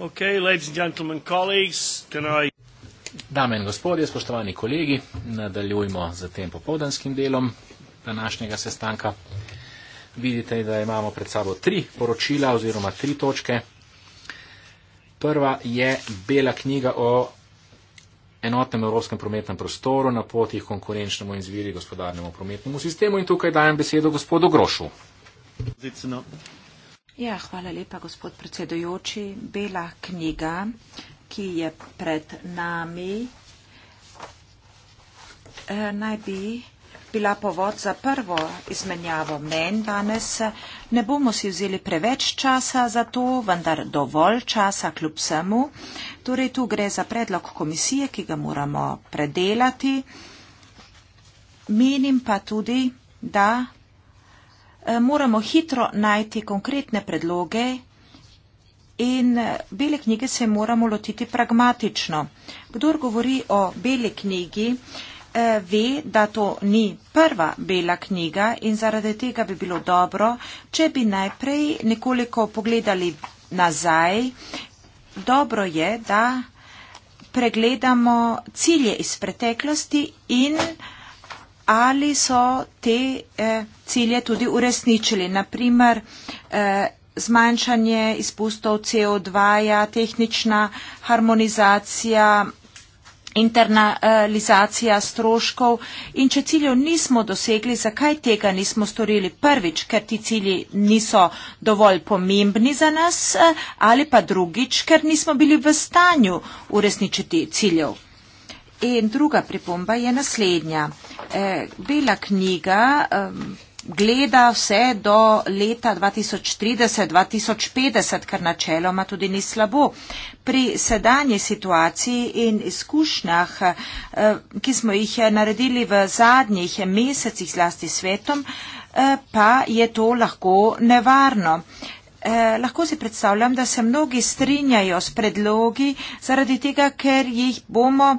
Okay, ladies and gentlemen, colleagues, can I? Dame in gospodje, spoštovani kolegi, nadaljujmo z tem popovdanskim delom današnjega sestanka. Vidite, da imamo pred sabo tri poročila oziroma tri točke. Prva je bela knjiga o enotnem evropskem prometnem prostoru na poti k konkurenčnemu in zviri gospodarnemu prometnemu sistemu in tukaj dajem besedo gospodu Grošu. Zicno. Ja, hvala lepa, gospod predsedujoči. Bela knjiga, ki je pred nami, eh, naj bi bila povod za prvo izmenjavo mnen danes. Eh, ne bomo si vzeli preveč časa za to, vendar dovolj časa kljub vsemu. Torej, tu gre za predlog komisije, ki ga moramo predelati. Menim pa tudi, da Eh, moramo hitro najti konkretne predloge in eh, bele knjige se moramo lotiti pragmatično. Kdor govori o bele knjigi, eh, ve, da to ni prva bela knjiga in zaradi tega bi bilo dobro, če bi najprej nekoliko pogledali nazaj. Dobro je, da pregledamo cilje iz preteklosti in ali so te eh, cilje tudi uresničili. Naprimer, eh, zmanjšanje izpustov CO2, -ja, tehnična harmonizacija, internalizacija stroškov. In če ciljev nismo dosegli, zakaj tega nismo storili prvič, ker ti cilji niso dovolj pomembni za nas, eh, ali pa drugič, ker nismo bili v stanju uresničiti ciljev. In druga pripomba je naslednja. Eh, bela knjiga gleda vse do leta 2030-2050, kar načeloma tudi ni slabo. Pri sedanji situaciji in izkušnjah, eh, ki smo jih eh, naredili v zadnjih mesecih z lasti svetom, pa je to lahko nevarno. Eh, lahko si predstavljam, da se mnogi strinjajo s predlogi, zaradi tega, ker jih bomo eh,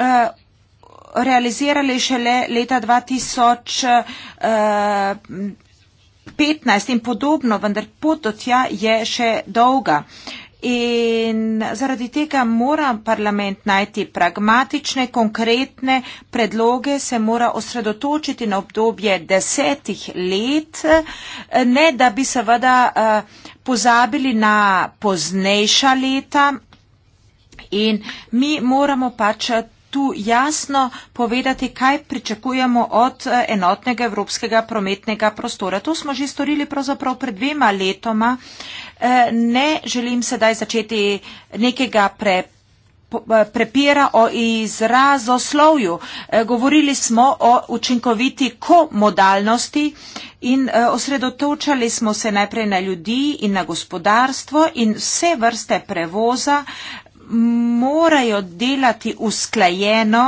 Eh, realizirali šele leta 2015 in podobno, vendar pot do tja je še dolga. In zaradi tega mora parlament najti pragmatične, konkretne predloge, se mora osredotočiti na obdobje desetih let, ne da bi seveda eh, pozabili na poznejša leta. In mi moramo pač tu jasno povedati, kaj pričakujemo od eh, enotnega evropskega prometnega prostora. To smo že storili pravzaprav pred dvema letoma. Eh, ne želim sedaj začeti nekega pre eh, prepira o izrazoslovju. Govorili smo o učinkoviti komodalnosti in osredotočali smo se najprej na ljudi in na gospodarstvo in vse vrste prevoza morajo delati usklajeno,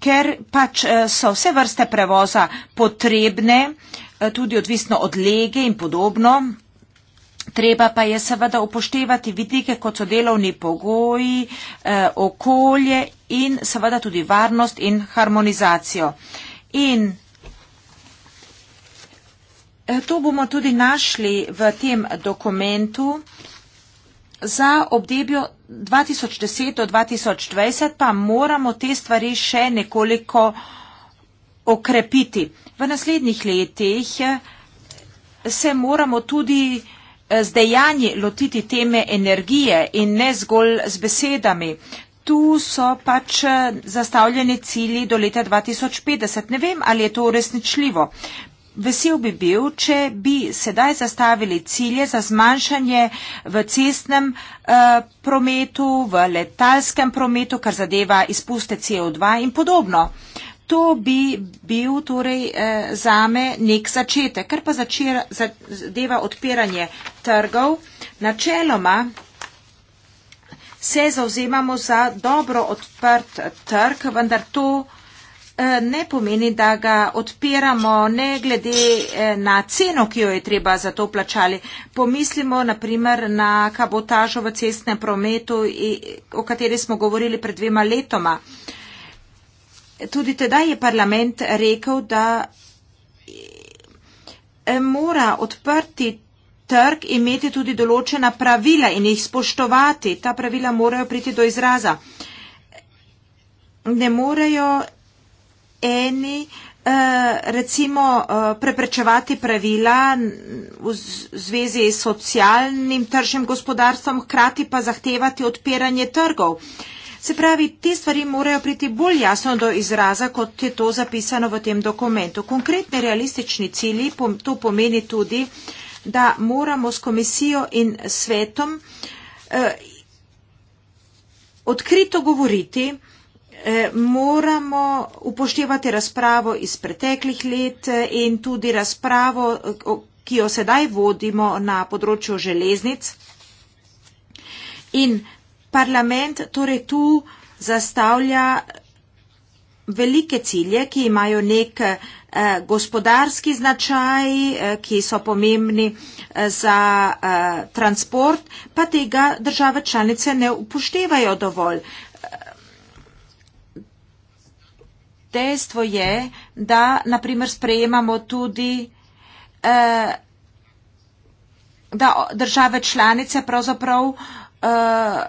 ker pač eh, so vse vrste prevoza potrebne, eh, tudi odvisno od lege in podobno. Treba pa je seveda upoštevati vidike, kot so delovni pogoji, eh, okolje in seveda tudi varnost in harmonizacijo. In to bomo tudi našli v tem dokumentu, za obdobje 2010 do 2020 pa moramo te stvari še nekoliko okrepiti. V naslednjih letih eh, se moramo tudi eh, z dejanji lotiti teme energije in ne zgolj z besedami. Tu so pač eh, zastavljeni cilji do leta 2050. Ne vem, ali je to uresničljivo vesel bi bil, če bi sedaj zastavili cilje za zmanjšanje v cestnem eh, prometu, v letalskem prometu, kar zadeva izpuste CO2 in podobno. To bi bil torej eh, zame nek začetek, ker pa začira, zadeva odpiranje trgov. Načeloma se zauzemamo za dobro odprt trg, vendar to. Eh, ne pomeni, da ga odpiramo ne glede eh, na ceno, ki jo je treba za to plačali. Pomislimo naprimer na kabotažo v cestnem prometu, o kateri smo govorili pred dvema letoma. Tudi tedaj je parlament rekel, da eh, mora odprti trg imeti tudi določena pravila in jih spoštovati. Ta pravila morajo priti do izraza. Ne morejo eni eh, recimo eh, preprečevati pravila v zvezi s socialnim tržnim gospodarstvom, hkrati pa zahtevati odpiranje trgov. Se pravi, te stvari morajo priti bolj jasno do izraza, kot je to zapisano v tem dokumentu. Konkretni realistični cilji, to pomeni tudi, da moramo s komisijo in svetom eh, odkrito govoriti, Eh, moramo upoštevati razpravo iz preteklih let eh, in tudi razpravo, eh, ki jo sedaj vodimo na področju železnic. In parlament torej tu zastavlja velike cilje, ki imajo nek eh, gospodarski značaj, eh, ki so pomembni eh, za eh, transport, pa tega države članice ne upoštevajo dovolj. Eh, dejstvo je, da naprimer sprejemamo tudi, eh, da države članice pravzaprav eh,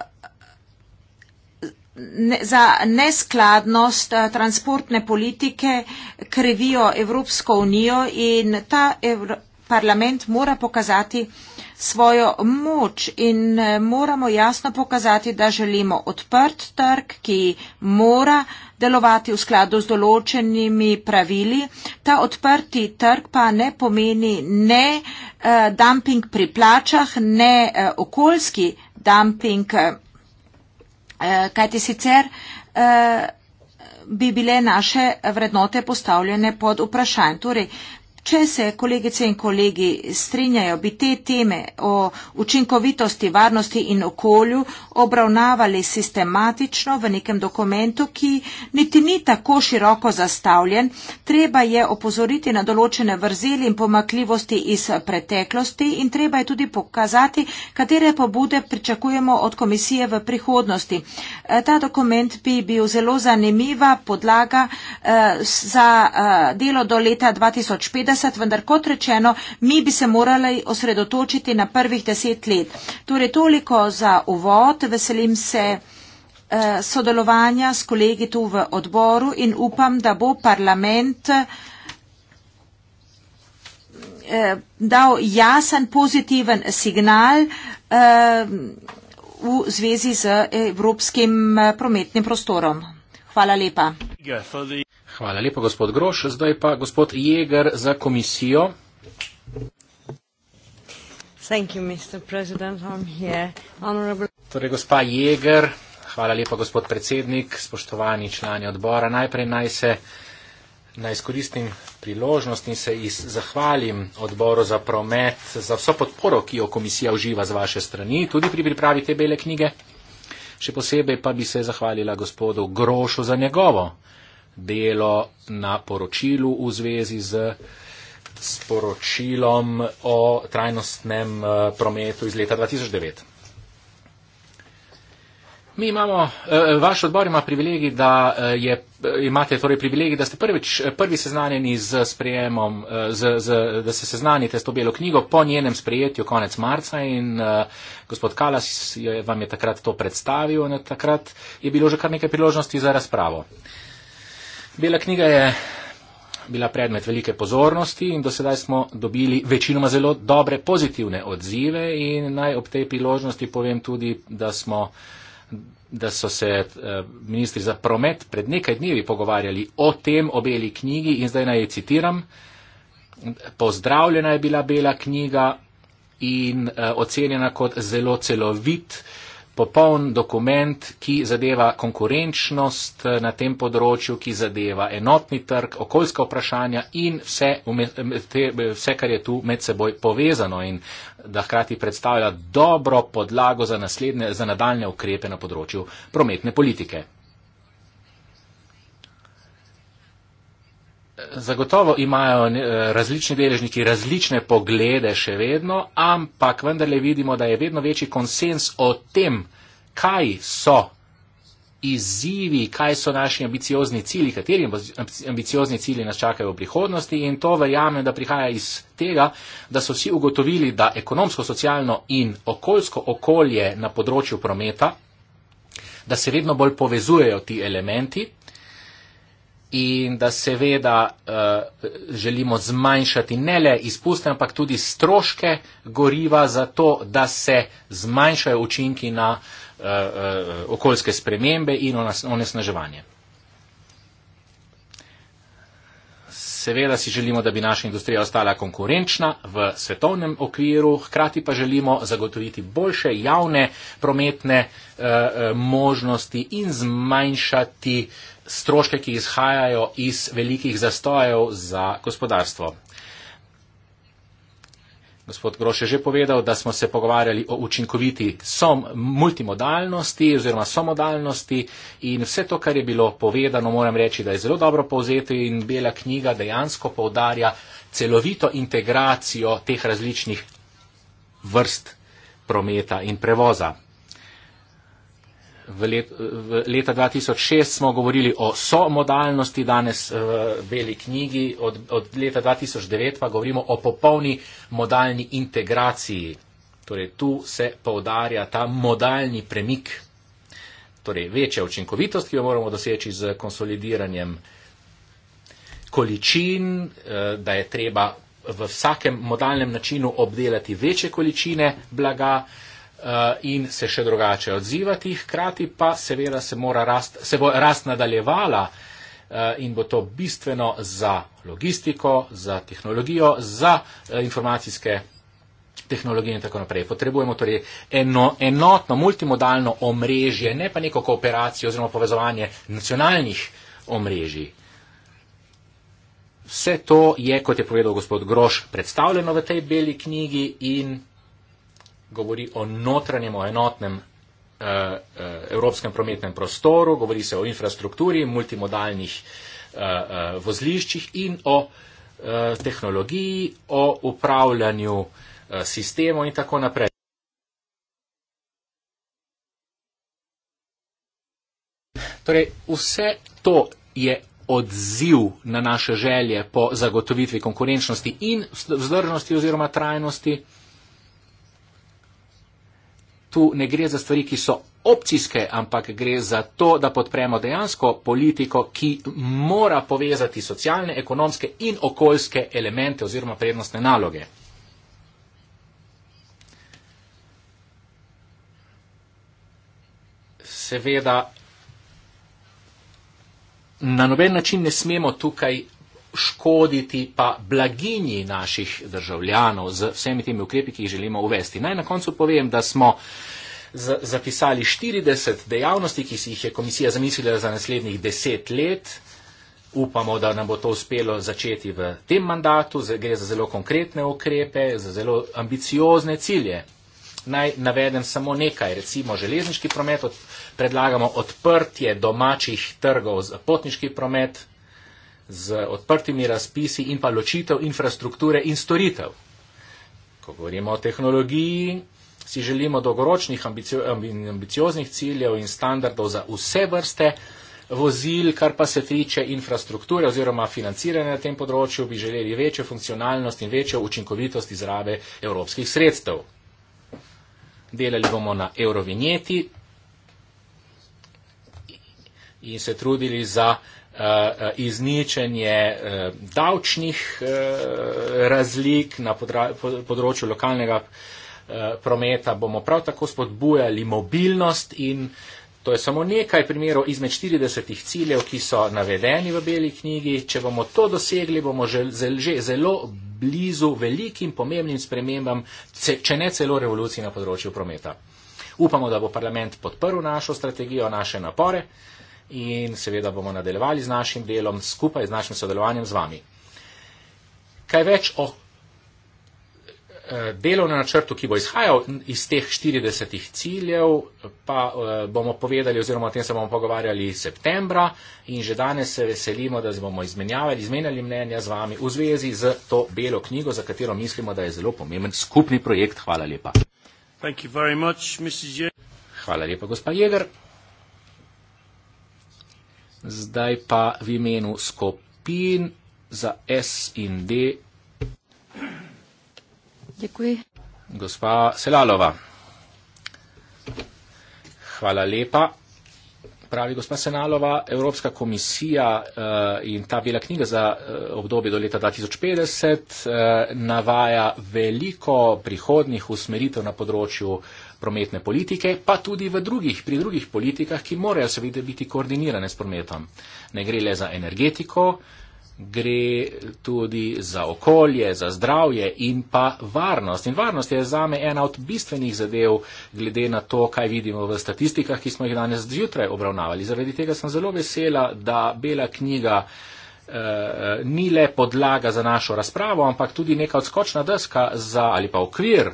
za neskladnost eh, transportne politike krivijo Evropsko unijo in ta parlament mora pokazati, da svojo moč in eh, moramo jasno pokazati, da želimo odprt trg, ki mora delovati v skladu z določenimi pravili. Ta odprti trg pa ne pomeni ne eh, dumping pri plačah, ne eh, okoljski dumping, eh, kajti sicer eh, bi bile naše vrednote postavljene pod vprašanje. Torej, Če se kolegice in kolegi strinjajo, bi te teme o učinkovitosti, varnosti in okolju obravnavali sistematično v nekem dokumentu, ki niti ni tako široko zastavljen, treba je opozoriti na določene vrzeli in pomakljivosti iz preteklosti in treba je tudi pokazati, katere pobude pričakujemo od komisije v prihodnosti. E, ta dokument bi bil zelo zanimiva podlaga e, za e, delo do leta 2050 petdeset, vendar kot rečeno, mi bi se morali osredotočiti na prvih deset let. Torej toliko za uvod, veselim se eh, sodelovanja s kolegi tu v odboru in upam, da bo parlament eh, dal jasen pozitiven signal uh, v zvezi z eh, evropskim prometnim prostorom. Hvala lepa. Yeah, Hvala lepa, gospod Groš. Zdaj pa gospod Jeger za komisijo. Thank you, Mr. President. I'm here. Honorable... Torej, gospa Jeger, hvala lepa, gospod predsednik, spoštovani člani odbora. Najprej naj se naj izkoristim priložnost in se iz, zahvalim odboru za promet za vso podporo, ki jo komisija uživa z vaše strani, tudi pri pripravi te bele knjige. Še posebej pa bi se zahvalila gospodu Grošu za njegovo delo na poročilu v zvezi z sporočilom o trajnostnem eh, prometu iz leta 2009. Mi imamo, eh, vaš odbor ima privilegij, da eh, je, imate torej privilegij, da ste prvič, prvi seznanjeni z sprejemom, z, z, da se seznanite s to belo knjigo po njenem sprejetju konec marca in gospod Kalas je, vam je takrat to predstavil in takrat je bilo že kar nekaj priložnosti za razpravo. Bela knjiga je bila predmet velike pozornosti in do sedaj smo dobili večinoma zelo dobre pozitivne odzive in naj ob tej priložnosti povem tudi, da smo da so se eh, ministri za promet pred nekaj dnevi pogovarjali o tem, o beli knjigi in zdaj naj jo citiram. Pozdravljena je bila bela knjiga in eh, ocenjena kot zelo celovit popoln dokument, ki zadeva konkurenčnost eh, na tem področju, ki zadeva enotni trg, okoljska vprašanja in vse, vse kar je tu med seboj povezano in eh, da hkrati predstavlja dobro podlago za, naslednje, za nadaljne ukrepe na področju prometne politike. Zagotovo imajo eh, različni deležniki različne poglede še vedno, ampak vendarle vidimo, da je vedno večji konsens o tem, kaj so izzivi, kaj so naši ambiciozni cilji, kateri ambiciozni cilji nas čakajo v prihodnosti in to verjamem, da prihaja iz tega, da so vsi ugotovili, da ekonomsko, socialno in okoljsko okolje na področju prometa, da se vedno bolj povezujejo ti elementi in da seveda uh, želimo zmanjšati ne le izpuste, ampak tudi stroške goriva za to, da se zmanjšajo učinki na uh, uh, okoljske spremembe in onesnaževanje. Seveda si želimo, da bi naša industrija ostala konkurenčna v svetovnem okviru, hkrati pa želimo zagotoviti boljše javne prometne uh, možnosti in zmanjšati uh, stroške, ki izhajajo iz velikih zastojev za gospodarstvo. Gospod Groš je že povedal, da smo se pogovarjali o učinkoviti som multimodalnosti oziroma somodalnosti in vse to, kar je bilo povedano, moram reči, da je zelo dobro povzeto in bela knjiga dejansko povdarja celovito integracijo teh različnih vrst prometa in prevoza. V, let, v leta 2006 smo govorili o somodalnosti, danes eh, v beli knjigi, od, od leta 2009 pa govorimo o popolni modalni integraciji. Torej, tu se povdarja ta modalni premik, torej večja učinkovitost, ki jo moramo doseči z konsolidiranjem količin, eh, da je treba v vsakem modalnem načinu obdelati večje količine blaga, Eh, in se še drugače odzivati, hkrati pa seveda se, rast, se bo rast nadaljevala eh, in bo to bistveno za logistiko, za tehnologijo, za eh, informacijske tehnologije in tako naprej. Potrebujemo torej eno, enotno multimodalno omrežje, ne pa neko kooperacijo oziroma povezovanje nacionalnih omrežij. Vse to je, kot je povedal gospod Groš, predstavljeno v tej beli knjigi in govori o notranjem, o enotnem uh, uh, evropskem prometnem prostoru, govori se o infrastrukturi, multimodalnih uh, uh, vozliščih in o uh, tehnologiji, o upravljanju uh, sistemov in tako naprej. Torej, vse to je odziv na naše želje po zagotovitvi konkurenčnosti in vzdržnosti oziroma trajnosti tu ne gre za stvari, ki so opcijske, ampak gre za to, da podpremo dejansko politiko, ki mora povezati socialne, ekonomske in okoljske elemente oziroma prednostne naloge. Seveda, na noben način ne smemo tukaj škoditi pa blaginji naših državljanov z vsemi temi ukrepi, ki jih želimo uvesti. Naj na koncu povem, da smo zapisali 40 dejavnosti, ki si jih je komisija zamislila za naslednjih 10 let. Upamo, da nam bo to uspelo začeti v tem mandatu. Gre za zelo konkretne ukrepe, za zelo ambiciozne cilje. Naj navedem samo nekaj. Recimo železniški promet, predlagamo odprtje domačih trgov za potniški promet z odprtimi razpisi in pa ločitev infrastrukture in storitev. Ko govorimo o tehnologiji, si želimo dolgoročnih ambicio ambicioznih ciljev in standardov za vse vrste vozil, kar pa se tiče infrastrukture oziroma financiranja na tem področju, bi želeli večjo funkcionalnost in večjo učinkovitost izrabe evropskih sredstev. Delali bomo na eurovinjeti in se trudili za Eh, izničenje eh, davčnih eh, razlik na področju lokalnega prometa, bomo prav tako spodbujali mobilnost in to je samo nekaj primerov izmed 40 ciljev, ki so navedeni v beli knjigi. Če bomo to dosegli, bomo že zelo blizu velikim pomembnim spremembam, če ne celo revoluciji na področju prometa. Upamo, da bo parlament podprl našo strategijo, naše napore in seveda bomo nadaljevali z našim delom skupaj, z našim sodelovanjem z vami. Kaj več o eh, delovnem načrtu, ki bo izhajal iz teh 40 ciljev, pa eh, bomo povedali oziroma o tem se bomo pogovarjali septembra in že danes se veselimo, da se bomo izmenjavali, izmenjali mnenja z vami v zvezi z to belo knjigo, za katero mislimo, da je zelo pomemben skupni projekt. Hvala lepa. Hvala lepa, gospa Jeger. Zdaj pa v imenu skupin za S in D. Děkuji. Gospa Selalova. Hvala lepa. Pravi gospa Senalova, Evropska komisija eh, in ta bela knjiga za eh, obdobje do leta 2050 eh, navaja veliko prihodnih usmeritev na področju prometne politike, pa tudi drugih, pri drugih politikah, ki morajo seveda biti koordinirane s prometom. Ne gre le za energetiko, gre tudi za okolje, za zdravje in pa varnost. In varnost je za me ena od bistvenih zadev, glede na to, kaj vidimo v statistikah, ki smo jih danes zjutraj obravnavali. Zaradi tega sem zelo vesela, da bela knjiga eh, ni le podlaga za našo razpravo, ampak tudi neka odskočna deska za, ali pa okvir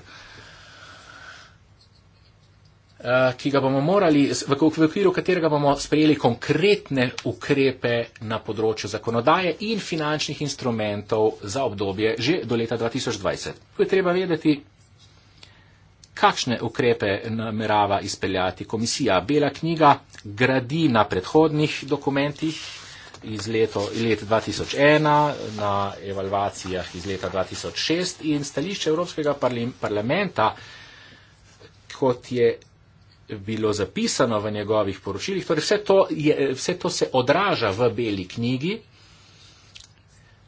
Eh, ki ga bomo morali, v okviru katerega bomo sprejeli konkretne ukrepe na področju zakonodaje in finančnih instrumentov za obdobje že do leta 2020. Tu je treba vedeti, kakšne ukrepe namerava izpeljati komisija. Bela knjiga gradi na predhodnih dokumentih iz leto, let 2001, na evalvacijah iz leta 2006 in stališče Evropskega parlamenta kot je bilo zapisano v njegovih poročilih. Torej vse, to je, vse to se odraža v beli knjigi,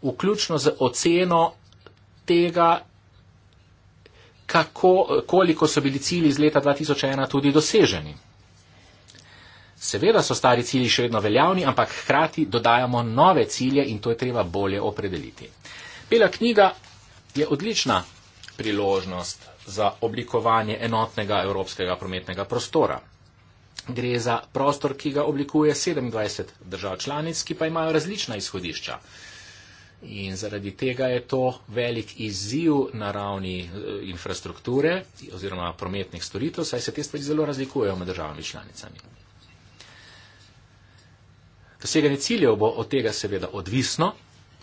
vključno z oceno tega, kako, koliko so bili cilji iz leta 2001 tudi doseženi. Seveda so stari cilji še vedno veljavni, ampak hkrati dodajamo nove cilje in to je treba bolje opredeliti. Bela knjiga je odlična priložnost za oblikovanje enotnega evropskega prometnega prostora. Gre za prostor, ki ga oblikuje 27 držav članic, ki pa imajo različna izhodišča. In zaradi tega je to velik izziv na ravni eh, infrastrukture oziroma prometnih storitev, saj se te stvari zelo razlikujejo med državami članicami. Doseganje ciljev bo od tega seveda odvisno,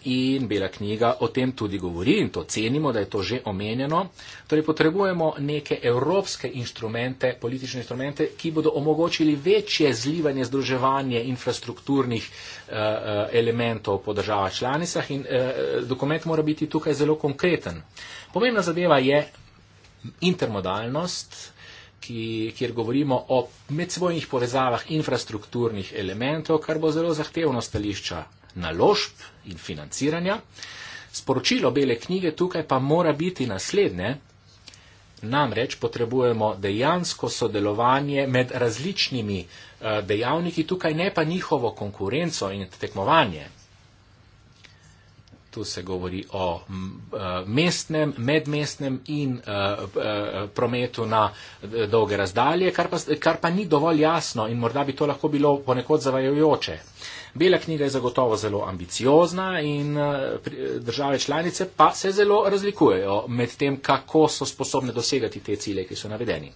in Bela knjiga o tem tudi govori in to cenimo, da je to že omenjeno. Torej potrebujemo neke evropske inštrumente, politične inštrumente, ki bodo omogočili večje zlivanje, združevanje infrastrukturnih eh, eh elementov po državah članicah in eh, dokument mora biti tukaj zelo konkreten. Pomembna zadeva je intermodalnost. Ki, kjer govorimo o medsvojnih povezavah infrastrukturnih elementov, kar bo zelo zahtevno stališča naložb in financiranja. Sporočilo bele knjige tukaj pa mora biti naslednje. Namreč potrebujemo dejansko sodelovanje med različnimi eh, dejavniki, tukaj ne pa njihovo konkurenco in tekmovanje tu se govori o eh, mestnem, medmestnem in eh, eh, prometu na dolge razdalje, kar pa, kar pa ni dovolj jasno in morda bi to lahko bilo ponekod zavajojoče. Bela knjiga je zagotovo zelo ambiciozna in države članice pa se zelo razlikujejo med tem, kako so sposobne dosegati te cilje, ki so navedeni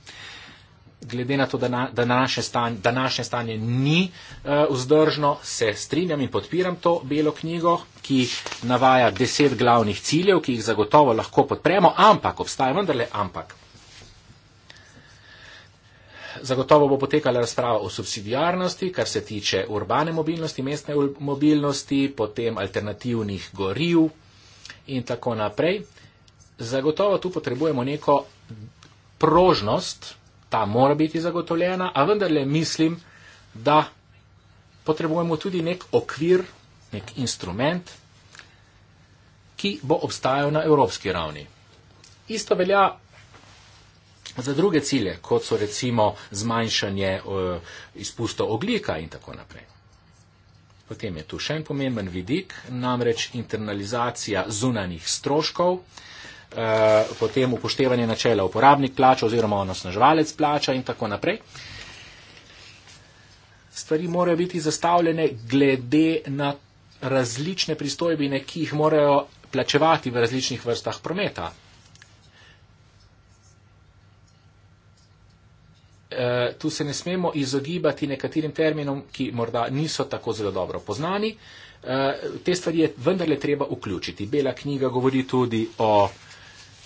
glede na to, da naše stanje, stanje ni uh, vzdržno, se strinjam in podpiram to belo knjigo, ki navaja deset glavnih ciljev, ki jih zagotovo lahko podpremo, ampak obstaja vendarle ampak. Zagotovo bo potekala razprava o subsidijarnosti, kar se tiče urbane mobilnosti, mestne mobilnosti, potem alternativnih goriv in tako naprej. Zagotovo tu potrebujemo neko prožnost, ta mora biti zagotovljena, a vendarle mislim, da potrebujemo tudi nek okvir, nek instrument, ki bo obstajal na evropski ravni. Isto velja za druge cilje, kot so recimo zmanjšanje eh, izpustov oglika in tako naprej. Potem je tu še en pomemben vidik, namreč internalizacija zunanih stroškov. Eh, potem upoštevanje načela uporabnik plača oziroma onosnaževalec plača in tako naprej. Stvari morajo biti zastavljene glede na različne pristojbine, ki jih morajo plačevati v različnih vrstah prometa. Eh, tu se ne smemo izogibati nekaterim terminom, ki morda niso tako zelo dobro poznani. Eh, te stvari je vendarle treba vključiti. Bela knjiga govori tudi o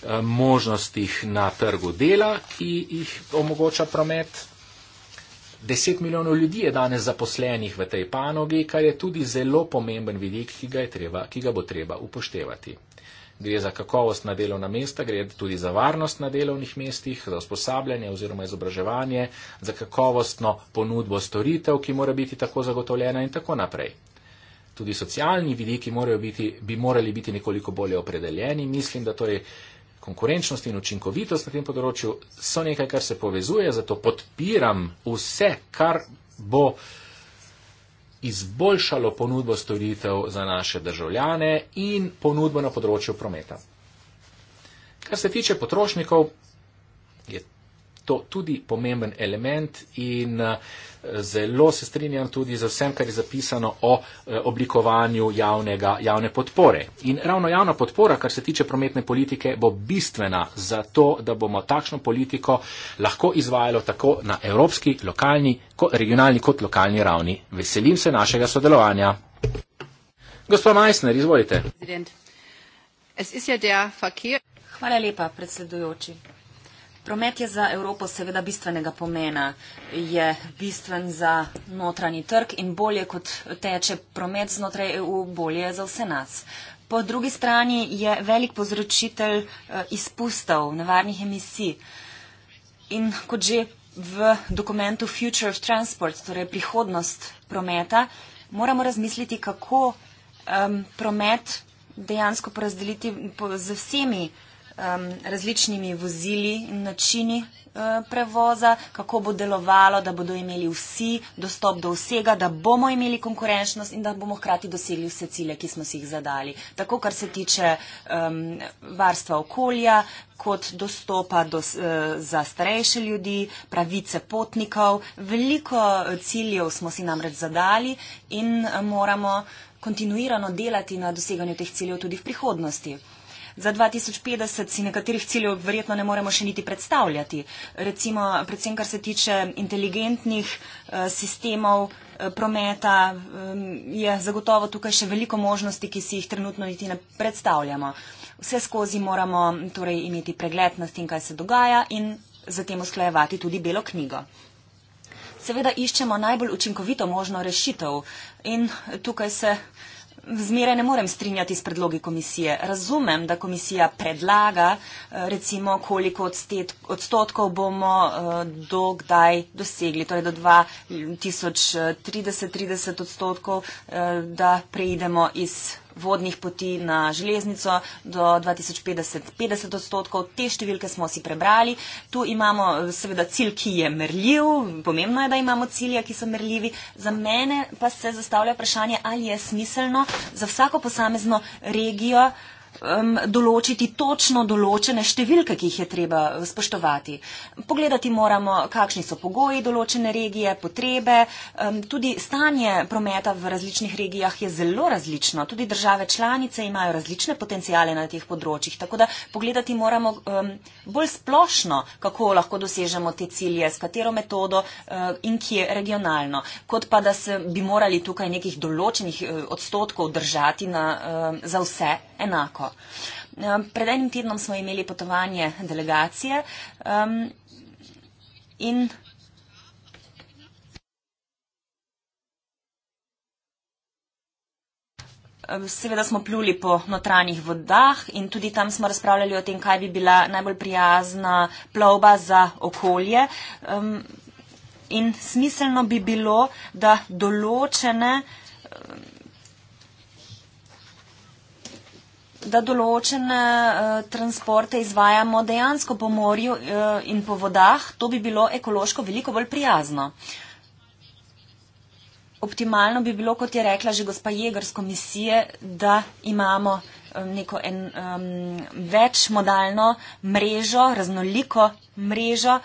Eh, možnostih na trgu dela, ki jih omogoča promet. 10 milijonov ljudi je danes zaposlenih v tej panogi, kar je tudi zelo pomemben vidik, ki ga, treba, ki ga bo treba upoštevati. Gre za kakovost na delovna mesta, gre tudi za varnost na delovnih mestih, za usposabljanje oziroma izobraževanje, za kakovostno ponudbo storitev, ki mora biti tako zagotovljena in tako naprej. Tudi socialni vidiki biti, bi morali biti nekoliko bolje opredeljeni. Mislim, da to je. Torej konkurenčnost in učinkovitost na tem področju so nekaj, kar se povezuje, zato podpiram vse, kar bo izboljšalo ponudbo storitev za naše državljane in ponudbo na področju prometa. Kar se tiče potrošnikov, je to tudi pomemben element in eh, zelo se strinjam tudi z vsem, kar je zapisano o eh, oblikovanju javnega, javne podpore. In ravno javna podpora, kar se tiče prometne politike, bo bistvena za to, da bomo takšno politiko lahko izvajalo tako na evropski, lokalni, ko, regionalni kot lokalni ravni. Veselim se našega sodelovanja. Gospod Majsner, izvolite. Ja Hvala lepa, predsedujoči. Promet je za Evropo seveda bistvenega pomena, je bistven za notranji trg in bolje kot teče promet znotraj EU, bolje za vse nas. Po drugi strani je velik povzročitelj eh, izpustov, nevarnih emisij. In kot že v dokumentu Future of Transport, torej prihodnost prometa, moramo razmisliti, kako um, promet dejansko porazdeliti po, z vsemi um, različnimi vozili in načini uh, prevoza, kako bo delovalo, da bodo imeli vsi dostop do vsega, da bomo imeli konkurenčnost in da bomo hkrati dosegli vse cilje, ki smo si jih zadali. Tako, kar se tiče um, varstva okolja, kot dostopa do, uh, za starejše ljudi, pravice potnikov. Veliko uh, ciljev smo si namreč zadali in uh, moramo kontinuirano delati na doseganju teh ciljev tudi v prihodnosti. Za 2050 si nekaterih ciljev verjetno ne moremo še niti predstavljati. Recimo, predvsem kar se tiče inteligentnih eh, sistemov eh, prometa, ehm, je zagotovo tukaj še veliko možnosti, ki si jih trenutno niti ne predstavljamo. Vse skozi moramo torej imeti pregled nad tem, kaj se dogaja in zatem usklajevati tudi belo knjigo. Seveda iščemo najbolj učinkovito možno rešitev in tukaj se zmeraj ne morem strinjati s predlogi komisije. Razumem, da komisija predlaga, eh, recimo, koliko odstotkov bomo eh, dokdaj dosegli, torej do 2030-30 eh, odstotkov, da preidemo iz vodnih poti na železnico do 2050 50 odstotkov. Te številke smo si prebrali. Tu imamo eh, seveda cilj, ki je merljiv. Pomembno je, da imamo cilje, ki so merljivi. Za mene pa se zastavlja vprašanje, ali je smiselno za vsako posamezno regijo um, določiti točno določene številke, ki jih je treba eh, spoštovati. Pogledati moramo, kakšni so pogoji določene regije, potrebe. Um, tudi stanje prometa v različnih regijah je zelo različno. Tudi države članice imajo različne potencijale na teh področjih. Tako da pogledati moramo um, bolj splošno, kako lahko dosežemo te cilje, s katero metodo uh, in kje regionalno. Kot pa, da se bi morali tukaj nekih določenih uh, odstotkov držati na, uh, za vse enako. Maroko. Um, pred enim tednom smo imeli potovanje delegacije um, in. Seveda smo pluli po notranjih vodah in tudi tam smo razpravljali o tem, kaj bi bila najbolj prijazna plovba za okolje. Um, in smiselno bi bilo, da določene. Um, da določene uh, transporte izvajamo dejansko po morju uh, in po vodah, to bi bilo ekološko veliko bolj prijazno. Optimalno bi bilo, kot je rekla že gospa Jäger z komisije, da imamo eh, neko en, um, večmodalno mrežo, raznoliko mrežo.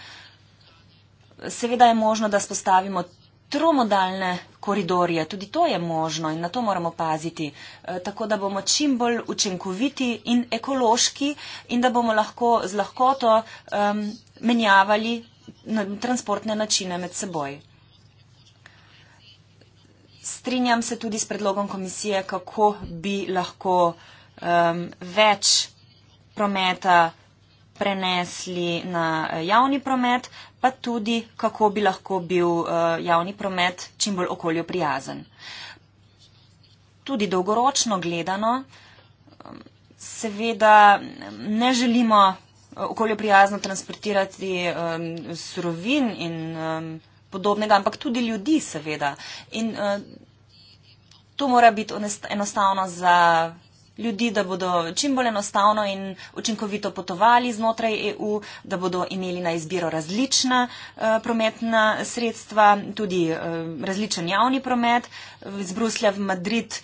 Seveda je možno, da spostavimo tromodalne koridorje. Tudi to je možno in na to moramo paziti, eh, tako da bomo čim bolj učinkoviti in ekološki in da bomo lahko z lahkoto um, menjavali transportne načine med seboj. Strinjam se tudi s predlogom komisije, kako bi lahko um, več prometa prenesli na eh, javni promet, pa tudi kako bi lahko bil eh, javni promet čim bolj okolju prijazen. Tudi dolgoročno gledano, ehm, seveda ne želimo eh, okolju prijazno transportirati ehm, surovin in ehm, podobnega, ampak tudi ljudi seveda. In to mora biti enostavno za vse ljudi, da bodo čim bolj enostavno in učinkovito potovali znotraj EU, da bodo imeli na izbiro različna eh, prometna sredstva, tudi eh, različen javni promet iz Bruslja v Madrid,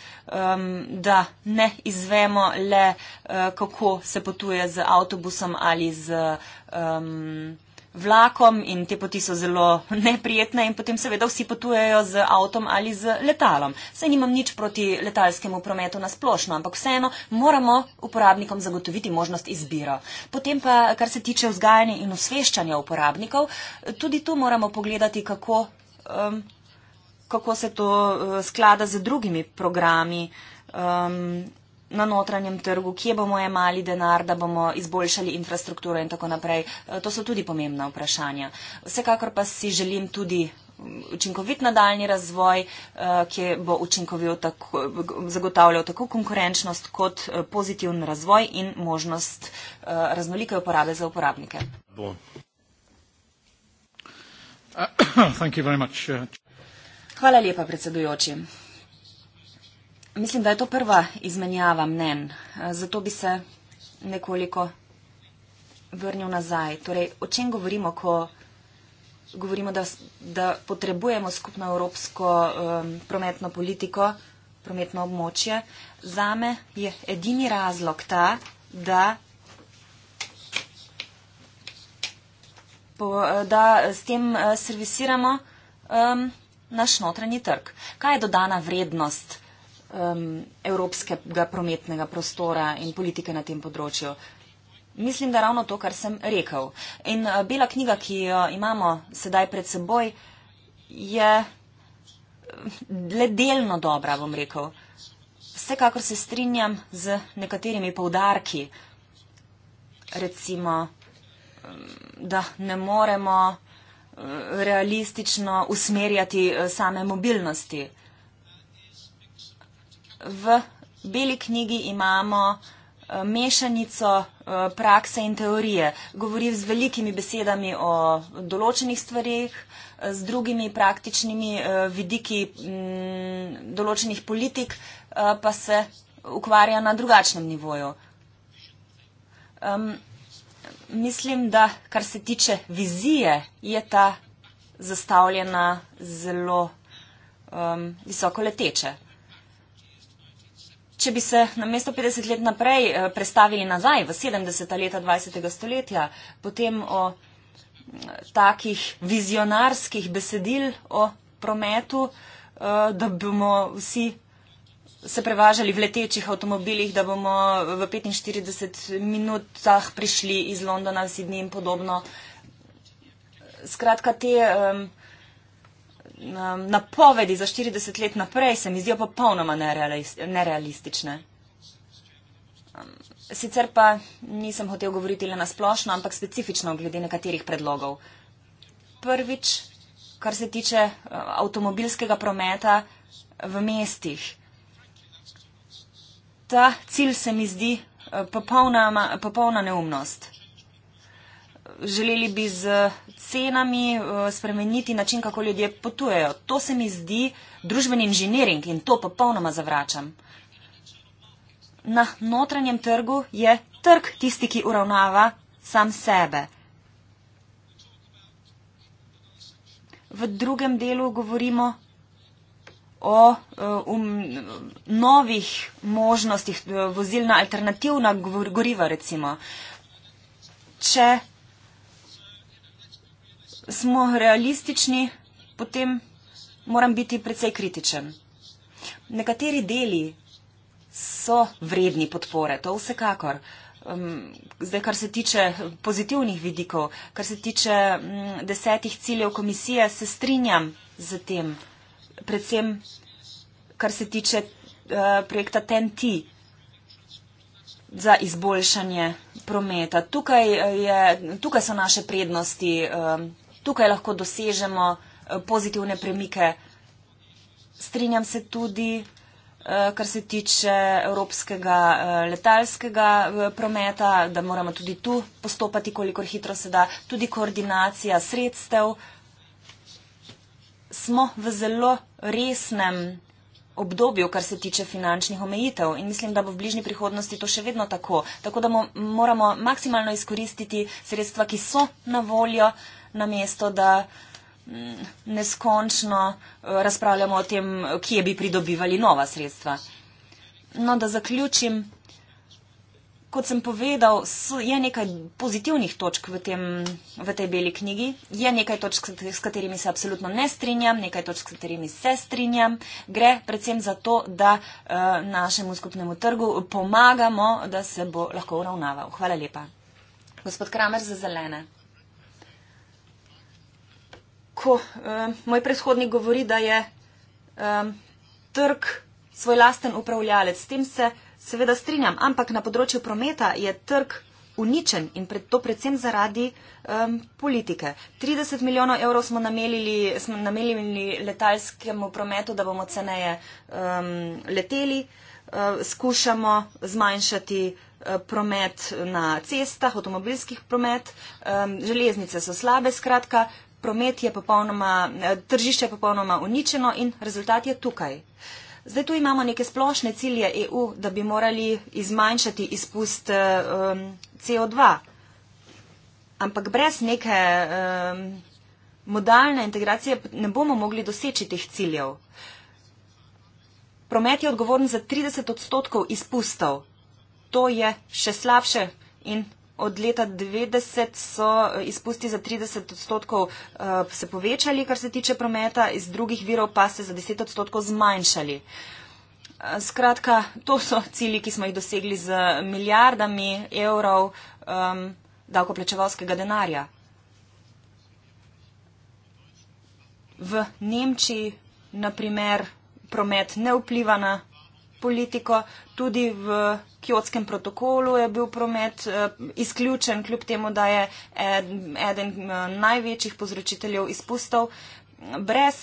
da ne izvemo le, eh, kako se potuje z avtobusom ali z vlakom in te poti so zelo neprijetne in potem seveda vsi potujejo z avtom ali z letalom. Saj nimam nič proti letalskemu prometu na splošno, ampak vseeno moramo uporabnikom zagotoviti možnost izbiro. Potem pa, kar se tiče vzgajanja in osveščanja uporabnikov, tudi tu moramo pogledati, kako, um, kako se to uh, sklada z drugimi programi. Um, na notranjem trgu, kje bomo jemali denar, da bomo izboljšali infrastrukturo in tako naprej. Eh, to so tudi pomembna vprašanja. Vsekakor pa si želim tudi mm, učinkovit nadaljni razvoj, eh, ki bo zagotavljal tako konkurenčnost kot eh, pozitivn razvoj in možnost raznolike uporabe za uporabnike. Uh, Hvala lepa, predsedujoči. Mislim, da je to prva izmenjava mnen. Eh, zato bi se nekoliko vrnil nazaj. Torej, o čem govorimo, ko govorimo, da, da potrebujemo skupno evropsko um, prometno politiko, prometno območje? Zame je edini razlog ta, da, po, eh, da s tem eh, servisiramo um, naš notranji trg. Kaj je dodana vrednost? um, evropskega prometnega prostora in politike na tem področju. Mislim, da ravno to, kar sem rekel. In uh, bela knjiga, ki jo imamo sedaj pred seboj, je uh, le delno dobra, bom rekel. Vsekakor se strinjam z nekaterimi povdarki. Recimo, um, da ne moremo uh, realistično usmerjati uh, same mobilnosti v beli knjigi imamo eh, mešanico eh, prakse in teorije. Govori z velikimi besedami o določenih stvarih, eh, z drugimi praktičnimi vidiki mm, določenih politik, pa se ukvarja na drugačnem nivoju. Mislim, da kar se tiče vizije, je ta zastavljena zelo visoko leteče. Če bi se namesto 50 let naprej eh, predstavili nazaj v 70-ta leta 20. stoletja, potem o takih vizionarskih besedil o prometu, eh, da bomo vsi se prevažali v letečih avtomobilih, da bomo v 45 minutah prišli iz Londona, Sydney in podobno. Skratka, te um, um, napovedi za 40 let naprej se mi zdijo popolnoma nerealist, nerealistične. Um, sicer pa nisem hotel govoriti le na splošno, ampak specifično glede nekaterih predlogov. Prvič, kar se tiče uh, avtomobilskega prometa v mestih. Ta cilj se mi zdi uh, popolna, popolna neumnost želeli bi z cenami eh, spremeniti način, kako ljudje potujejo. To se mi zdi družbeni inženiring in to popolnoma zavračam. Na notranjem trgu je trg tisti, ki uravnava sam sebe. V drugem delu govorimo o eh, um, novih možnostih eh, vozilna alternativna goriva, recimo. Če smo realistični, potem moram biti precej kritičen. Nekateri deli so vredni podpore, to vsekakor. Um, zdaj, kar se tiče pozitivnih vidikov, kar se tiče mm, desetih ciljev komisije, se strinjam z tem. Predvsem, kar se tiče eh, projekta TNT za izboljšanje prometa. Tukaj, eh, je, tukaj so naše prednosti eh, tukaj lahko dosežemo eh, pozitivne premike. Strinjam se tudi, eh, kar se tiče eh, evropskega letalskega prometa, da moramo tudi tu postopati, kolikor hitro se da, tudi koordinacija sredstev. Smo v zelo resnem obdobju, kar se tiče finančnih omejitev in mislim, da bo v bližnji prihodnosti to še vedno tako. Tako da moramo maksimalno izkoristiti sredstva, ki so na voljo namesto da mm, neskončno eh, razpravljamo o tem, kje bi pridobivali nova sredstva. No, da zaključim. Kot sem povedal, je nekaj pozitivnih točk v, tem, v tej beli knjigi, je nekaj točk, s katerimi se absolutno ne strinjam, nekaj točk, s katerimi se strinjam. Gre predvsem za to, da eh, našemu skupnemu trgu pomagamo, da se bo lahko uravnaval. Hvala lepa. Gospod Kramer za zelene ko um, moj predhodnik govori, da je um, trg svoj lasten upravljalec. S tem se seveda strinjam, ampak na področju prometa je trg uničen in pred, to predvsem zaradi um, politike. 30 milijonov evrov smo namelili, smo namelili letalskemu prometu, da bomo ceneje um, leteli. Uh, skušamo zmanjšati promet na cestah, avtomobilskih promet, um, železnice so slabe, skratka, promet je popolnoma, eh, tržišče je popolnoma uničeno in rezultat je tukaj. Zdaj tu imamo neke splošne cilje EU, da bi morali izmanjšati izpust eh, um, CO2. Ampak brez neke eh, um, modalne integracije ne bomo mogli doseči teh ciljev. Promet je odgovoren za 30 odstotkov izpustov. To je še slabše in od leta 90 so izpusti za 30 odstotkov eh, se povečali, kar se tiče prometa, iz drugih virov pa se za 10 odstotkov zmanjšali. Eh, skratka, to so cilji, ki smo jih dosegli z milijardami evrov um, davkoplačevalskega denarja. V Nemčiji, naprimer, promet ne vpliva na politiko, tudi v kjotskem protokolu je bil promet eh, izključen, kljub temu, da je eden eh, največjih povzročiteljev izpustov. Brez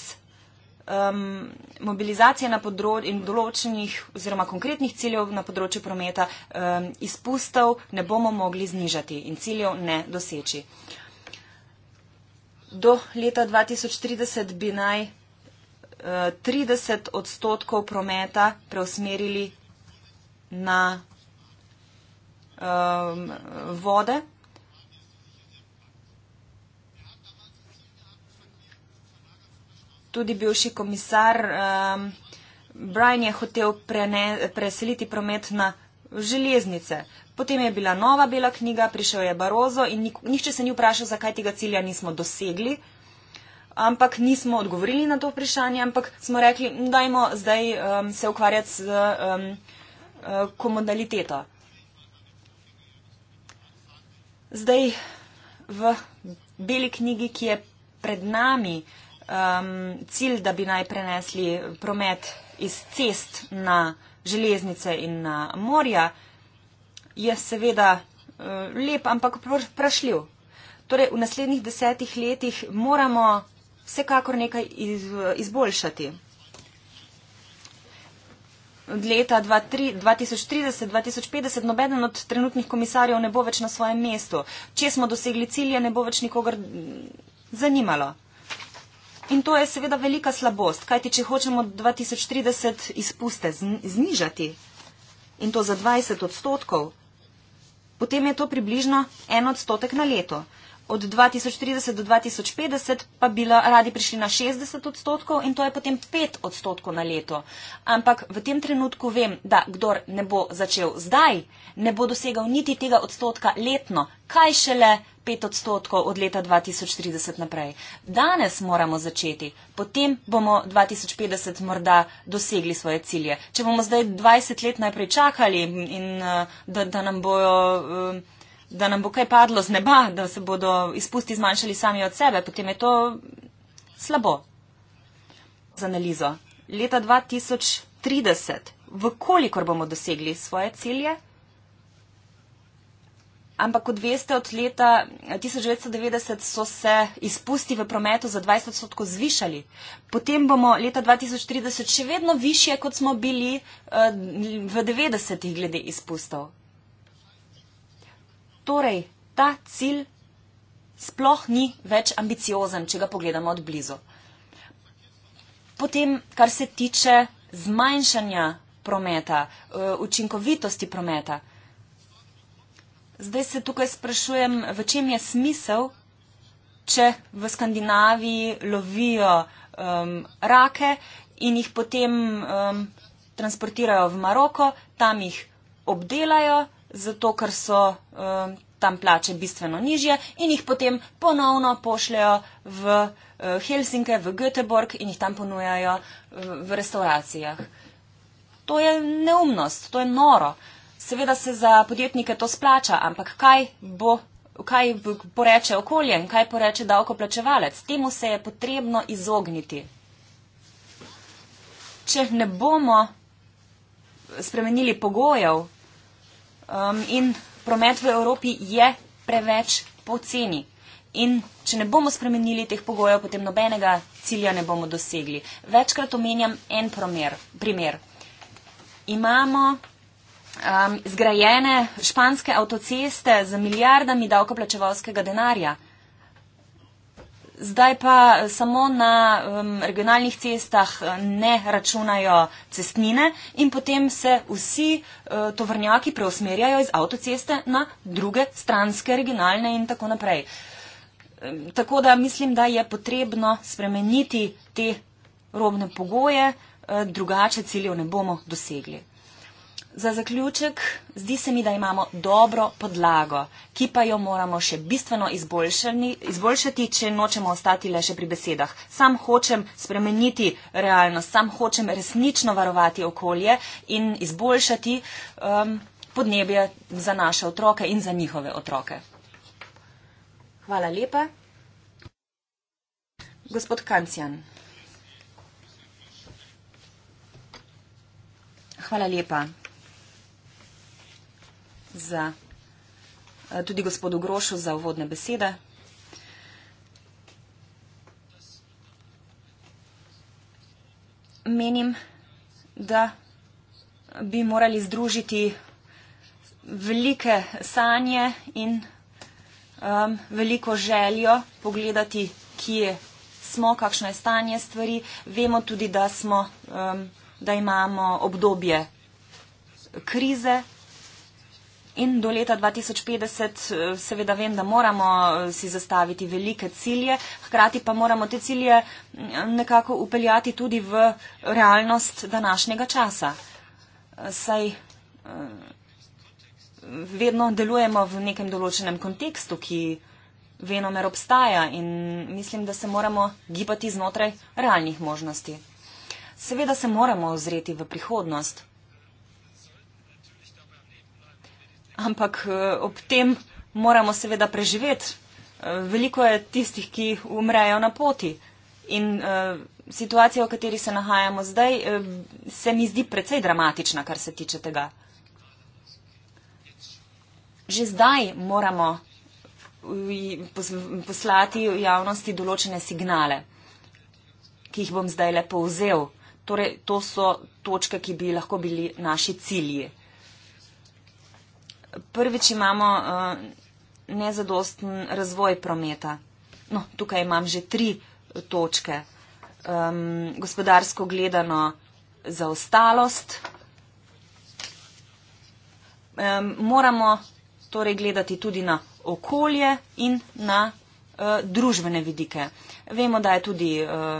um, mobilizacije na področju in določenih oziroma konkretnih ciljev na področju prometa um, izpustov ne bomo mogli znižati in ciljev ne doseči. Do leta 2030 bi naj uh, eh, 30 odstotkov prometa preusmerili na um, vode. Tudi bivši komisar um, Brian je hotel prene, preseliti promet na železnice. Potem je bila nova bela knjiga, prišel je Barozo in nik, nihče se ni vprašal, zakaj tega cilja nismo dosegli. Ampak nismo odgovorili na to vprašanje, ampak smo rekli, dajmo zdaj um, se ukvarjati z um, uh, komodaliteto. Zdaj v beli knjigi, ki je pred nami, um, cilj, da bi naj prenesli promet iz cest na železnice in na morja, je seveda uh, lep, ampak vprašljiv. Torej, v naslednjih desetih letih moramo vsekakor nekaj iz, izboljšati od leta 2030-2050 nobeden od trenutnih komisarjev ne bo več na svojem mestu. Če smo dosegli cilje, ne bo več nikogar mm, zanimalo. In to je seveda velika slabost, kajti če hočemo 2030 izpuste znižati in to za 20 odstotkov, potem je to približno en odstotek na leto od 2030 do 2050 pa bi radi prišli na 60 odstotkov in to je potem 5 odstotkov na leto. Ampak v tem trenutku vem, da kdor ne bo začel zdaj, ne bo dosegal niti tega odstotka letno, kaj šele 5 odstotkov od leta 2030 naprej. Danes moramo začeti, potem bomo 2050 morda dosegli svoje cilje. Če bomo zdaj 20 let najprej čakali in eh, da, da nam bojo. Uh, da nam bo kaj padlo z neba, da se bodo izpusti zmanjšali sami od sebe, potem je to slabo za analizo. Leta 2030, vkolikor bomo dosegli svoje cilje, ampak kot veste, od leta 1990 so se izpusti v prometu za 20 odstotkov zvišali, potem bomo leta 2030 še vedno više, kot smo bili eh, v 90-ih glede izpustov. Torej, ta cilj sploh ni več ambiciozen, če ga pogledamo od blizu. Potem, kar se tiče zmanjšanja prometa, eh, učinkovitosti prometa. Zdaj se tukaj sprašujem, v čem je smisel, če v Skandinaviji lovijo um, rake in jih potem um, transportirajo v Maroko, tam jih obdelajo zato ker so um, tam plače bistveno nižje in jih potem ponovno pošljajo v uh, Helsinke, v Göteborg in jih tam ponujajo v, v restauracijah. To je neumnost, to je noro. Seveda se za podjetnike to splača, ampak kaj bo, kaj poreče okolje in kaj poreče davkoplačevalec? Temu se je potrebno izogniti. Če ne bomo spremenili pogojev, Um, in promet v Evropi je preveč poceni. In če ne bomo spremenili teh pogojev, potem nobenega cilja ne bomo dosegli. Večkrat omenjam en promer, primer. Imamo um, zgrajene španske avtoceste z milijardami davkoplačevalskega denarja. Zdaj pa eh, samo na um, regionalnih cestah eh, ne računajo cestnine in potem se vsi uh, eh, tovrnjaki preusmerjajo iz avtoceste na druge stranske, regionalne in tako naprej. Um, tako da mislim, da je potrebno spremeniti te robne pogoje, uh, drugače ciljev ne bomo dosegli. Za zaključek, zdi se mi, da imamo dobro podlago, ki pa jo moramo še bistveno izboljšati, če nočemo ostati le še pri besedah. Sam hočem spremeniti realnost, sam hočem resnično varovati okolje in izboljšati um, podnebje za naše otroke in za njihove otroke. Hvala lepa. Gospod Kancijan. Hvala lepa za, eh, tudi gospodu Grošu za uvodne besede. Menim, da bi morali združiti velike sanje in um, veliko željo pogledati, kje smo, kakšno je stanje stvari. Vemo tudi, da, smo, um, da imamo obdobje krize, In do leta 2050 eh, seveda vem, da moramo eh, si zastaviti velike cilje, hkrati pa moramo te cilje mm, nekako upeljati tudi v realnost današnjega časa. Eh, saj vedno delujemo v nekem določenem kontekstu, ki venomer obstaja in mislim, da se moramo gibati znotraj realnih možnosti. Seveda se moramo ozreti v prihodnost. ampak eh, ob tem moramo seveda preživeti. Eh, veliko je tistih, ki umrejo na poti. In uh, situacija, v kateri se nahajamo zdaj, uh, se mi zdi precej dramatična, kar se tiče tega. Že zdaj moramo poslati v javnosti določene signale, ki jih bom zdaj lepo vzel. Torej, to so točke, ki bi lahko bili naši cilji prvič imamo uh, nezadosten razvoj prometa. No, tukaj imam že tri eh, točke. Um, gospodarsko gledano zaostalost. Um, moramo torej gledati tudi na okolje in na uh, družbene vidike. Vemo, da je tudi uh,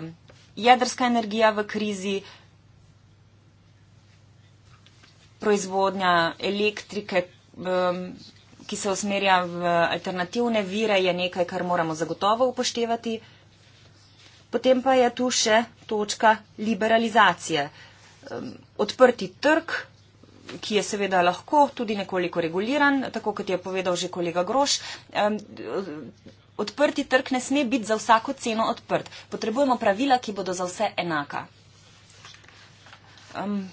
jedrska energija v krizi, proizvodnja elektrike um, ki se usmerja v alternativne vire, je nekaj, kar moramo zagotovo upoštevati. Potem pa je tu še točka liberalizacije. Um, odprti trg, ki je seveda lahko tudi nekoliko reguliran, tako kot je povedal že kolega Groš. Um, odprti trg ne sme biti za vsako ceno odprt. Potrebujemo pravila, ki bodo za vse enaka. Um,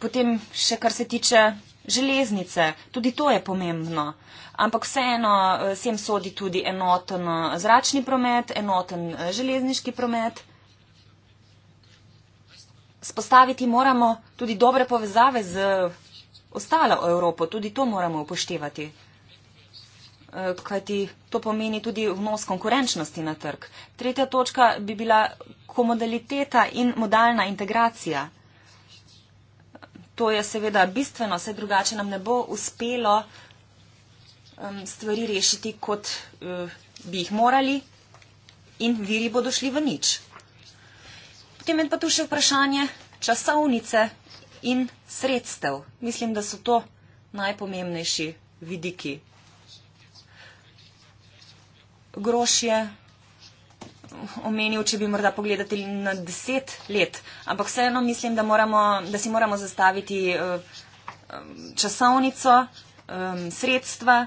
potem še kar se tiče železnice, tudi to je pomembno. Ampak vseeno eh, sem sodi tudi enoten eh, zračni promet, enoten eh, železniški promet. Spostaviti moramo tudi dobre povezave z ostalo Evropo, tudi to moramo upoštevati. Kajti to pomeni tudi vnos konkurenčnosti na trg. Tretja točka bi bila komodaliteta in modalna integracija to je seveda bistveno, vse drugače nam ne bo uspelo um, stvari rešiti, kot uh, bi jih morali in viri bodo šli v nič. Potem je pa tu še vprašanje časovnice in sredstev. Mislim, da so to najpomembnejši vidiki. Groš je omenil, če bi morda pogledali na deset let, ampak vseeno mislim, da, moramo, da si moramo zastaviti eh, eh, časovnico, eh, sredstva,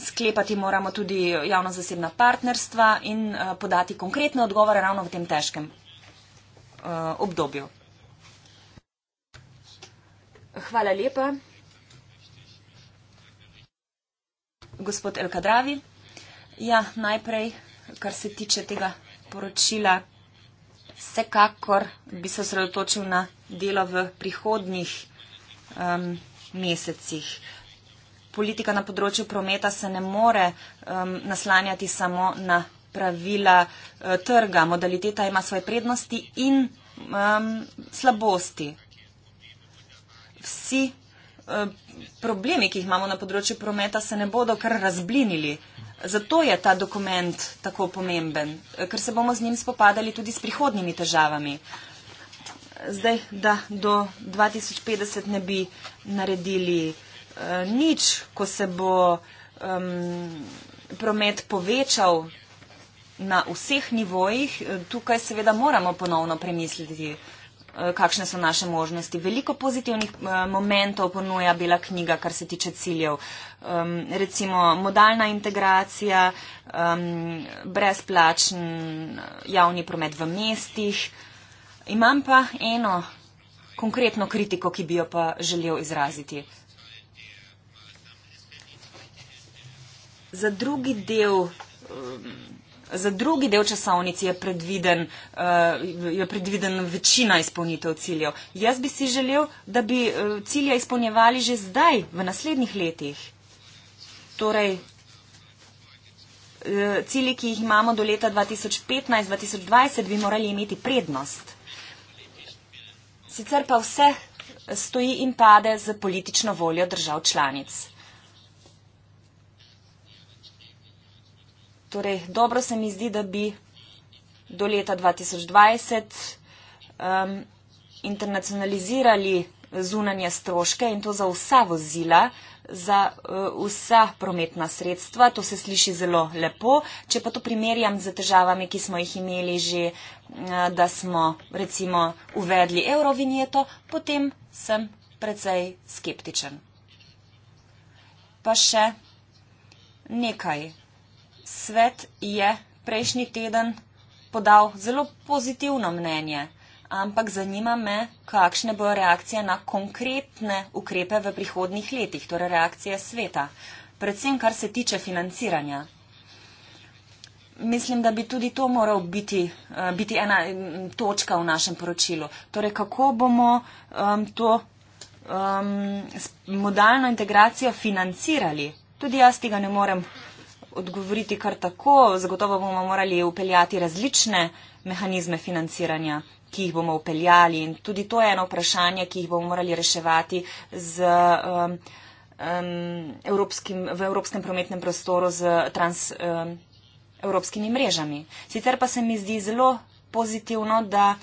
sklepati moramo tudi javno-zasebna partnerstva in podati konkretne odgovore ravno v tem težkem obdobju. Hvala lepa. Gospod Elkadravi. Ja, najprej kar se tiče tega poročila, vsekakor bi se osredotočil na delo v prihodnjih um, mesecih. Politika na področju prometa se ne more um, naslanjati samo na pravila uh, trga. Modaliteta ima svoje prednosti in um, slabosti. Vsi uh, problemi, ki jih imamo na področju prometa, se ne bodo kar razblinili. Zato je ta dokument tako pomemben, ker se bomo z njim spopadali tudi s prihodnjimi težavami. Zdaj, da do 2050 ne bi naredili uh, nič, ko se bo um, promet povečal na vseh nivojih, eh, tukaj seveda moramo ponovno premisliti, uh, kakšne so naše možnosti. Veliko pozitivnih uh, momentov ponuja bila knjiga, kar se tiče ciljev. Uh, um, recimo modalna integracija, um, brezplačen uh, javni promet v mestih. Imam pa eno konkretno kritiko, ki bi jo pa želel izraziti. Za drugi del. Um, Za drugi del časovnice je, uh, je predviden večina izpolnitev ciljev. Jaz bi si želel, da bi uh, cilje izpolnjevali že zdaj, v naslednjih letih torej eh, cilji, ki jih imamo do leta 2015-2020, bi morali imeti prednost. Sicer pa vse stoji in pade z politično voljo držav članic. Torej, dobro se mi zdi, da bi do leta 2020 um, internacionalizirali zunanje stroške in to za vsa vozila, uh, za uh, vsa prometna sredstva. To se sliši zelo lepo. Če pa to primerjam z težavami, ki smo jih imeli že, uh, da smo recimo uvedli eurovinjeto, potem sem precej skeptičen. Pa še nekaj. Svet je prejšnji teden podal zelo pozitivno mnenje ampak zanima me, kakšne bojo reakcije na konkretne ukrepe v prihodnih letih, torej reakcije sveta, predvsem kar se tiče financiranja. Mislim, da bi tudi to moral biti, eh, biti ena točka v našem poročilu. Torej, kako bomo um, to um, modalno integracijo financirali? Tudi jaz tega ne morem odgovoriti kar tako. Zagotovo bomo morali upeljati različne mehanizme financiranja ki jih bomo upeljali. In tudi to je eno vprašanje, ki jih bomo morali reševati z, um, um, evropskim, v evropskem prometnem prostoru z trans, um, evropskimi mrežami. Sicer pa se mi zdi zelo pozitivno, da,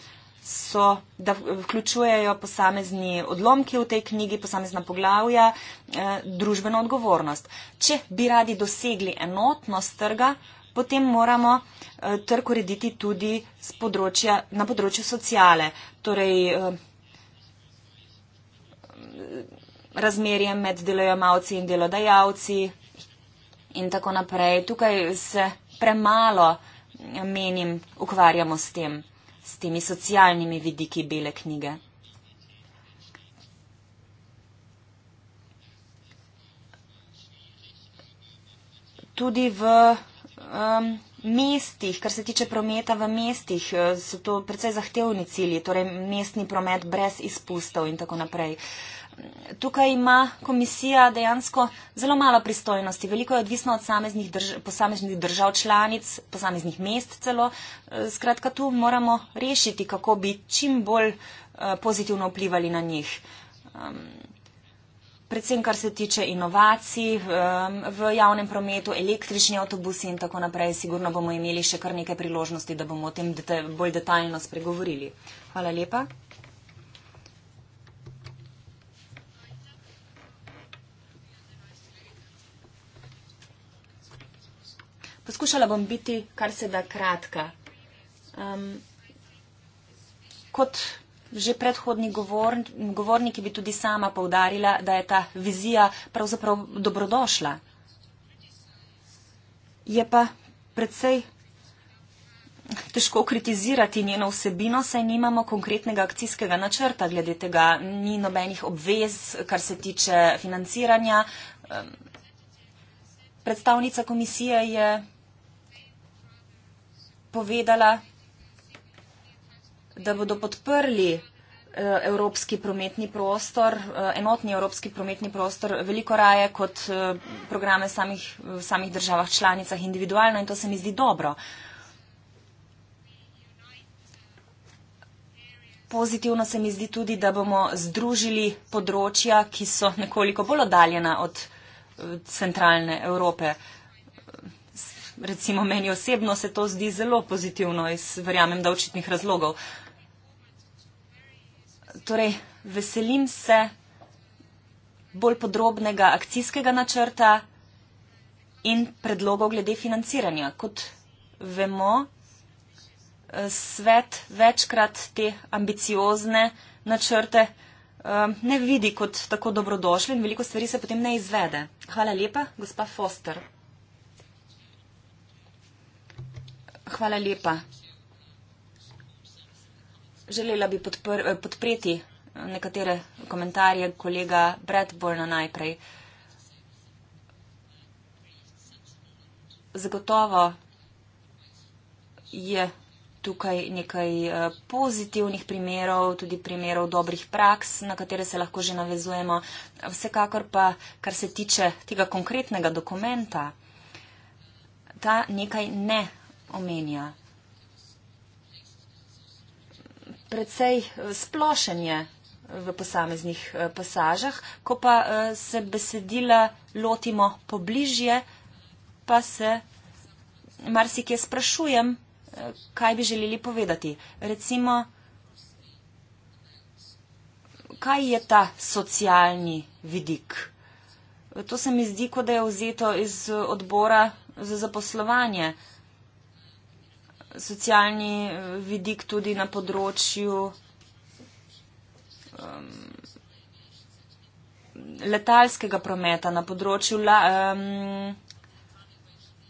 so, da vključujejo posamezni odlomki v tej knjigi, posamezna poglavja, eh, družbeno odgovornost. Če bi radi dosegli enotnost trga, potem moramo eh, trg urediti tudi področja, na področju sociale, torej eh, razmerje med delojemalci in delodajalci in tako naprej. Tukaj se premalo, eh, menim, ukvarjamo s tem, s temi socialnimi vidiki bele knjige. Tudi v um, mestih, kar se tiče prometa v mestih, uh, so to precej zahtevni cilji, torej mestni promet brez izpustov in tako naprej. Tukaj ima komisija dejansko zelo malo pristojnosti. Veliko je odvisno od drž posameznih držav članic, posameznih mest celo. Uh, skratka, tu moramo rešiti, kako bi čim bolj uh, pozitivno vplivali na njih. Um, predvsem kar se tiče inovacij um, v javnem prometu, električni avtobusi in tako naprej. Sigurno bomo imeli še kar nekaj priložnosti, da bomo o tem deta bolj detaljno spregovorili. Hvala lepa. Poskušala bom biti kar se da kratka. Um, kot Že predhodni govor, govorniki bi tudi sama povdarila, da je ta vizija pravzaprav dobrodošla. Je pa predvsej težko kritizirati njeno vsebino, saj nimamo konkretnega akcijskega načrta glede tega, ni nobenih obvez, kar se tiče financiranja. Predstavnica komisije je povedala, da bodo podprli eh, evropski prometni prostor, eh, enotni evropski prometni prostor, veliko raje kot eh, programe samih, v samih državah članicah individualno in to se mi zdi dobro. Pozitivno se mi zdi tudi, da bomo združili področja, ki so nekoliko bolj oddaljena od centralne Evrope. Recimo meni osebno se to zdi zelo pozitivno, jaz verjamem, da očitnih razlogov torej, veselim se bolj podrobnega akcijskega načrta in predlogov glede financiranja. Kot vemo, eh, svet večkrat te ambiciozne načrte eh, ne vidi kot tako dobrodošli in veliko stvari se potem ne izvede. Hvala lepa, gospa Foster. Hvala lepa. Želela bi podpr, eh, podpreti nekatere komentarje kolega Bradborna najprej. Zagotovo je tukaj nekaj eh, pozitivnih primerov, tudi primerov dobrih praks, na katere se lahko že navezujemo. Vsekakor pa, kar se tiče tega konkretnega dokumenta, ta nekaj ne omenja precej eh, splošenje eh, v posameznih eh, pasažah, ko pa se besedila lotimo pobližje, pa se marsikje sprašujem, kaj bi želeli povedati. Recimo, kaj je ta socialni vidik? To se mi zdi, kot da je vzeto iz odbora za zaposlovanje socialni eh, vidik tudi na področju um, letalskega prometa, na področju la, um,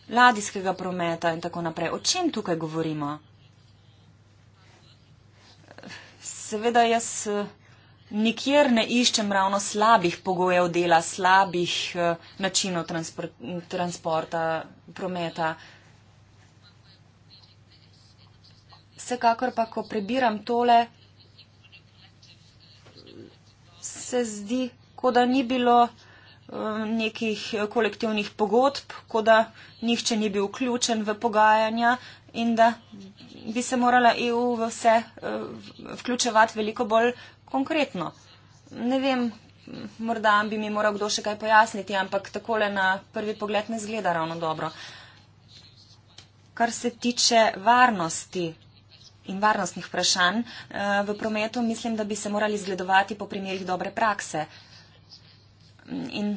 ladijskega prometa in tako naprej. O čem tukaj govorimo? Seveda jaz eh, nikjer ne iščem ravno slabih pogojev dela, slabih uh, načinov transpor transporta, prometa. vsekakor pa, ko prebiram tole, se zdi, kot da ni bilo eh, nekih kolektivnih pogodb, kot da nihče ni bil vključen v pogajanja in da bi se morala EU vse eh, vključevati veliko bolj konkretno. Ne vem, morda bi mi moral kdo še kaj pojasniti, ampak takole na prvi pogled ne zgleda ravno dobro. Kar se tiče varnosti, in varnostnih vprašanj eh, v prometu, mislim, da bi se morali zgledovati po primerjih dobre prakse. In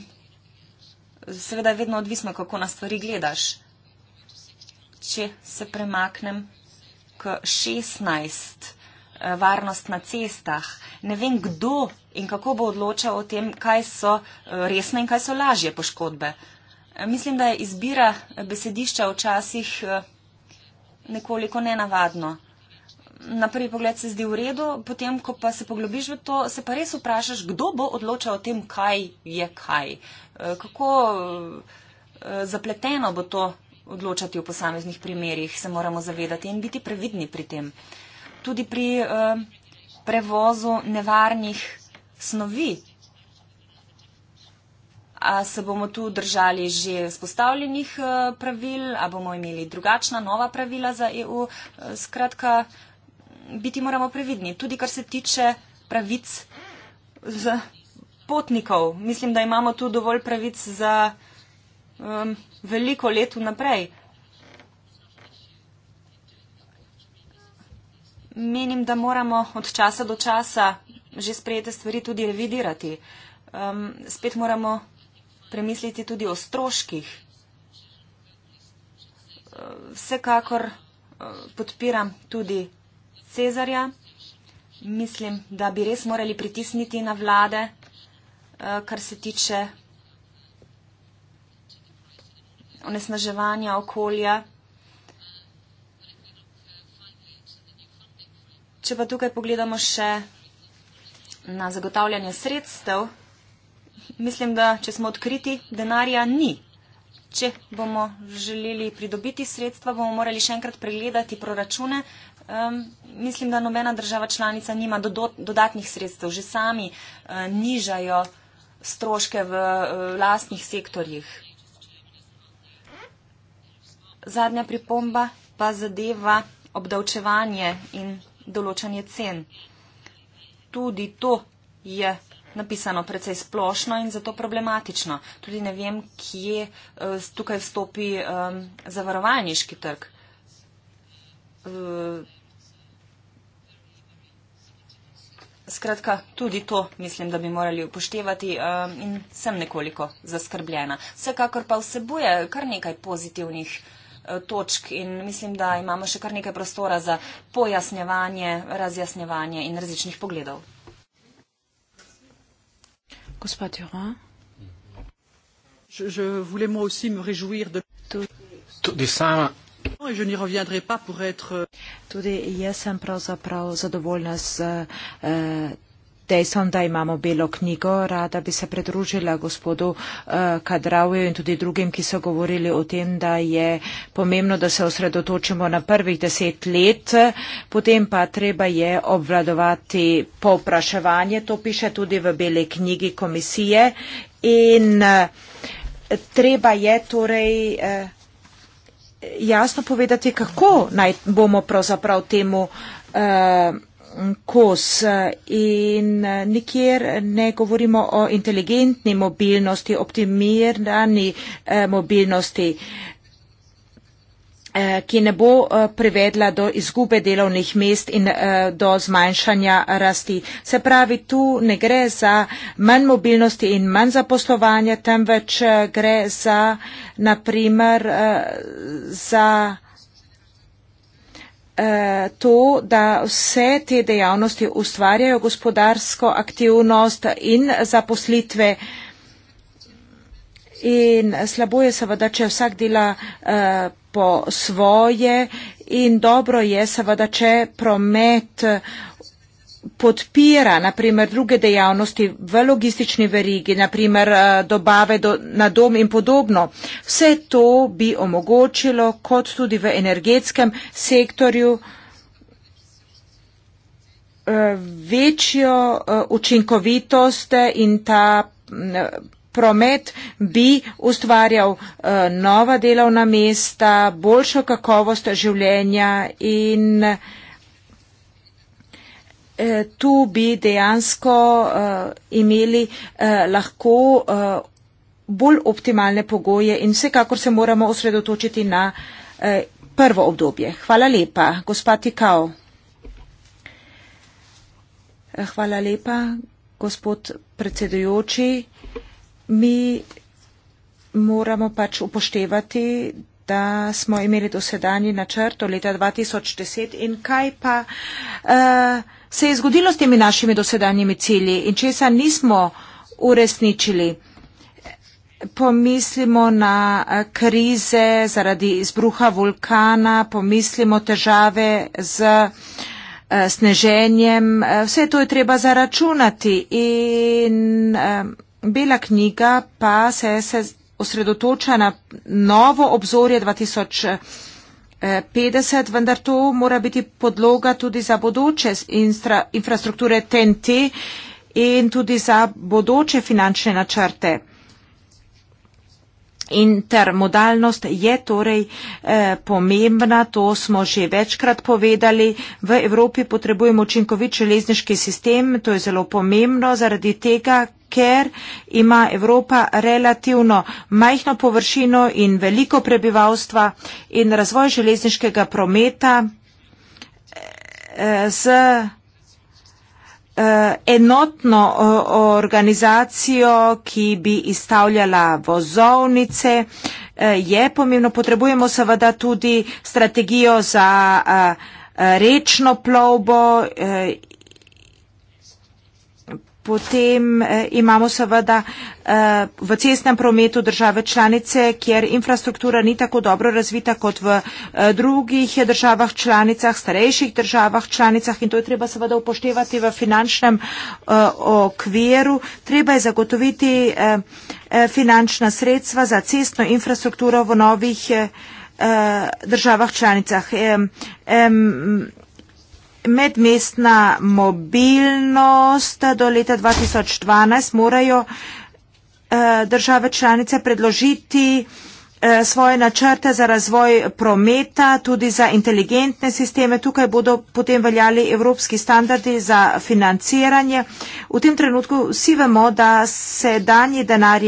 seveda je vedno odvisno, kako na stvari gledaš. Če se premaknem k 16 eh, varnost na cestah. Ne vem, kdo in kako bo odločal o tem, kaj so eh, resne in kaj so lažje poškodbe. Mislim, da je izbira besedišča včasih nekoliko nenavadno na prvi pogled se zdi v redu, potem, ko pa se poglobiš v to, se pa res vprašaš, kdo bo odločal o tem, kaj je kaj. Eh, kako eh, zapleteno bo to odločati v posameznih primerjih, se moramo zavedati in biti previdni pri tem. Tudi pri eh, prevozu nevarnih snovi. A se bomo tu držali že spostavljenih pravil, a bomo imeli drugačna nova pravila za EU. Skratka, biti moramo previdni, tudi kar se tiče pravic za potnikov. Mislim, da imamo tu dovolj pravic za um, veliko let naprej. Menim, da moramo od časa do časa že sprejete stvari tudi revidirati. Um, spet moramo premisliti tudi o stroških. Uh, vsekakor uh, podpiram tudi Cezarja. Mislim, da bi res morali pritisniti na vlade, eh, kar se tiče onesnaževanja okolja. Če pa tukaj pogledamo še na zagotavljanje sredstev, mislim, da če smo odkriti, denarja ni. Če bomo želeli pridobiti sredstva, bomo morali še enkrat pregledati proračune, Um, mislim, da nobena država članica nima do, do, dodatnih sredstev, že sami uh, nižajo stroške v uh, lastnih sektorjih. Zadnja pripomba pa zadeva obdavčevanje in določanje cen. Tudi to je napisano precej splošno in zato problematično. Tudi ne vem, kje uh, tukaj vstopi um, zavarovalniški trg. Eh, skratka, tudi to mislim, da bi morali upoštevati um, in sem nekoliko zaskrbljena. Vsekakor pa vsebuje kar nekaj pozitivnih uh, točk in mislim, da imamo še kar nekaj prostora za pojasnjevanje, razjasnjevanje in različnih pogledov. Gospod Juran. Tudi sama temps et je n'y reviendrai pas pour être. Euh, tudi jaz sem pravzaprav zadovoljna z uh, dejstvom, da imamo belo knjigo. Rada bi se pridružila gospodu uh, eh, Kadravju in tudi drugim, ki so govorili o tem, da je pomembno, da se osredotočimo na prvih deset let, potem pa treba je obvladovati povpraševanje. To piše tudi v bele knjigi komisije. In uh, treba je torej. Uh, jasno povedati, kako naj bomo pravzaprav temu uh, kos. In eh, nikjer ne govorimo o inteligentni mobilnosti, optimirani uh, mobilnosti. Uh, Eh, ki ne bo eh, privedla do izgube delovnih mest in eh, do zmanjšanja rasti. Se pravi, tu ne gre za manj mobilnosti in manj zaposlovanja, temveč gre za, naprimer, za to, da vse te dejavnosti ustvarjajo gospodarsko aktivnost in zaposlitve. In slabo je seveda, če vsak dela uh, po svoje in dobro je seveda, če promet eh, podpira naprimer druge dejavnosti v logistični verigi, naprimer eh, dobave do, na dom in podobno. Vse to bi omogočilo, kot tudi v energetskem sektorju, večjo učinkovitost in ta promet bi ustvarjal eh, nova delovna mesta, boljšo kakovost življenja in eh, tu bi dejansko eh, imeli lahko bolj optimalne pogoje in vsekakor se moramo osredotočiti na prvo obdobje. Hvala lepa, gospa Tikao. Hvala lepa, gospod predsedujoči mi moramo pač upoštevati, da smo imeli dosedanji načrt do leta 2010 in kaj pa uh, se je zgodilo s temi našimi dosedanjimi cilji in česa nismo uresničili. Pomislimo na eh, krize zaradi izbruha vulkana, pomislimo težave z eh, sneženjem. Vse to je treba zaračunati in um, Bela knjiga pa se, se osredotoča na novo obzorje 2050, vendar to mora biti podloga tudi za bodoče infrastrukture TNT in tudi za bodoče finančne načrte. Intermodalnost je torej eh, pomembna, to smo že večkrat povedali. V Evropi potrebujemo učinkovit železniški sistem, to je zelo pomembno, zaradi tega, ker ima Evropa relativno majhno površino in veliko prebivalstva in razvoj železniškega prometa eh, z eh, enotno organizacijo, ki bi izstavljala vozovnice, eh, je pomembno. Potrebujemo seveda tudi strategijo za rečno plovbo Potem eh, imamo seveda eh, v cestnem prometu države članice, kjer infrastruktura ni tako dobro razvita kot v eh, drugih državah članicah, starejših državah članicah in to je treba seveda upoštevati v finančnem eh, okviru. Treba je zagotoviti eh, eh finančna sredstva za cestno infrastrukturo v novih eh, eh državah članicah. Eh, eh, medmestna mobilnost do leta 2012 morajo eh, države članice predložiti eh, svoje načrte za razvoj prometa, tudi za inteligentne sisteme. Tukaj bodo potem veljali evropski standardi za financiranje. V tem trenutku vsi vemo, da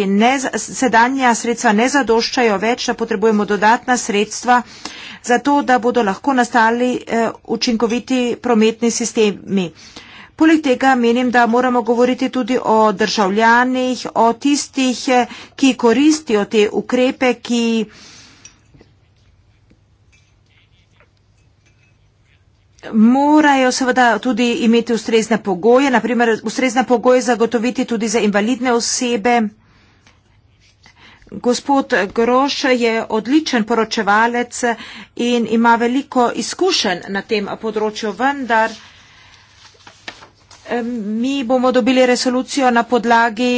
ne, sedanja sredstva ne zadoščajo več, da potrebujemo dodatna sredstva. Uh, zato da bodo lahko nastali eh, učinkoviti prometni sistemi. Poleg tega menim, da moramo govoriti tudi o državljanih, o tistih, eh, ki koristijo te ukrepe, ki morajo seveda tudi imeti ustrezne pogoje, naprimer ustrezne pogoje zagotoviti tudi za invalidne osebe gospod Groš je odličen poročevalec in ima veliko izkušenj na tem področju, vendar mi bomo dobili resolucijo na podlagi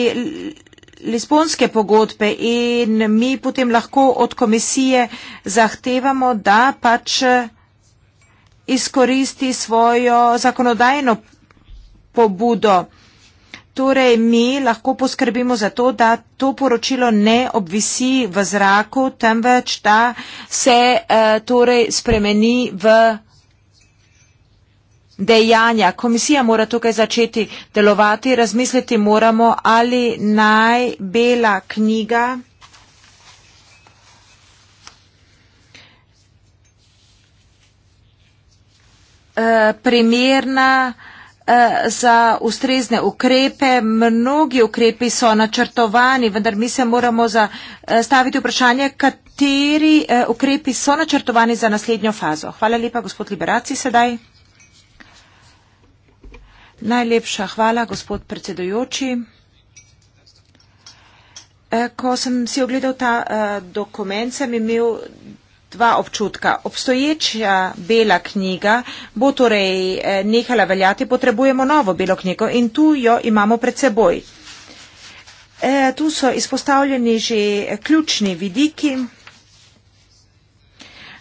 Lisbonske pogodbe in mi potem lahko od komisije zahtevamo, da pač izkoristi svojo zakonodajno pobudo. Torej, mi lahko poskrbimo za to, da to poročilo ne obvisi v zraku, temveč da se uh, torej spremeni v dejanja. Komisija mora tukaj začeti delovati, razmisliti moramo, ali naj bela knjiga uh, primerna Eh, za ustrezne ukrepe. Mnogi ukrepi so načrtovani, vendar mi se moramo eh, staviti vprašanje, kateri eh, ukrepi so načrtovani za naslednjo fazo. Hvala lepa, gospod Liberaci, sedaj. Najlepša hvala, gospod predsedujoči. Ko sem si ogledal ta dokument, sem imel dva občutka. Obstoječa bela knjiga bo torej eh, nehala veljati, potrebujemo novo belo knjigo in tu jo imamo pred seboj. E, tu so izpostavljeni že ključni vidiki.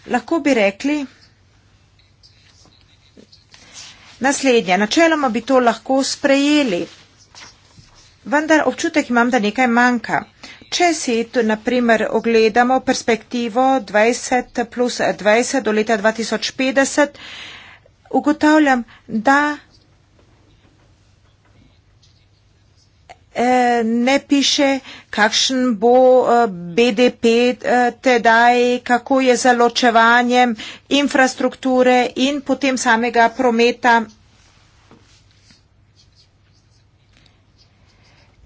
Lahko bi rekli naslednje. Načeloma bi to lahko sprejeli, vendar občutek imam, da nekaj manjka. Če si tu naprimer ogledamo perspektivo 20 plus 20 do leta 2050, ugotavljam, da eh, ne piše, kakšen bo eh, BDP eh, tedaj, kako je z ločevanjem infrastrukture in potem samega prometa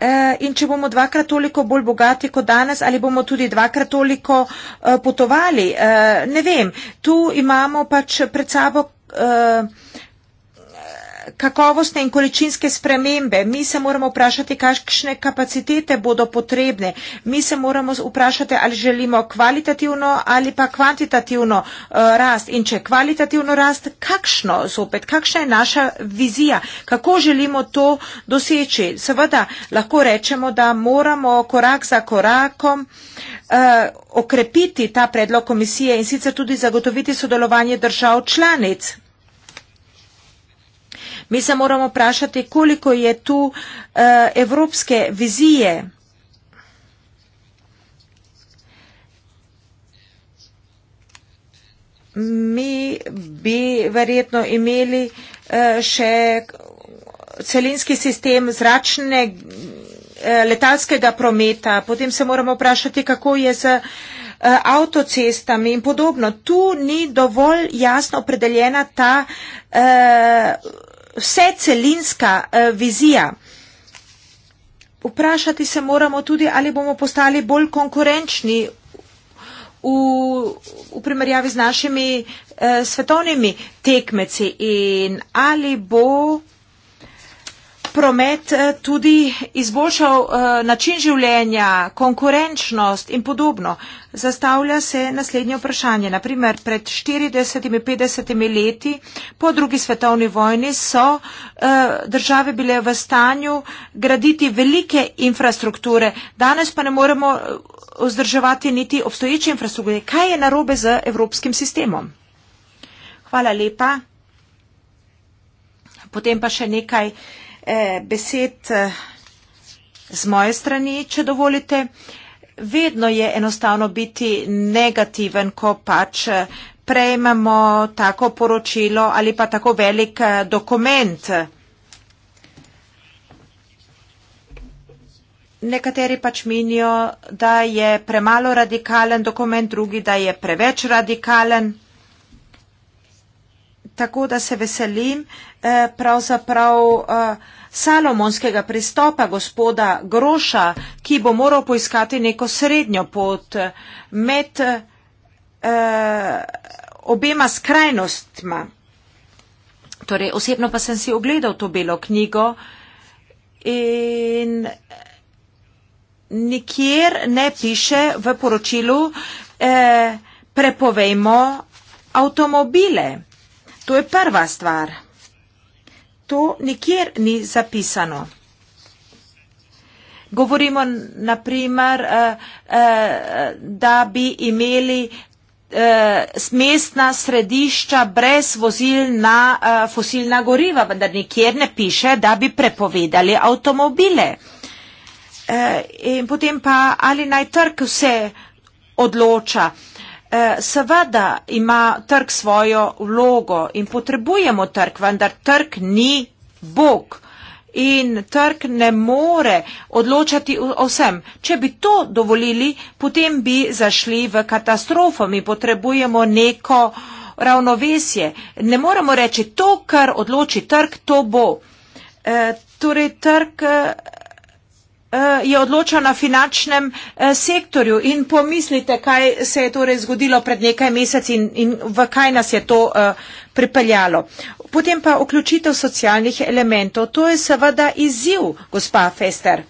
Eh, in če bomo dvakrat toliko bolj bogati kot danes, ali bomo tudi dvakrat toliko eh, potovali, eh, ne vem. Tu imamo pač pred sabo kakovostne in količinske spremembe. Mi se moramo vprašati, kakšne kapacitete bodo potrebne. Mi se moramo vprašati, ali želimo kvalitativno ali pa kvantitativno uh, rast. In če kvalitativno rast, kakšno zopet, kakšna je naša vizija, kako želimo to doseči. Seveda lahko rečemo, da moramo korak za korakom. Uh, okrepiti ta predlog komisije in sicer tudi zagotoviti sodelovanje držav članic. Mi se moramo vprašati, koliko je tu eh, evropske vizije. Mi bi verjetno imeli eh, še celinski sistem zračne eh, letalskega prometa, potem se moramo vprašati, kako je z avtocestami in podobno. Tu ni dovolj jasno opredeljena ta uh, vse celinska uh, eh, vizija. Vprašati se moramo tudi, ali bomo postali bolj konkurenčni v, v primerjavi z našimi uh, svetovnimi tekmeci in ali bo promet eh, tudi izboljšal eh, način življenja, konkurenčnost in podobno. Zastavlja se naslednje vprašanje. Naprimer, pred 40-50 leti po drugi svetovni vojni so eh, države bile v stanju graditi velike infrastrukture. Danes pa ne moremo vzdrževati niti obstoječe infrastrukture. Kaj je narobe z evropskim sistemom? Hvala lepa. Potem pa še nekaj. E, besed e, z moje strani, če dovolite. Vedno je enostavno biti negativen, ko pač e, prejmemo tako poročilo ali pa tako velik dokument. Nekateri pač menijo, da je premalo radikalen dokument, drugi, da je preveč radikalen. Tako da se veselim, pravzaprav prav, salomonskega prestopa gospoda Groša, ki bo moral poiskati neko srednjo pot med eh, obema skrajnostma. Torej, osebno pa sem si ogledal to belo knjigo in nikjer ne piše v poročilu eh, prepovejmo avtomobile. To je prva stvar to nikjer ni zapisano. Govorimo naprimer, eh, eh, da bi imeli eh, mestna središča brez vozil na fosilna goriva, vendar nikjer ne piše, da bi prepovedali avtomobile. In potem pa ali naj trg vse odloča. Eh, seveda ima trg svojo vlogo in potrebujemo trg, vendar trg ni Bog. In trg ne more odločati o vsem. Če bi to dovolili, potem bi zašli v katastrofo. Mi potrebujemo neko ravnovesje. Ne moremo reči, to, kar odloči trg, to bo. E, torej, trg. E, Eh, je odločal na finančnem eh, sektorju in pomislite, kaj se je torej zgodilo pred nekaj meseci in, in v kaj nas je to eh, pripeljalo. Potem pa vključitev socialnih elementov. To je seveda izziv, gospa Fester.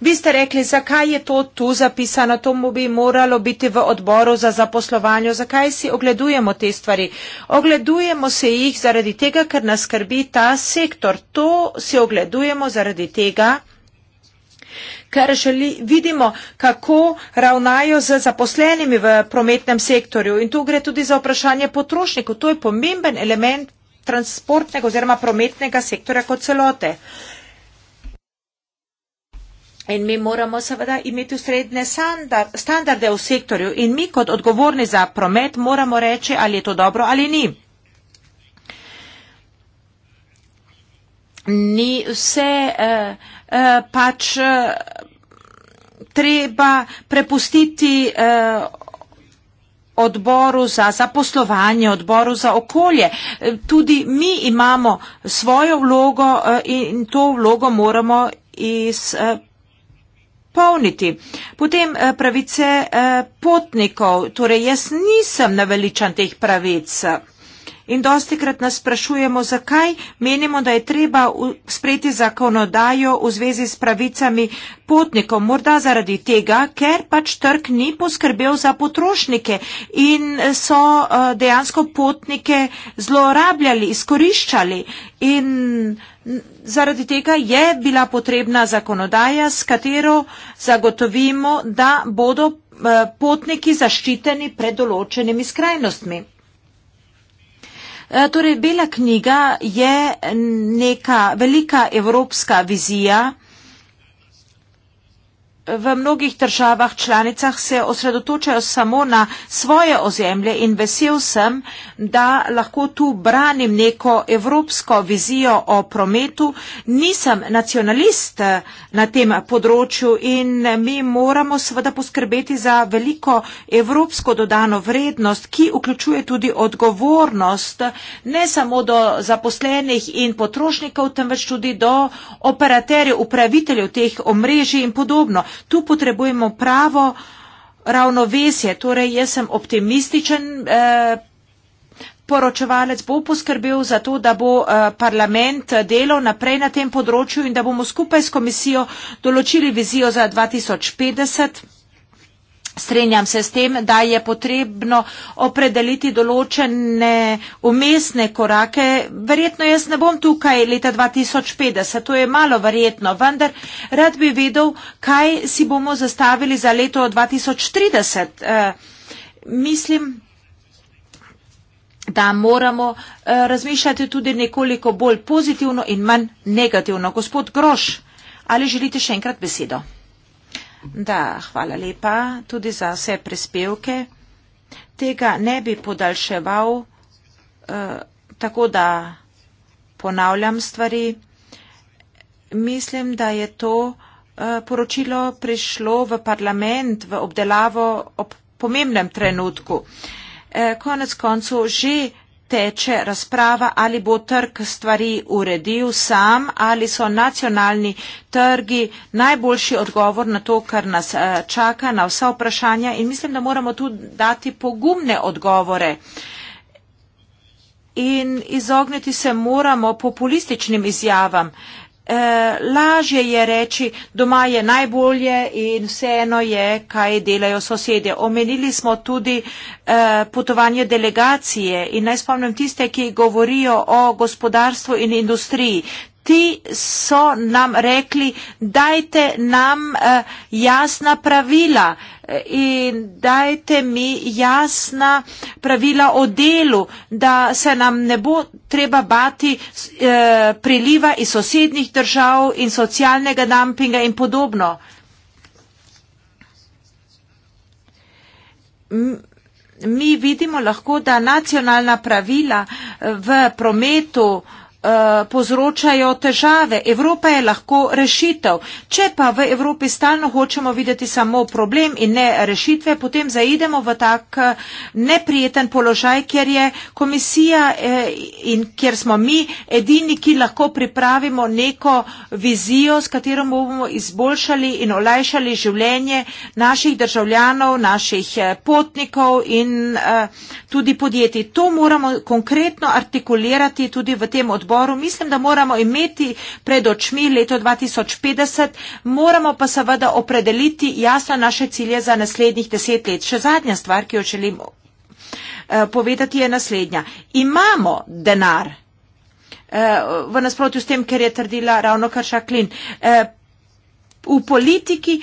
Vi ste rekli, zakaj je to tu zapisano, to mu bi moralo biti v odboru za zaposlovanje, zakaj si ogledujemo te stvari. Ogledujemo se jih zaradi tega, ker nas skrbi ta sektor. To si ogledujemo zaradi tega, ker želi, vidimo, kako ravnajo z zaposlenimi v prometnem sektorju. In tu gre tudi za vprašanje potrošnikov. To je pomemben element transportnega oziroma prometnega sektorja kot celote. In mi moramo seveda imeti ustredne standarde v sektorju in mi kot odgovorni za promet moramo reči, ali je to dobro ali ni. ni vse uh, uh, pač uh, treba prepustiti uh, odboru za zaposlovanje, odboru za okolje. Tudi mi imamo svojo vlogo uh, in to vlogo moramo izpolniti. Uh, Potem uh, pravice uh, potnikov, torej jaz nisem naveličan teh pravic. Uh, in dosti krat nas sprašujemo, zakaj menimo, da je treba sprejeti zakonodajo v zvezi s pravicami potnikov. Morda zaradi tega, ker pač trg ni poskrbel za potrošnike in so eh, dejansko potnike zlorabljali, izkoriščali. In zaradi tega je bila potrebna zakonodaja, s katero zagotovimo, da bodo eh, potniki zaščiteni pred določenimi skrajnostmi. Eh, torej, Bela knjiga je neka velika evropska vizija, v mnogih državah članicah se osredotočajo samo na svoje ozemlje in vesel sem, da lahko tu branim neko evropsko vizijo o prometu. Nisem nacionalist eh, na tem področju in mi moramo seveda poskrbeti za veliko evropsko dodano vrednost, ki vključuje tudi odgovornost ne samo do zaposlenih in potrošnikov, temveč tudi do operaterjev, upraviteljev teh omrežij in podobno. Tu potrebujemo pravo ravnovesje. Torej, jaz sem optimističen. Eh, Poročevalec bo poskrbel za to, da bo eh, parlament delal naprej na tem področju in da bomo skupaj s komisijo določili vizijo za 2050. Strenjam se s tem, da je potrebno opredeliti določene umestne korake. Verjetno jaz ne bom tukaj leta 2050, to je malo verjetno, vendar rad bi vedel, kaj si bomo zastavili za leto 2030. Eh, mislim, da moramo eh, razmišljati tudi nekoliko bolj pozitivno in manj negativno. Gospod Groš, ali želite še enkrat besedo? Da, hvala lepa tudi za vse prispevke. Tega ne bi podaljševal, eh, tako da ponavljam stvari. Mislim, da je to eh, poročilo prišlo v parlament v obdelavo ob pomembnem trenutku. Eh, konec koncu že teče razprava, ali bo trg stvari uredil sam, ali so nacionalni trgi najboljši odgovor na to, kar nas eh, čaka, na vsa vprašanja in mislim, da moramo tu dati pogumne odgovore. In izogniti se moramo populističnim izjavam. Uh, Eh, lažje je reči, doma je najbolje in vseeno je, kaj delajo sosedje. Omenili smo tudi eh, potovanje delegacije in naj spomnim tiste, ki govorijo o gospodarstvu in industriji oblasti so nam rekli, dajte nam eh, jasna pravila eh, in dajte mi jasna pravila o delu, da se nam ne bo treba bati eh, priliva iz sosednjih držav in socialnega dumpinga in podobno. Mi vidimo lahko, da nacionalna pravila v prometu eh, Eh, povzročajo težave. Evropa je lahko rešitev. Če pa v Evropi stalno hočemo videti samo problem in ne rešitve, potem zaidemo v tak eh, neprijeten položaj, ker je komisija eh, in ker smo mi edini, ki lahko pripravimo neko vizijo, s katero bomo izboljšali in olajšali življenje naših državljanov, naših potnikov in tudi podjetij. To moramo konkretno artikulirati tudi v tem odboru zboru, mislim, da moramo imeti pred očmi leto 2050, moramo pa seveda opredeliti jasno naše cilje za naslednjih deset let. Še zadnja stvar, ki jo želim eh, povedati, je naslednja. Imamo denar eh, v nasprotju s tem, ker je trdila ravno kar Šaklin. Eh, v politiki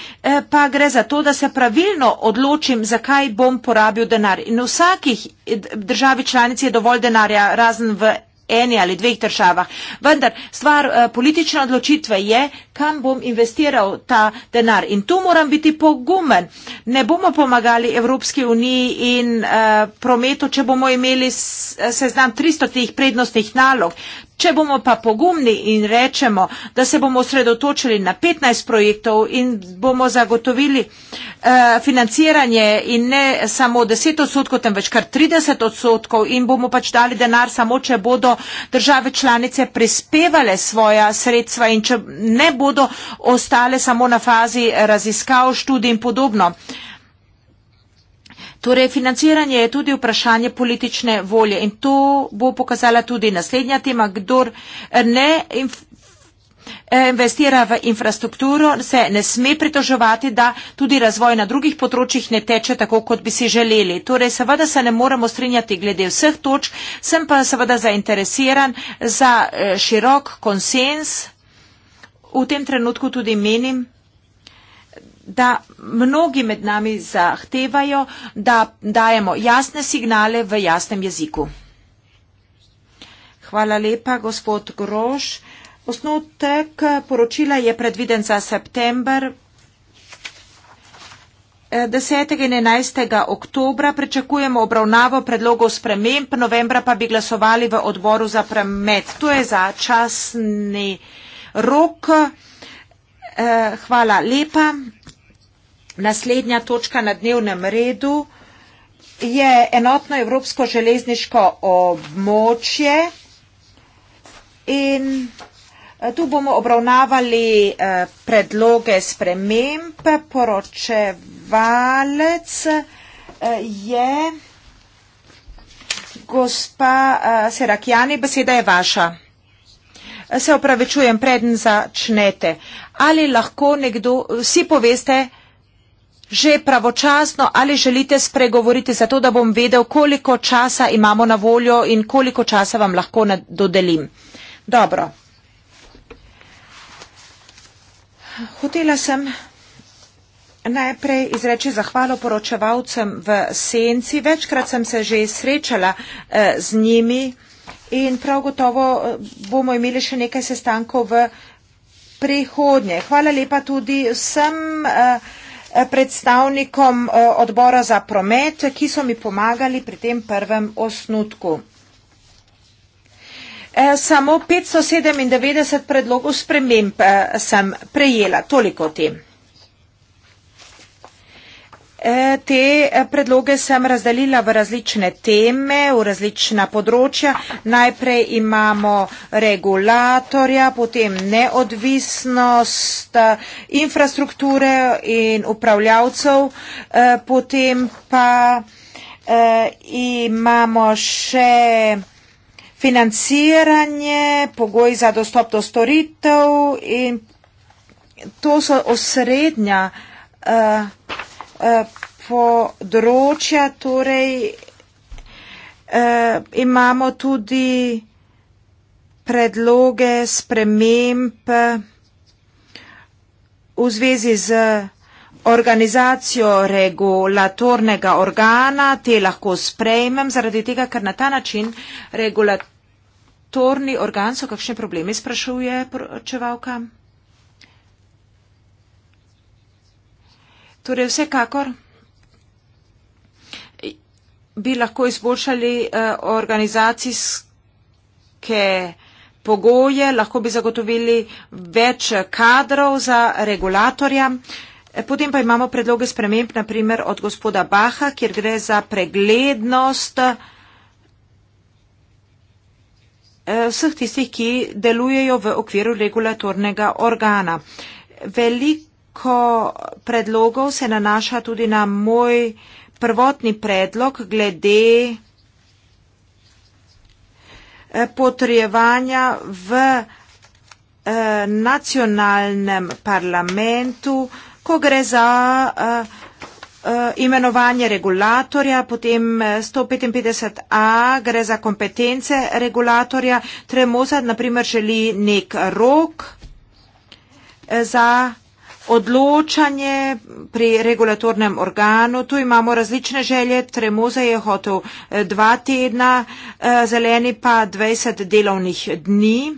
pa gre za to, da se pravilno odločim, zakaj bom porabil denar. In v vsakih državi članici je dovolj denarja, razen v eni ali dveh državah. Vendar stvar eh, politične odločitve je, kam bom investiral ta denar. In tu moram biti pogumen. Ne bomo pomagali Evropski uniji in eh, prometu, če bomo imeli eh, seznam 300 teh prednostnih nalog. Če bomo pa pogumni in rečemo, da se bomo osredotočili na 15 projektov in bomo zagotovili uh, Eh, financiranje in ne samo 10 odstotkov, temveč kar 30 odstotkov in bomo pač dali denar samo, če bodo države članice prispevale svoja sredstva in če ne bodo ostale samo na fazi raziskav, študij in podobno. Torej, financiranje je tudi vprašanje politične volje in to bo pokazala tudi naslednja tema, kdor ne Eh, investira v infrastrukturo, se ne sme pritoževati, da tudi razvoj na drugih področjih ne teče tako, kot bi si želeli. Torej, seveda se ne moremo strinjati glede vseh točk, sem pa seveda zainteresiran za eh, širok konsens. V tem trenutku tudi menim, da mnogi med nami zahtevajo, da dajemo jasne signale v jasnem jeziku. Hvala lepa, gospod Grož. Osnotek poročila je predviden za september. 10. Eh, in 11. oktobra pričakujemo obravnavo predlogov sprememb, novembra pa bi glasovali v odboru za premet. To je za časni rok. Eh, hvala lepa. Naslednja točka na dnevnem redu je enotno evropsko železniško območje in Eh, tu bomo obravnavali eh, predloge sprememb. Poročevalec eh, je gospa Serakjani, beseda je vaša. Se opravičujem, preden začnete. Ali lahko nekdo, vsi poveste že pravočasno, ali želite spregovoriti, zato da bom vedel, koliko časa imamo na voljo in koliko časa vam lahko dodelim. Dobro. Hotela sem najprej izreči zahvalo poročevalcem v senci. Večkrat sem se že srečala eh, z njimi in prav gotovo eh, bomo imeli še nekaj sestankov v prihodnje. Hvala lepa tudi vsem eh, predstavnikom odbora za promet, ki so mi pomagali pri tem prvem osnutku. Eh, samo 597 predlogov sprememb eh, sem prejela, toliko o tem. Eh, te predloge sem razdelila v različne teme, v različna področja. Najprej imamo regulatorja, potem neodvisnost infrastrukture in upravljavcev, potem pa imamo še financiranje, pogoji za dostop do storitev in to so osrednja uh, uh, področja, torej uh, imamo tudi predloge sprememb v zvezi z organizacijo regulatornega organa, te lahko sprejmem, zaradi tega, ker na ta način regulatorni organ so kakšne probleme, sprašuje poročevalka. Torej vsekakor bi lahko izboljšali uh, organizacijske pogoje, lahko bi zagotovili več kadrov za regulatorja. Uh, E, potem pa imamo predloge sprememb, naprimer od gospoda Baha, kjer gre za preglednost e, vseh tistih, ki delujejo v okviru regulatornega organa. Veliko predlogov se nanaša tudi na moj prvotni predlog glede e, potrjevanja v nacionalnem parlamentu eh, ko gre za eh, eh, imenovanje regulatorja, potem 155a eh, gre za kompetence regulatorja, Tremoza naprimer želi nek rok za odločanje pri regulatornem organu. Tu imamo različne želje, Tremoza je hotel dva tedna, zeleni pa 20 delovnih dni.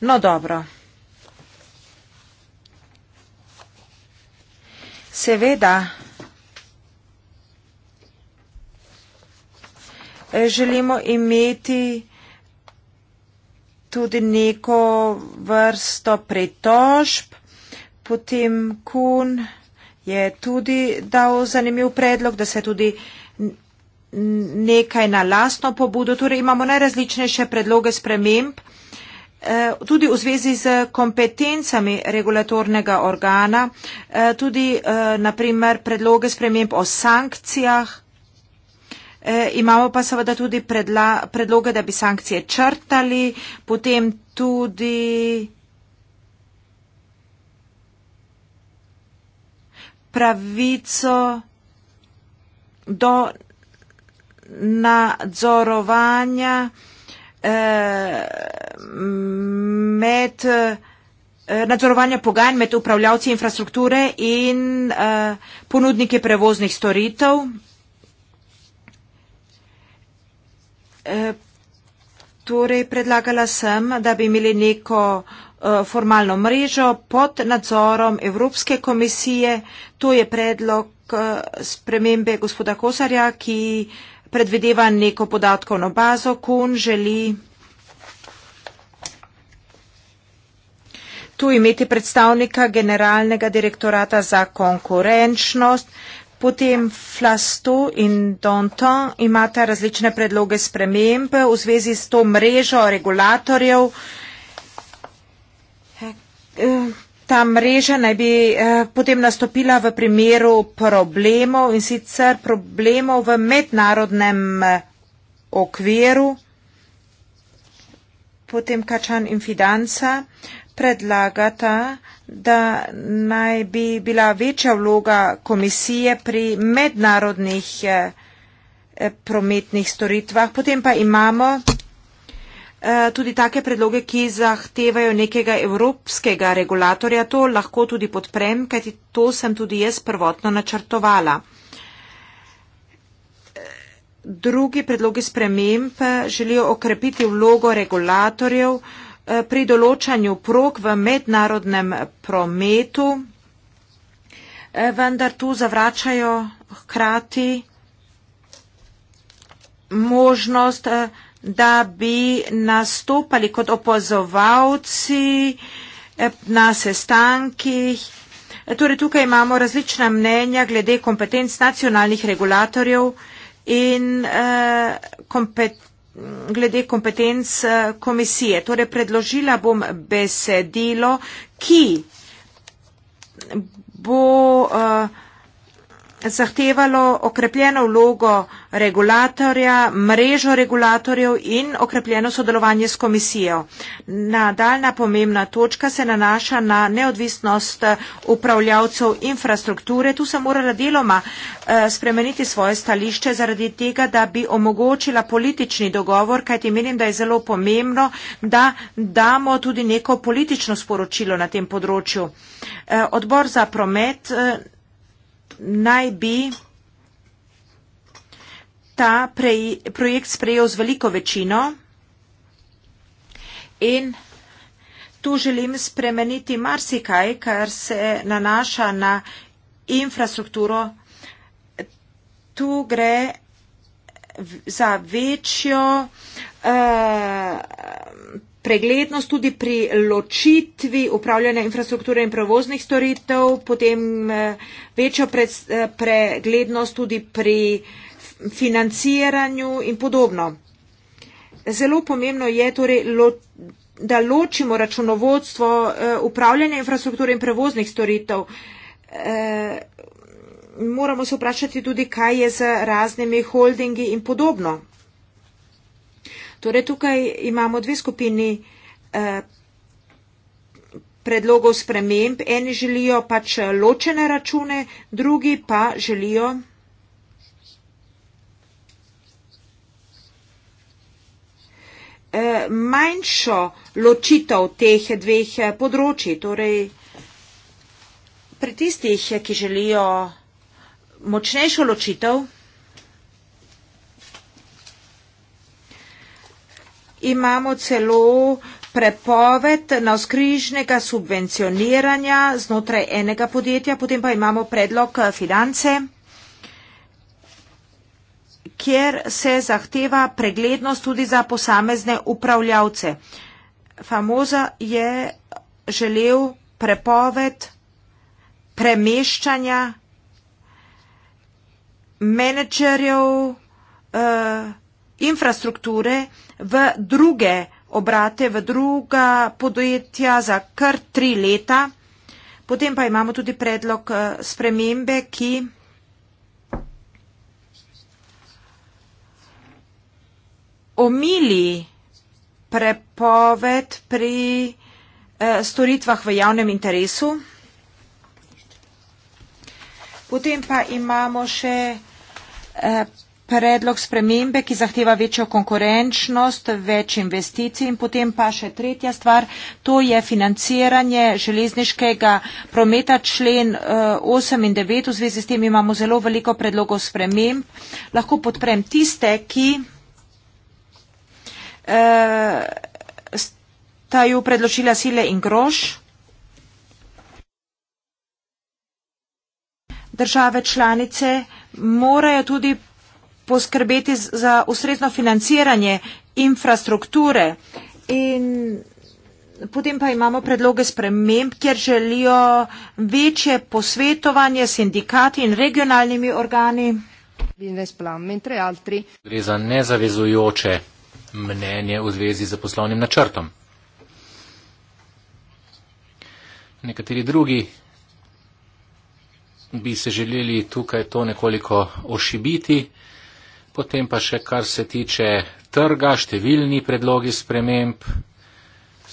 No dobro. Seveda želimo imeti tudi neko vrsto pritožb. Potem Kun je tudi dal zanimiv predlog, da se tudi nekaj na lastno pobudo. Torej imamo najrazličnejše predloge sprememb. Eh, tudi v zvezi z kompetencami regulatornega organa, eh, tudi eh, naprimer predloge sprememb o sankcijah, imamo pa seveda tudi predloge, da bi sankcije črtali, potem tudi pravico do nadzorovanja Eh, med eh, nadzorovanja pogajanj med upravljavci infrastrukture in eh, ponudniki prevoznih storitev. Torej predlagala sem, da bi imeli neko formalno mrežo pod nadzorom Evropske komisije. To je predlog spremembe gospoda Kosarja, ki je predvideva neko podatkovno bazo, kun želi tu imeti predstavnika generalnega direktorata za konkurenčnost. Potem Flastu in Danton imata različne predloge sprememb v zvezi s to mrežo regulatorjev. Ta mreža naj bi eh, potem nastopila v primeru problemov in sicer problemov v mednarodnem eh, okviru. Potem Kačan in Fidanca predlagata, da naj bi bila večja vloga komisije pri mednarodnih eh, eh prometnih storitvah. Potem pa imamo Eh, tudi take predloge, ki zahtevajo nekega evropskega regulatorja, to lahko tudi podprem, kajti to sem tudi jaz prvotno načrtovala. Eh, drugi predlogi sprememb eh, želijo okrepiti vlogo regulatorjev pri določanju prog v mednarodnem prometu, vendar tu zavračajo hkrati možnost regulatorja, da bi nastopali kot opozovalci eh, na sestankih. Eh, torej, tukaj imamo različna mnenja glede kompetenc nacionalnih regulatorjev in eh, kompet glede kompetenc komisije. Torej, predložila bom besedilo, ki bo uh, zahtevalo okrepljeno vlogo regulatorja, mrežo regulatorjev in okrepljeno sodelovanje s komisijo. Nadaljna pomembna točka se nanaša na neodvisnost upravljavcev infrastrukture. Tu se morala deloma eh, spremeniti svoje stališče zaradi tega, da bi omogočila politični dogovor, kajti menim, da je zelo pomembno, da damo tudi neko politično sporočilo na tem področju. Eh, odbor za promet eh, naj bi ta prej, projekt sprejel z veliko večino in tu želim spremeniti marsikaj, kar se nanaša na infrastrukturo. Tu gre za večjo uh, preglednost tudi pri ločitvi upravljanja infrastrukture in prevoznih storitev, potem eh, večjo pred, eh, preglednost tudi pri financiranju in podobno. Zelo pomembno je torej, lo, da ločimo računovodstvo eh, upravljanja infrastrukture in prevoznih storitev. Moramo se vprašati tudi, kaj je z raznimi holdingi in podobno. Torej, tukaj imamo dve skupini eh, predlogov sprememb. Eni želijo pač ločene račune, drugi pa želijo eh, manjšo ločitev teh dveh področji. Torej, pri tistih, ki želijo močnejšo ločitev, imamo celo prepoved navskrižnega subvencioniranja znotraj enega podjetja, potem pa imamo predlog eh, finance, kjer se zahteva preglednost tudi za posamezne upravljavce. Famoza je želel prepoved premeščanja menedžerjev, uh, infrastrukture v druge obrate, v druga podjetja za kar tri leta. Potem pa imamo tudi predlog eh, spremembe, ki omili prepoved pri eh, storitvah v javnem interesu. Potem pa imamo še eh, predlog spremembe, ki zahteva večjo konkurenčnost, več investicij in potem pa še tretja stvar, to je financiranje železniškega prometa člen 8 in 9. V zvezi s tem imamo zelo veliko predlogov sprememb. Lahko podprem tiste, ki eh, sta ju predložila sile in grož. Države članice morajo tudi poskrbeti za ustrezno financiranje infrastrukture. In potem pa imamo predloge sprememb, kjer želijo večje posvetovanje sindikati in regionalnimi organi. Gre za nezavezujoče mnenje v zvezi z poslovnim načrtom. Nekateri drugi bi se želeli tukaj to nekoliko ošibiti. Potem pa še kar se tiče trga, številni predlogi sprememb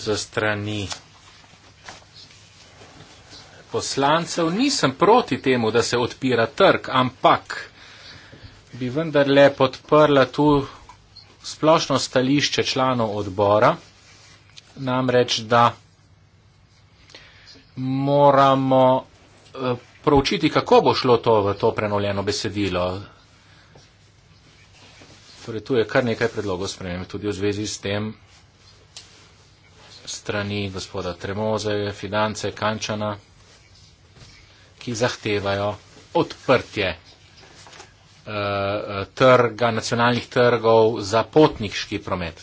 za strani poslancev. Nisem proti temu, da se odpira trg, ampak bi vendarle podprla tu splošno stališče članov odbora, namreč da moramo eh, proučiti, kako bo šlo to v to prenovljeno besedilo. Torej, tu je kar nekaj predlogov sprememb, tudi v zvezi s tem strani gospoda Tremoze, finance Kančana, ki zahtevajo odprtje eh, eh trga, nacionalnih trgov za potniški promet.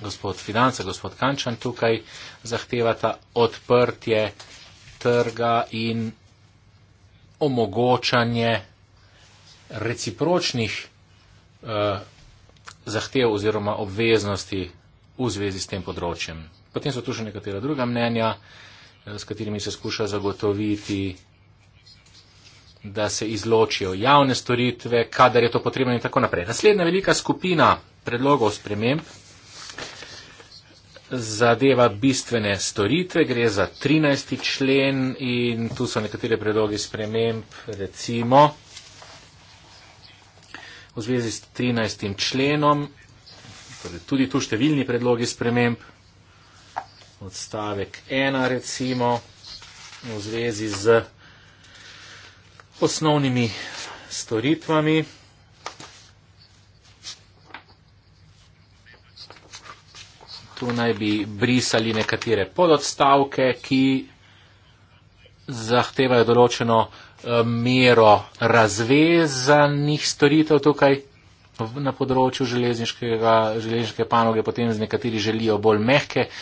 Gospod finance, gospod Kančan tukaj zahtevata odprtje trga in omogočanje recipročnih Eh, zahtev oziroma obveznosti v zvezi s tem področjem. Potem so tu še nekatera druga mnenja, eh, s katerimi se skuša zagotoviti, da se izločijo javne storitve, kadar je to potrebno in tako naprej. Naslednja velika skupina predlogov sprememb zadeva bistvene storitve, gre za 13. člen in tu so nekatere predloge sprememb, recimo, v zvezi s 13. členom, torej tudi tu številni predlogi sprememb, odstavek 1 recimo, v zvezi z osnovnimi storitvami. Tu naj bi brisali nekatere pododstavke, ki zahtevajo določeno mero razvezanih storitev tukaj na področju železniške panoge, potem z nekateri želijo bolj mehke eh,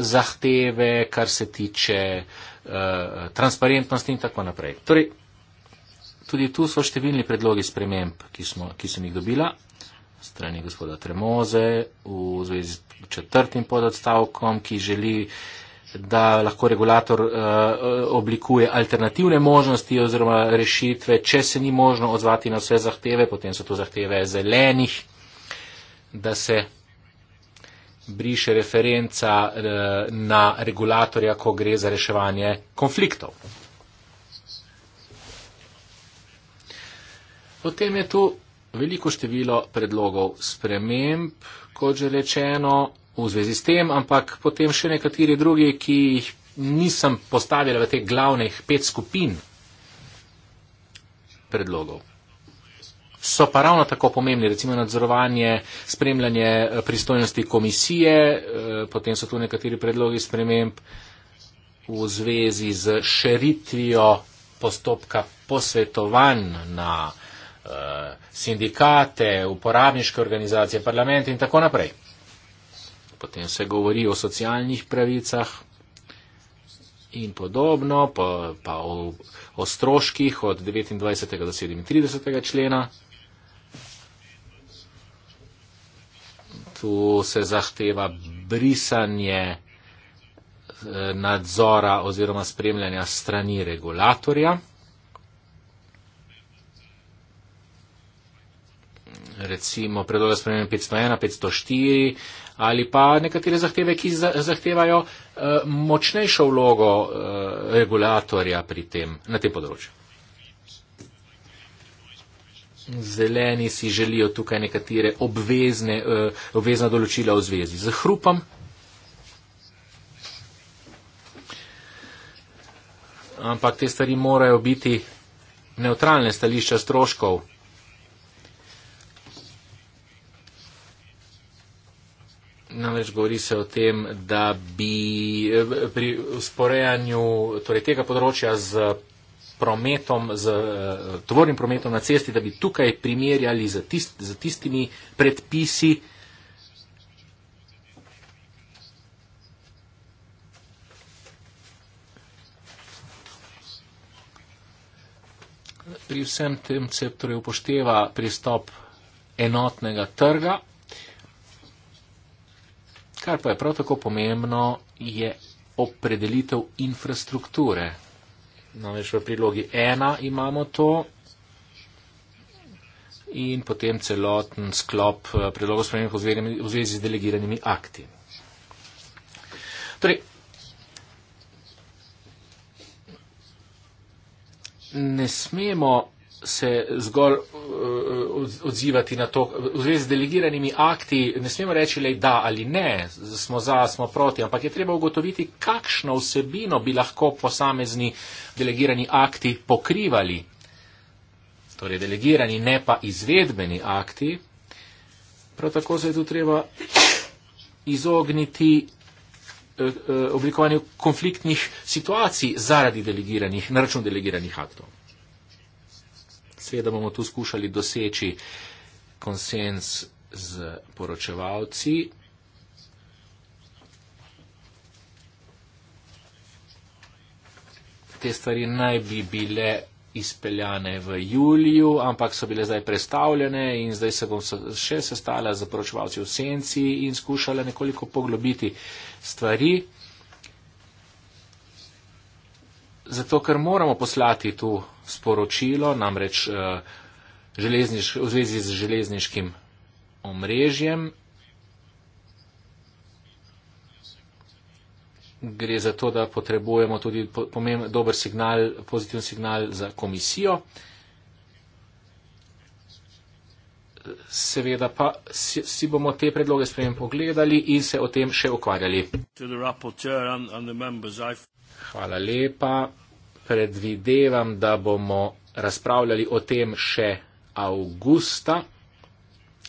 zahteve, kar se tiče eh, transparentnosti in tako naprej. Torej, tudi tu so številni predlogi sprememb, ki, smo, ki sem jih dobila strani gospoda Tremoze v zvezi s četrtim pododstavkom, ki želi eh, da lahko regulator uh, oblikuje alternativne možnosti oziroma rešitve, če se ni možno odzvati na vse zahteve, potem so to zahteve zelenih, da se briše referenca uh, na regulatorja, ko gre za reševanje konfliktov. Potem je tu veliko število predlogov sprememb, kot že rečeno, v zvezi s tem, ampak potem še nekateri drugi, ki jih nisem postavila v teh glavnih pet skupin predlogov. So pa ravno tako pomembni, recimo nadzorovanje, spremljanje eh, pristojnosti komisije, eh, potem so tu nekateri predlogi sprememb v zvezi z širitvijo postopka posvetovanj na eh, sindikate, uporabniške organizacije, parlament in tako naprej potem se govori o socialnih pravicah in podobno, pa, pa o, o stroških od 29. do 37. člena. Tu se zahteva brisanje eh, nadzora oziroma spremljanja strani regulatorja. Recimo predloga spremenja 501, 504, ali pa nekatere zahteve, ki zahtevajo eh, močnejšo vlogo eh, regulatorja pri tem, na tem področju. Zeleni si želijo tukaj nekatere obvezne, eh, obvezna določila v zvezi z hrupom. Ampak te stvari morajo biti neutralne stališča stroškov Namreč govori se o tem, da bi eh, pri usporejanju torej tega področja z prometom, z eh, tvornim prometom na cesti, da bi tukaj primerjali z, tist, z tistimi predpisi, pri vsem tem se torej upošteva pristop enotnega trga. Kar pa je prav tako pomembno, je opredelitev infrastrukture. Namreč v prilogi ena imamo to in potem celoten sklop eh, predlogov spremenjenih v zvezi z delegiranimi akti. Torej, ne smemo se zgolj eh, eh, odzivati na to, v zvezi z delegiranimi akti, ne smemo reči le da ali ne, smo za, smo proti, ampak je treba ugotoviti, kakšno vsebino bi lahko posamezni delegirani akti pokrivali. Torej, delegirani, ne pa izvedbeni akti. Prav tako se je tu treba izogniti eh, oblikovanju konfliktnih situacij zaradi delegiranih, na račun delegiranih aktov. Seveda bomo tu skušali doseči konsens z poročevalci. Te stvari naj bi bile izpeljane v juliju, ampak so bile zdaj predstavljene in zdaj se bom še sestala z poročevalci v senci in skušala nekoliko poglobiti stvari. Zato, ker moramo poslati to sporočilo, namreč eh, železniš, v zvezi z železniškim omrežjem. Gre za to, da potrebujemo tudi pomemben, dober signal, pozitiven signal za komisijo. Seveda pa si, si bomo te predloge spremem pogledali in se o tem še ukvarjali. Hvala lepa. Predvidevam, da bomo razpravljali o tem še avgusta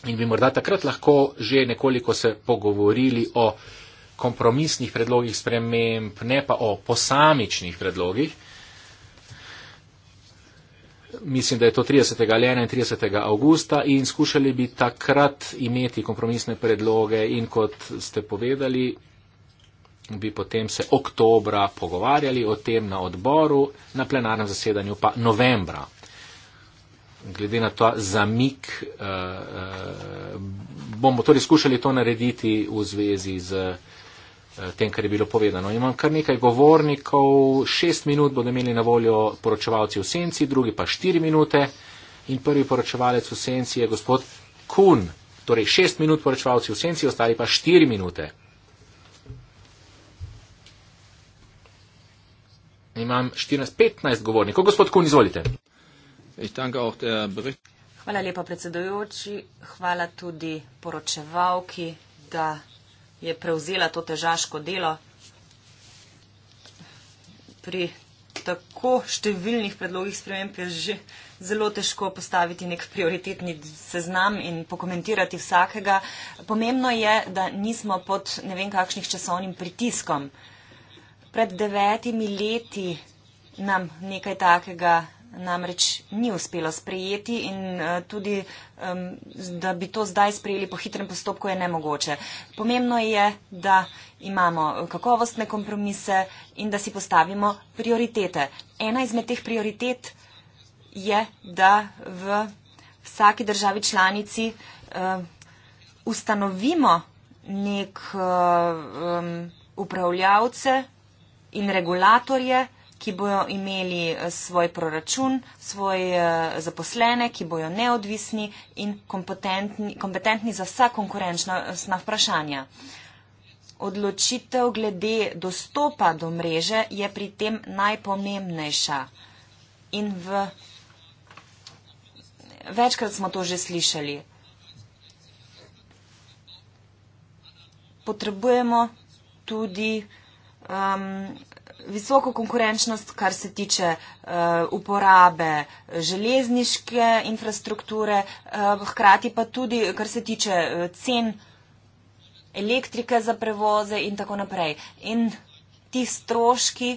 in bi morda takrat lahko že nekoliko se pogovorili o kompromisnih predlogih sprememb, ne pa o posamičnih predlogih. Mislim, da je to 30. ali 31. avgusta in skušali bi takrat imeti kompromisne predloge in kot ste povedali, bi potem se oktobra pogovarjali o tem na odboru, na plenarnem zasedanju pa novembra. Glede na to zamik, eh, eh, bomo torej skušali to narediti v zvezi z eh, tem, kar je bilo povedano. Imam kar nekaj govornikov, šest minut bodo imeli na voljo poročevalci v senci, drugi pa štiri minute in prvi poročevalec v senci je gospod Kun. Torej šest minut poročevalci v senci, ostali pa štiri minute. imam 14-15 govornikov. Gospod Kun, izvolite. Hvala lepa predsedujoči, hvala tudi poročevalki, da je prevzela to težaško delo. Pri tako številnih predlogih sprememb je že zelo težko postaviti nek prioritetni seznam in pokomentirati vsakega. Pomembno je, da nismo pod ne vem kakšnih časovnim pritiskom. Uh, pred devetimi leti nam nekaj takega namreč ni uspelo sprejeti in uh, tudi, um, da bi to zdaj sprejeli po hitrem postopku, je nemogoče. Pomembno je, da imamo eh, kakovostne kompromise in da si postavimo prioritete. Ena izmed teh prioritet je, da v vsaki državi članici uh, ustanovimo nek uh, um, upravljavce in regulatorje, ki bojo imeli eh, svoj proračun, svoje eh, zaposlene, ki bojo neodvisni in kompetentni, kompetentni za vsa konkurenčna vprašanja. Odločitev glede dostopa do mreže je pri tem najpomembnejša in v večkrat smo to že slišali. Potrebujemo tudi um, visoko konkurenčnost, kar se tiče uh, uporabe železniške infrastrukture, uh, hkrati pa tudi, kar se tiče uh, cen elektrike za prevoze in tako naprej. In ti stroški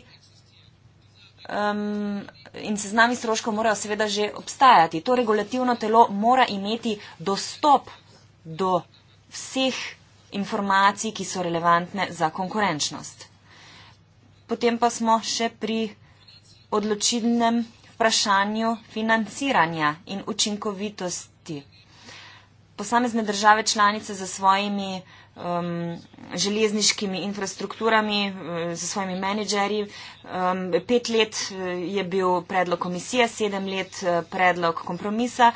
um, in seznami stroškov morajo seveda že obstajati. To regulativno telo mora imeti dostop do vseh informacij, ki so relevantne za konkurenčnost. Potem pa smo še pri odločilnem vprašanju financiranja in učinkovitosti. Posamezne države članice za svojimi um, železniškimi infrastrukturami, uh, za svojimi menedžerji. Um, pet let uh, je bil predlog komisije, sedem let uh, predlog kompromisa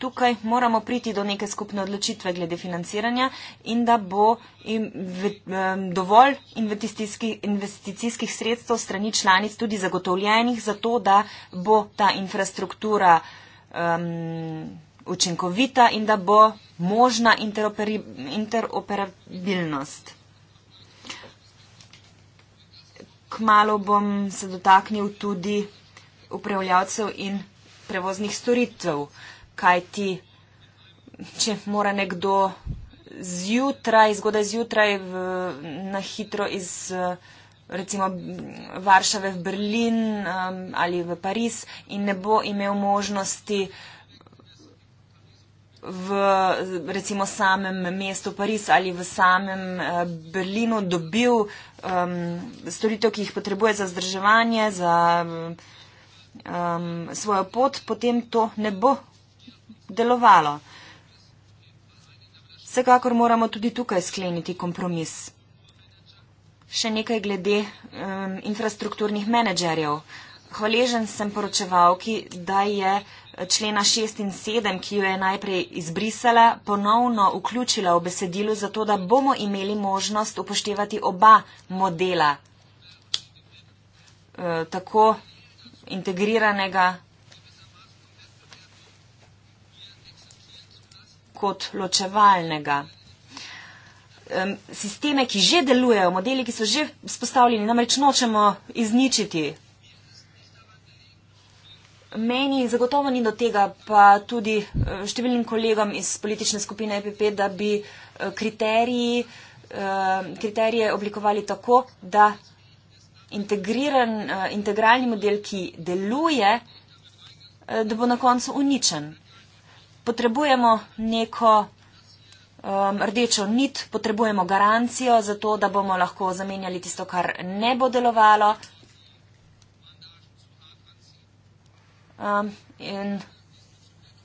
tukaj moramo priti do neke skupne odločitve glede financiranja in da bo in v, um, dovolj investicijskih sredstev strani članic tudi zagotovljenih za to, da bo ta infrastruktura um, učinkovita in da bo možna interoperabilnost. Kmalo bom se dotaknil tudi upravljavcev in prevoznih storitev kaj ti, če mora nekdo zjutraj, zgodaj zjutraj, v, na hitro iz recimo Varšave v Berlin um, ali v Pariz in ne bo imel možnosti v recimo samem mestu Pariz ali v samem eh, Berlinu dobil um, storitev, ki jih potrebuje za zdrževanje, za um, um, svojo pot, potem to ne bo delovalo. Vsekakor moramo tudi tukaj skleniti kompromis. Še nekaj glede um, infrastrukturnih menedžerjev. Hvaležen sem poročevalki, da je člena 6 in 7, ki jo je najprej izbrisala, ponovno vključila v besedilo, zato da bomo imeli možnost upoštevati oba modela, e, tako integriranega kot ločevalnega. Sisteme, ki že delujejo, modeli, ki so že spostavljeni, namreč nočemo izničiti. Meni zagotovo ni do tega, pa tudi eh, številnim kolegom iz politične skupine EPP, da bi eh, kriteriji, eh, kriterije oblikovali tako, da integralni model, ki deluje, da bo na koncu uničen potrebujemo neko um, rdečo nit, potrebujemo garancijo za to, da bomo lahko zamenjali tisto, kar ne bo delovalo. Um, in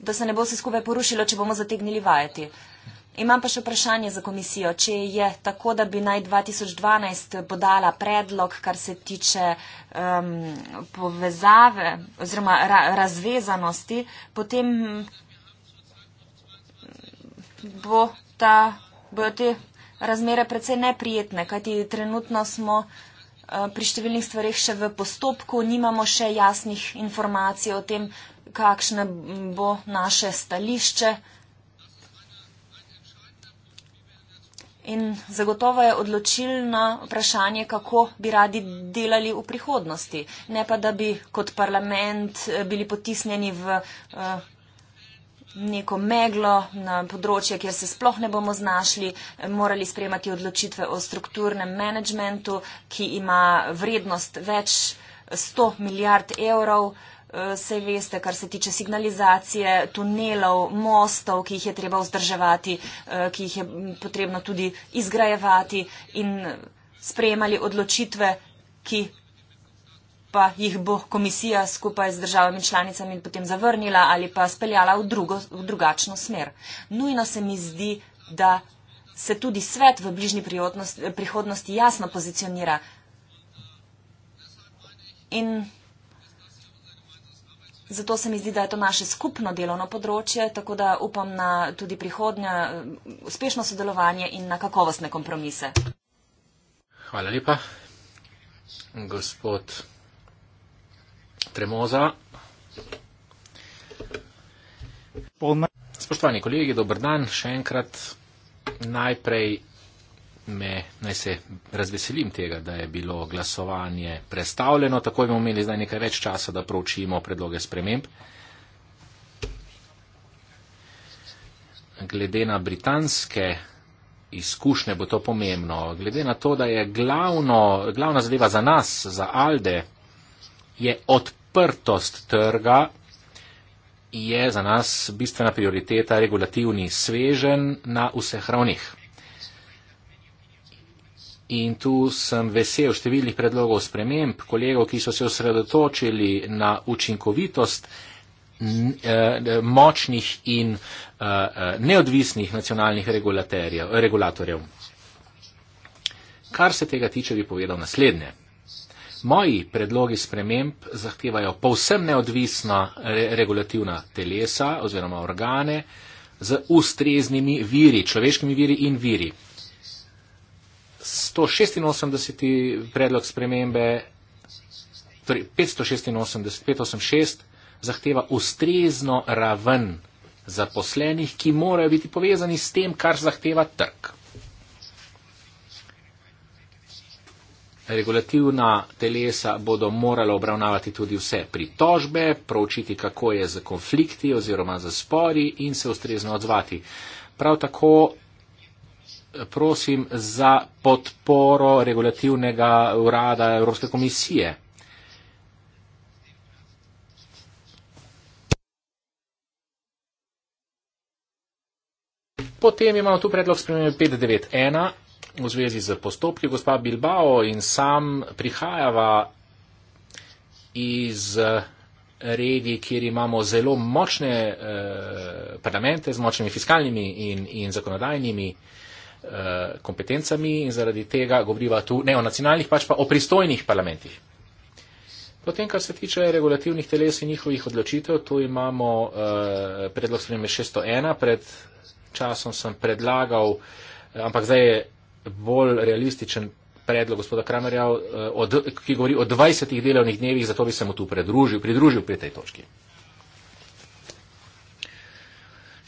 da se ne bo vse skupaj porušilo, če bomo zategnili vajeti. Imam pa še vprašanje za komisijo, če je tako, da bi naj 2012 podala predlog, kar se tiče um, povezave oziroma ra razvezanosti, potem bo ta, bojo te razmere precej neprijetne, kajti trenutno smo eh, pri številnih stvarih še v postopku, nimamo še jasnih informacij o tem, kakšne bo naše stališče. In zagotovo je odločilno vprašanje, kako bi radi delali v prihodnosti, ne pa da bi kot parlament eh, bili potisnjeni v eh, neko meglo na področje, kjer se sploh ne bomo znašli, morali sprejemati odločitve o strukturnem menedžmentu, ki ima vrednost več 100 milijard evrov, eh, se veste, kar se tiče signalizacije, tunelov, mostov, ki jih je treba vzdrževati, eh, ki jih je potrebno tudi izgrajevati in eh, sprejemali odločitve, ki pa jih bo komisija skupaj z državami članicami potem zavrnila ali pa speljala v, drugo, v drugačno smer. Nujno se mi zdi, da se tudi svet v bližnji prihodnosti jasno pozicionira. In zato se mi zdi, da je to naše skupno delovno področje, tako da upam na tudi prihodnje eh, uspešno sodelovanje in na kakovostne kompromise. Hvala lepa. Gospod Tremoza. Spoštovani kolegi, dober dan. Še enkrat najprej me, naj se razveselim tega, da je bilo glasovanje predstavljeno. Tako bomo imeli zdaj nekaj več časa, da proučimo predloge sprememb. Glede na britanske izkušnje bo to pomembno. Glede na to, da je glavno, glavna zadeva za nas, za Alde, je odprtost trga, je za nas bistvena prioriteta regulativni svežen na vseh ravnih. In tu sem vesel številnih predlogov sprememb kolegov, ki so se osredotočili na učinkovitost eh, močnih in eh, eh, neodvisnih nacionalnih regulatorjev. Kar se tega tiče, bi povedal naslednje moji predlogi sprememb zahtevajo povsem neodvisna re regulativna telesa oziroma organe z ustreznimi viri, človeškimi viri in viri. 186. predlog spremembe, torej 586, 586 zahteva ustrezno raven zaposlenih, ki morajo biti povezani s tem, kar zahteva trg. Regulativna telesa bodo morala obravnavati tudi vse pritožbe, pročiti, kako je z konflikti oziroma z spori in se ustrezno odzvati. Prav tako eh, prosim za podporo regulativnega urada Evropske komisije. Potem imamo tu predlog spremembe 591 v zvezi z postopki gospa Bilbao in sam prihajava iz eh, regij, kjer imamo zelo močne eh, parlamente z močnimi fiskalnimi in, in zakonodajnimi eh, kompetencami in zaradi tega govoriva tu ne o nacionalnih, pač pa o pristojnih parlamentih. Potem, kar se tiče regulativnih teles in njihovih odločitev, tu imamo predlog spremembe 601. Pred časom sem predlagal, ampak zdaj je bolj realističen predlog gospoda Kramerja, eh, ki govori o 20 delovnih dnevih, zato bi se mu tu pridružil, pridružil pri tej točki.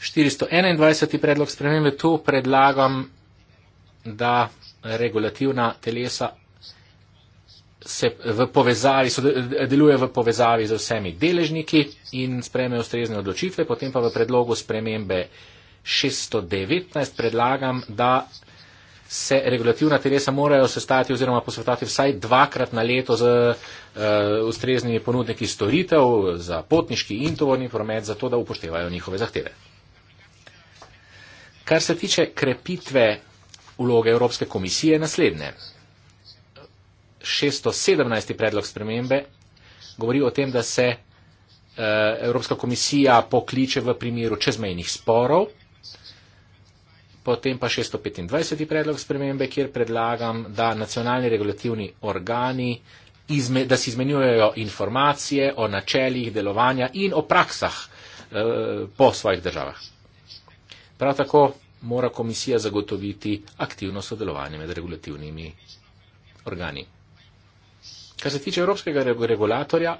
421. predlog spremembe tu predlagam, da regulativna telesa se v povezavi, deluje v povezavi z vsemi deležniki in spreme ustrezne odločitve, potem pa v predlogu spremembe 619 predlagam, da se regulativna telesa morajo sestati oziroma posvetati vsaj dvakrat na leto z uh, ustreznimi ponudniki storitev za potniški in tovorni promet, zato da upoštevajo njihove zahteve. Kar se tiče krepitve uloge Evropske komisije, naslednje. 617. predlog spremembe govori o tem, da se uh, Evropska komisija pokliče v primeru čezmejnih sporov Potem pa 625. predlog spremembe, kjer predlagam, da nacionalni regulativni organi, izme, da si izmenjujejo informacije o načeljih delovanja in o praksah eh, po svojih državah. Prav tako mora komisija zagotoviti aktivno sodelovanje med regulativnimi organi. Kar se tiče evropskega regulatorja,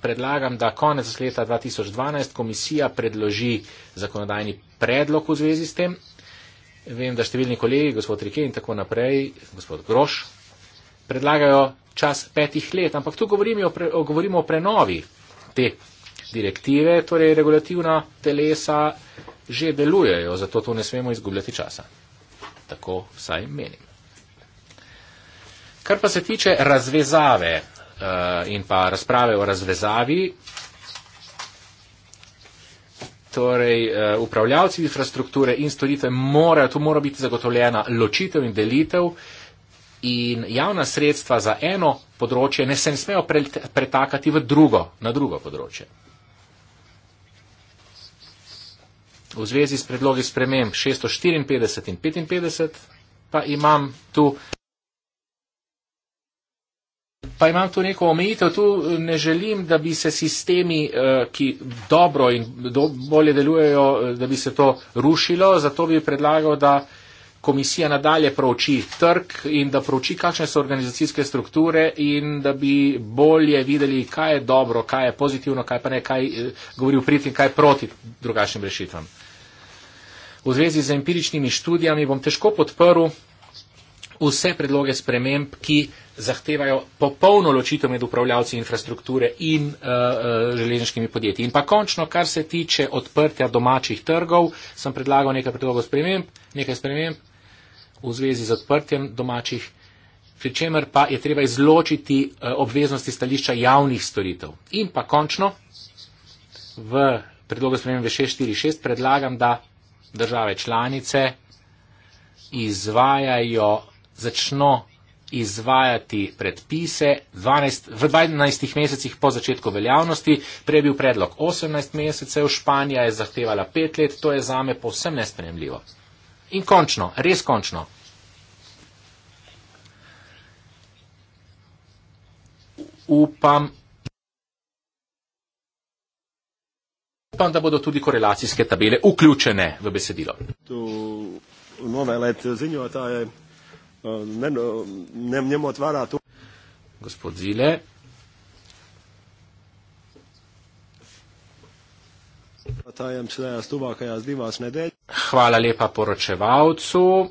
predlagam, da konec leta 2012 komisija predloži zakonodajni predlog v zvezi s tem, vem, da številni kolegi, gospod Rike in tako naprej, gospod Groš, predlagajo čas petih let, ampak tu govorimo o, govorim o prenovi te direktive, torej regulativna telesa že delujejo, zato tu ne smemo izgubljati časa. Tako vsaj menim. Kar pa se tiče razvezave uh, in pa razprave o razvezavi, torej uh, upravljavci infrastrukture in storitve morajo, tu mora biti zagotovljena ločitev in delitev in javna sredstva za eno področje ne se ne smejo pretakati v drugo, na drugo področje. V zvezi s predlogi sprememb 654 in 55 pa imam tu pa imam tu neko omejitev, tu eh, ne želim, da bi se sistemi, eh, ki dobro in do, bolje delujejo, eh, da bi se to rušilo, zato bi predlagal, da komisija nadalje prouči trg in da prouči, kakšne so organizacijske strukture in da bi bolje videli, kaj je dobro, kaj je pozitivno, kaj pa ne, kaj govori v prid in kaj proti drugačnim rešitvam. V zvezi z empiričnimi študijami bom težko podprl, vse predloge sprememb, ki zahtevajo popolno ločitev med upravljavci infrastrukture in uh, železniškimi podjetji. In pa končno, kar se tiče odprtja domačih trgov, sem predlagal nekaj predlogov sprememb, nekaj sprememb v zvezi z odprtjem domačih, pri čemer pa je treba izločiti uh, obveznosti stališča javnih storitev. In pa končno, v predlogu sprememb 646 predlagam, da države članice izvajajo začno izvajati predpise 12, v 12 mesecih po začetku veljavnosti. Prej je bil predlog 18 mesecev, Španija je zahtevala 5 let, to je zame povsem nespremljivo. In končno, res končno. Upam, upam, da bodo tudi korelacijske tabele vključene v besedilo. Tu, nove let, zinjo, ne, ne, njemu otvara tu. Gospod Zile. Hvala lepa poročevalcu.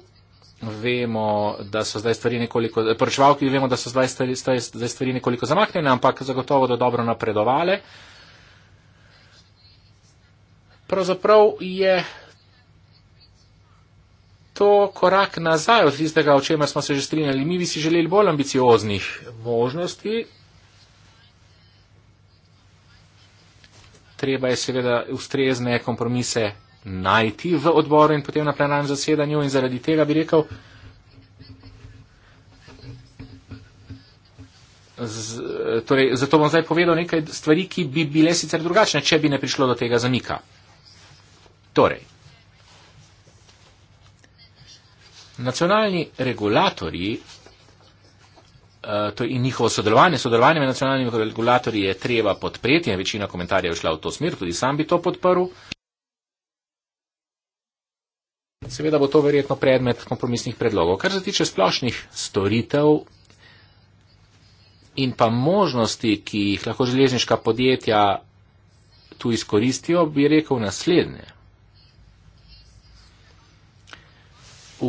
Vemo, da so zdaj stvari nekoliko, poročevalki vemo, da so zdaj stvari, zdaj, zdaj stvari nekoliko zamaknjene, ampak zagotovo, da dobro napredovale. Pravzaprav je to korak nazaj od tistega, o čemer smo se že strinjali. Mi bi si želeli bolj ambicioznih možnosti. Treba je seveda ustrezne kompromise najti v odboru in potem na plenarnem zasedanju in zaradi tega bi rekel, z, torej, zato bom zdaj povedal nekaj stvari, ki bi bile sicer drugačne, če bi ne prišlo do tega zamika. Torej, Nacionalni regulatori, eh, to je in njihovo sodelovanje, sodelovanje med nacionalnimi regulatorji je treba podpreti in večina komentarjev je šla v to smer, tudi sam bi to podprl. Seveda bo to verjetno predmet kompromisnih predlogov. Kar se tiče splošnih storitev in pa možnosti, ki jih lahko železniška podjetja tu izkoristijo, bi rekel naslednje.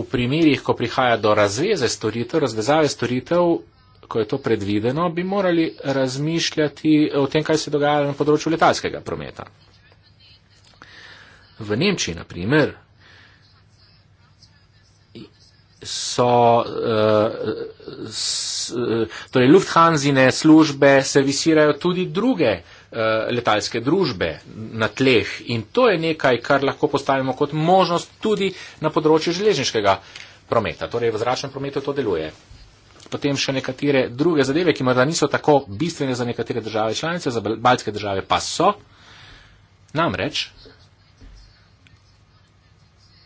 v primerjih, ko prihaja do razveze storitev, razvezave storitev, ko je to predvideno, bi morali razmišljati o tem, kaj se dogaja na področju letalskega prometa. V Nemčiji, na primer, so uh, s, uh, torej Lufthansine službe servisirajo tudi druge. Eh, letalske družbe na tleh in to je nekaj, kar lahko postavimo kot možnost tudi na področju železniškega prometa. Torej v zračnem prometu to deluje. Potem še nekatere druge zadeve, ki morda niso tako bistvene za nekatere države članice, za baltske države pa so. Namreč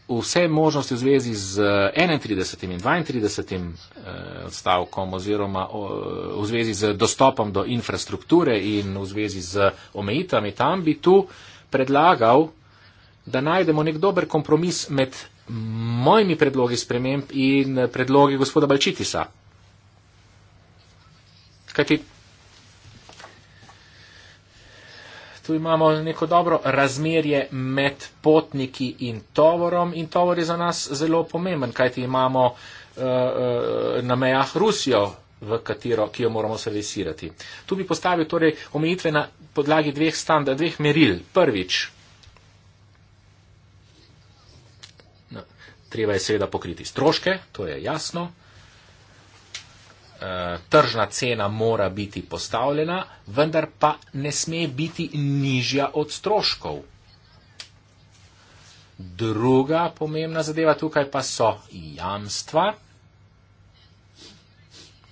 vse možnosti v zvezi z 31. Eh, in 32. Eh, odstavkom oziroma v zvezi z dostopom do infrastrukture in v zvezi z omejitvami tam bi tu predlagal, da najdemo nek dober kompromis med mojimi predlogi sprememb in predlogi gospoda Balčitisa. Kajti Tu imamo neko dobro razmerje med potniki in tovorom in tovor je za nas zelo pomemben, kajti imamo uh, na mejah Rusijo, v katero, ki jo moramo servisirati. Tu bi postavil torej omejitve na podlagi dveh standardov, dveh meril. Prvič, no, treba je seveda pokriti stroške, to je jasno. Eh, tržna cena mora biti postavljena, vendar pa ne sme biti nižja od stroškov. Druga pomembna zadeva tukaj pa so jamstva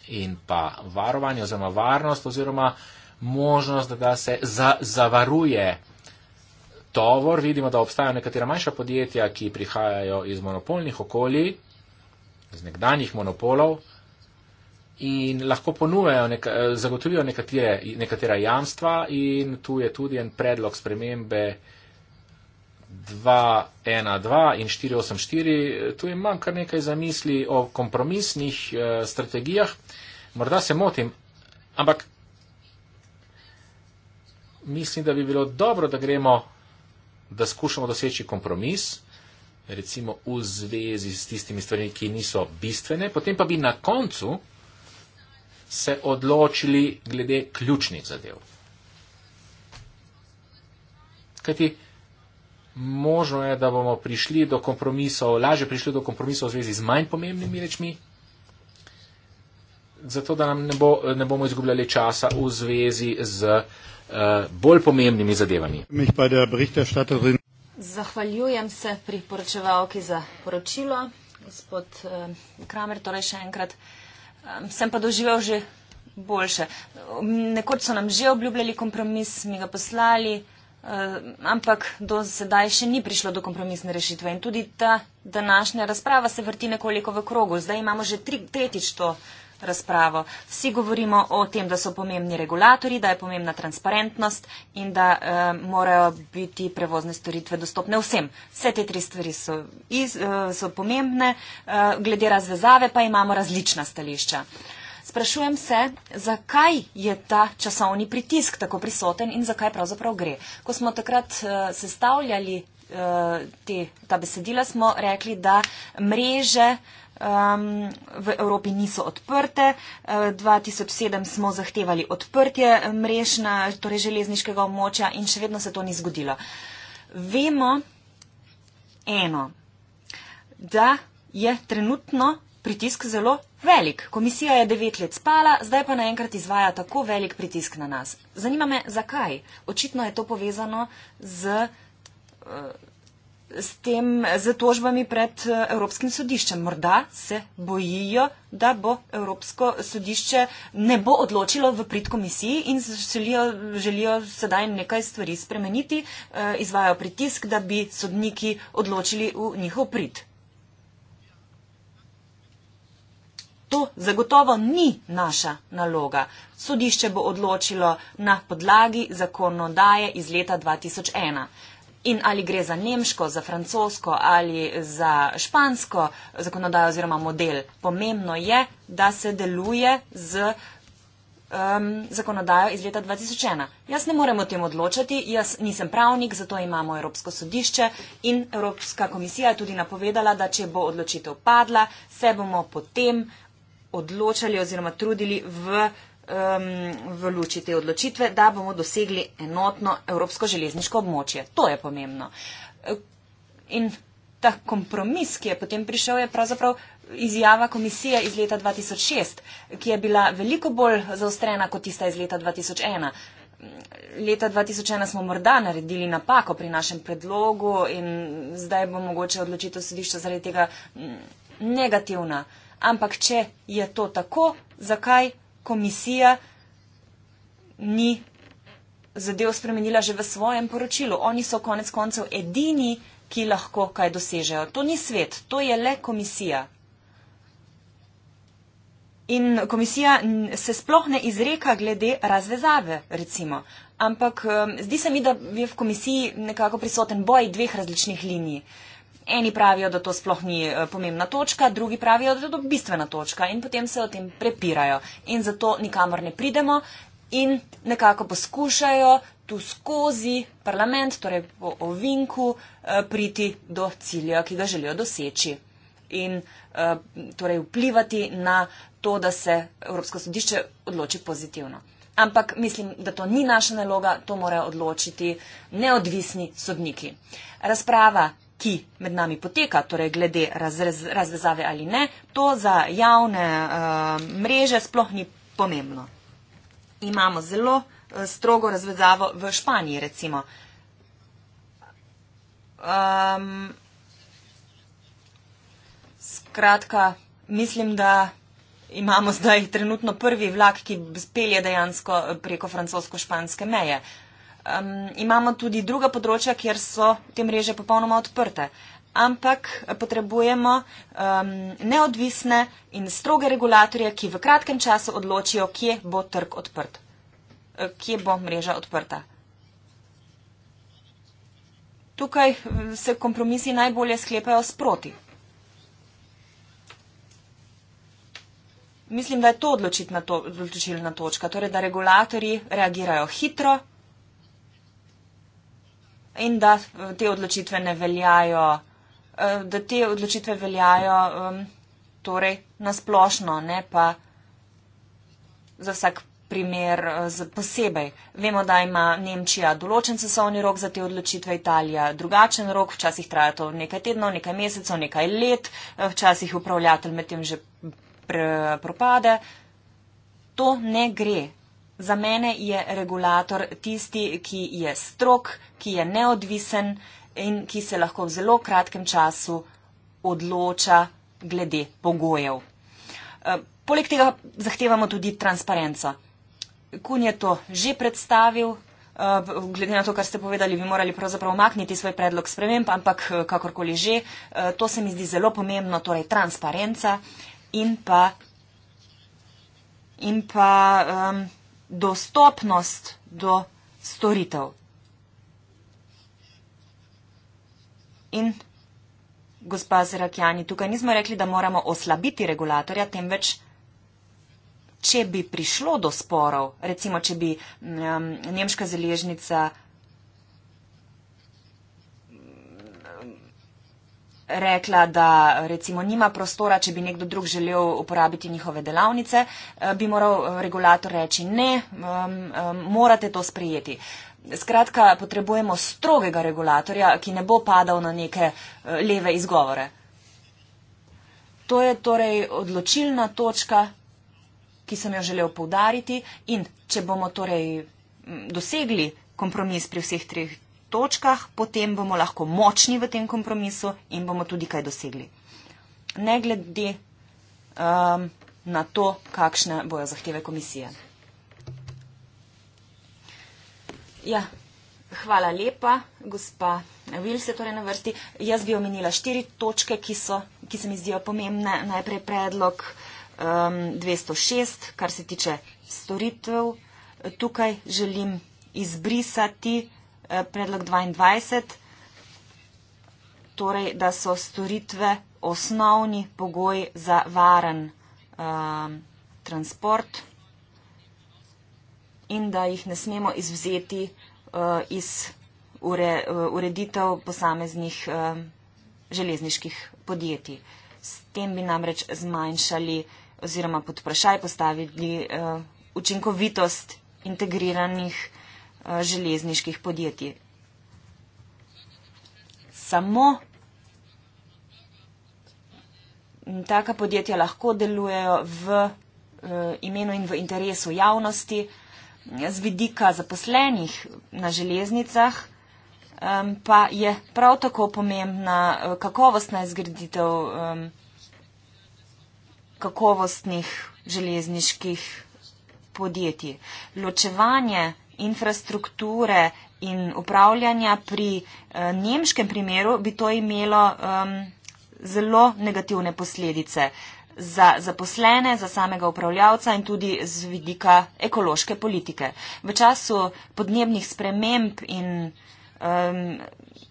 in pa varovanje oziroma varnost oziroma možnost, da se za zavaruje tovor. Vidimo, da obstajajo nekatera manjša podjetja, ki prihajajo iz monopolnih okolij, iz nekdanjih monopolov, in lahko ponujajo, neka, eh, zagotovijo nekatere, nekatera jamstva in tu je tudi en predlog spremembe 2.1.2 in 4.8.4. Tu imam kar nekaj zamisli o kompromisnih eh, strategijah. Morda se motim, ampak mislim, da bi bilo dobro, da gremo, da skušamo doseči kompromis recimo v zvezi s tistimi stvarmi, ki niso bistvene, potem pa bi na koncu se odločili glede ključnih zadev. Kajti možno je, da bomo prišli do kompromisov, lažje prišli do kompromisov v zvezi z manj pomembnimi rečmi, zato da nam ne, bo, ne bomo izgubljali časa v zvezi z uh, bolj pomembnimi zadevami. Zahvaljujem se priporočevalki za poročilo, gospod eh, Kramer, torej še enkrat. Um, sem pa doživel že boljše. Nekoč so nam že obljubljali kompromis, mi ga poslali, um, ampak do sedaj še ni prišlo do kompromisne rešitve. In tudi ta današnja razprava se vrti nekoliko v krogu. Zdaj imamo že tri, tretjič to razpravo. Vsi govorimo o tem, da so pomembni regulatori, da je pomembna transparentnost in da uh, morajo biti prevozne storitve dostopne vsem. Vse te tri stvari so, iz, uh, so pomembne, uh, glede razvezave pa imamo različna stališča. Sprašujem se, zakaj je ta časovni pritisk tako prisoten in zakaj pravzaprav gre. Ko smo takrat uh, sestavljali uh, te, ta besedila, smo rekli, da mreže uh, um, v Evropi niso odprte. E, 2007 smo zahtevali odprtje mrež na torej železniškega območja in še vedno se to ni zgodilo. Vemo eno, da je trenutno pritisk zelo velik. Komisija je devet let spala, zdaj pa naenkrat izvaja tako velik pritisk na nas. Zanima me, zakaj? Očitno je to povezano z. Uh, s tem zatožbami pred eh, Evropskim sodiščem. Morda se bojijo, da bo Evropsko sodišče ne bo odločilo v prid komisiji in želijo, želijo sedaj nekaj stvari spremeniti, eh, izvajo pritisk, da bi sodniki odločili v njihov prid. To zagotovo ni naša naloga. Sodišče bo odločilo na podlagi zakonodaje iz leta 2001. In ali gre za nemško, za francosko ali za špansko zakonodajo oziroma model. Pomembno je, da se deluje z um, zakonodajo iz leta 2001. Jaz ne morem o tem odločati, jaz nisem pravnik, zato imamo Evropsko sodišče in Evropska komisija je tudi napovedala, da če bo odločitev padla, se bomo potem odločali oziroma trudili v um, v luči te odločitve, da bomo dosegli enotno evropsko železniško območje. To je pomembno. In ta kompromis, ki je potem prišel, je pravzaprav izjava komisije iz leta 2006, ki je bila veliko bolj zaostrena kot tista iz leta 2001. Leta 2001 smo morda naredili napako pri našem predlogu in zdaj bo mogoče odločitev sodišča zaradi tega mm, negativna. Ampak če je to tako, zakaj komisija ni zadev spremenila že v svojem poročilu. Oni so konec koncev edini, ki lahko kaj dosežejo. To ni svet, to je le komisija. In komisija se sploh ne izreka glede razvezave, recimo. Ampak eh, zdi se mi, da je v komisiji nekako prisoten boj dveh različnih linij. Uh, Eni pravijo, da to sploh ni eh, pomembna točka, drugi pravijo, da je to bistvena točka in potem se o tem prepirajo. In zato nikamor ne pridemo in nekako poskušajo tu skozi parlament, torej po ovinku, eh, priti do cilja, ki ga želijo doseči. In eh, torej vplivati na to, da se Evropsko sodišče odloči pozitivno. Ampak mislim, da to ni naša naloga, to morajo odločiti neodvisni sodniki. Razprava ki med nami poteka, torej glede razrez, razvezave ali ne, to za javne uh, mreže sploh ni pomembno. Imamo zelo uh, strogo razvezavo v Španiji, recimo. Um, skratka, mislim, da imamo zdaj trenutno prvi vlak, ki spelje dejansko eh, preko francosko-španske meje. Uh, Um, imamo tudi druga področja, kjer so te mreže popolnoma odprte, ampak potrebujemo um, neodvisne in stroge regulatorje, ki v kratkem času odločijo, kje bo trg odprt, eh, kje bo mreža odprta. Tukaj se kompromisi najbolje sklepajo sproti. Mislim, da je to odločilna točka, torej da regulatori reagirajo hitro in da eh, te odločitve ne veljajo, eh, da te odločitve veljajo ehm, torej nasplošno, ne pa za vsak primer eh, posebej. Vemo, da ima Nemčija določen časovni rok za te odločitve, Italija drugačen rok, včasih traja to nekaj tednov, nekaj mesecev, nekaj let, včasih upravljatelj med tem že propade. To ne gre. Za mene je regulator tisti, ki je strok, ki je neodvisen in ki se lahko v zelo kratkem času odloča glede pogojev. Eh, poleg tega zahtevamo tudi transparenco. Kun je to že predstavil, eh, glede na to, kar ste povedali, bi morali pravzaprav omakniti svoj predlog sprememb, ampak eh, kakorkoli že, to se mi zdi zelo pomembno, torej transparenca in pa. In pa um, dostopnost do storitev. In gospa Zrakjani, tukaj nismo rekli, da moramo oslabiti regulatorja, temveč, če bi prišlo do sporov, recimo, če bi um, nemška zeležnica rekla, da recimo nima prostora, če bi nekdo drug želel uporabiti njihove delavnice, eh, bi moral eh, regulator reči ne, morate to sprejeti. Skratka, potrebujemo strogega regulatorja, ki ne bo padal na neke eh, leve izgovore. To je torej odločilna točka, ki sem jo želel poudariti in če bomo torej dosegli kompromis pri vseh treh točkah, potem bomo lahko močni v tem kompromisu in bomo tudi kaj dosegli. Ne glede um, na to, kakšne bojo zahteve komisije. Ja, hvala lepa, gospa Vil se torej na vrsti. Jaz bi omenila štiri točke, ki, so, ki se mi zdijo pomembne. Najprej predlog um, 206, kar se tiče storitev. Tukaj želim izbrisati Eh, predlog 22, torej, da so storitve osnovni pogoj za varen um, transport in da jih ne smemo izvzeti uh, iz ure, ureditev posameznih um, železniških podjetij. S tem bi namreč zmanjšali oziroma pod vprašaj postavili uh, učinkovitost integriranih uh, Eh, železniških podjetij. Samo taka podjetja lahko delujejo v eh, imenu in v interesu javnosti, z vidika zaposlenih na železnicah, pa je prav tako pomembna eh, kakovostna izgraditev kakovostnih železniških podjetij. Ločevanje podjetij, infrastrukture in upravljanja pri uh, nemškem primeru bi to imelo um, zelo negativne posledice za zaposlene, za samega upravljavca in tudi z vidika ekološke politike. V času podnebnih sprememb in um,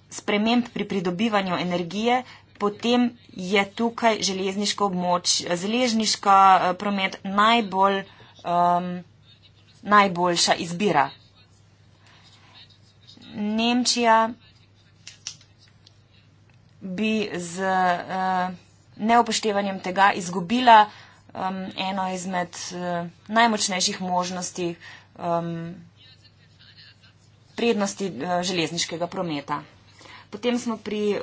sprememb pri pridobivanju energije, potem je tukaj železniško območje, železniška eh, promet najbolj um, najboljša izbira. Nemčija bi z eh, neopoštevanjem tega izgubila um, eno izmed eh, najmočnejših možnosti um, prednosti eh, železniškega prometa. Potem smo pri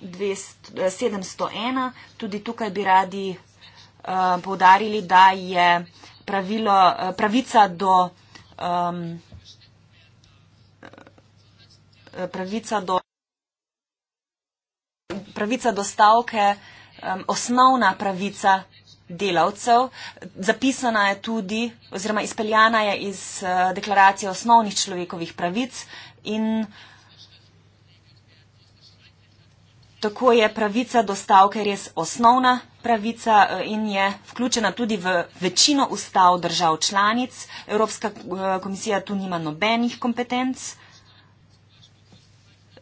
701. Tudi tukaj bi radi poudarili, da je pravilo, eh, pravica do. Um, pravica do Pravica do stavke, um, osnovna pravica delavcev, zapisana je tudi oziroma izpeljana je iz uh, deklaracije osnovnih človekovih pravic in tako je pravica do stavke res osnovna pravica eh, in je vključena tudi v večino ustav držav članic. Evropska eh, komisija tu nima nobenih kompetenc.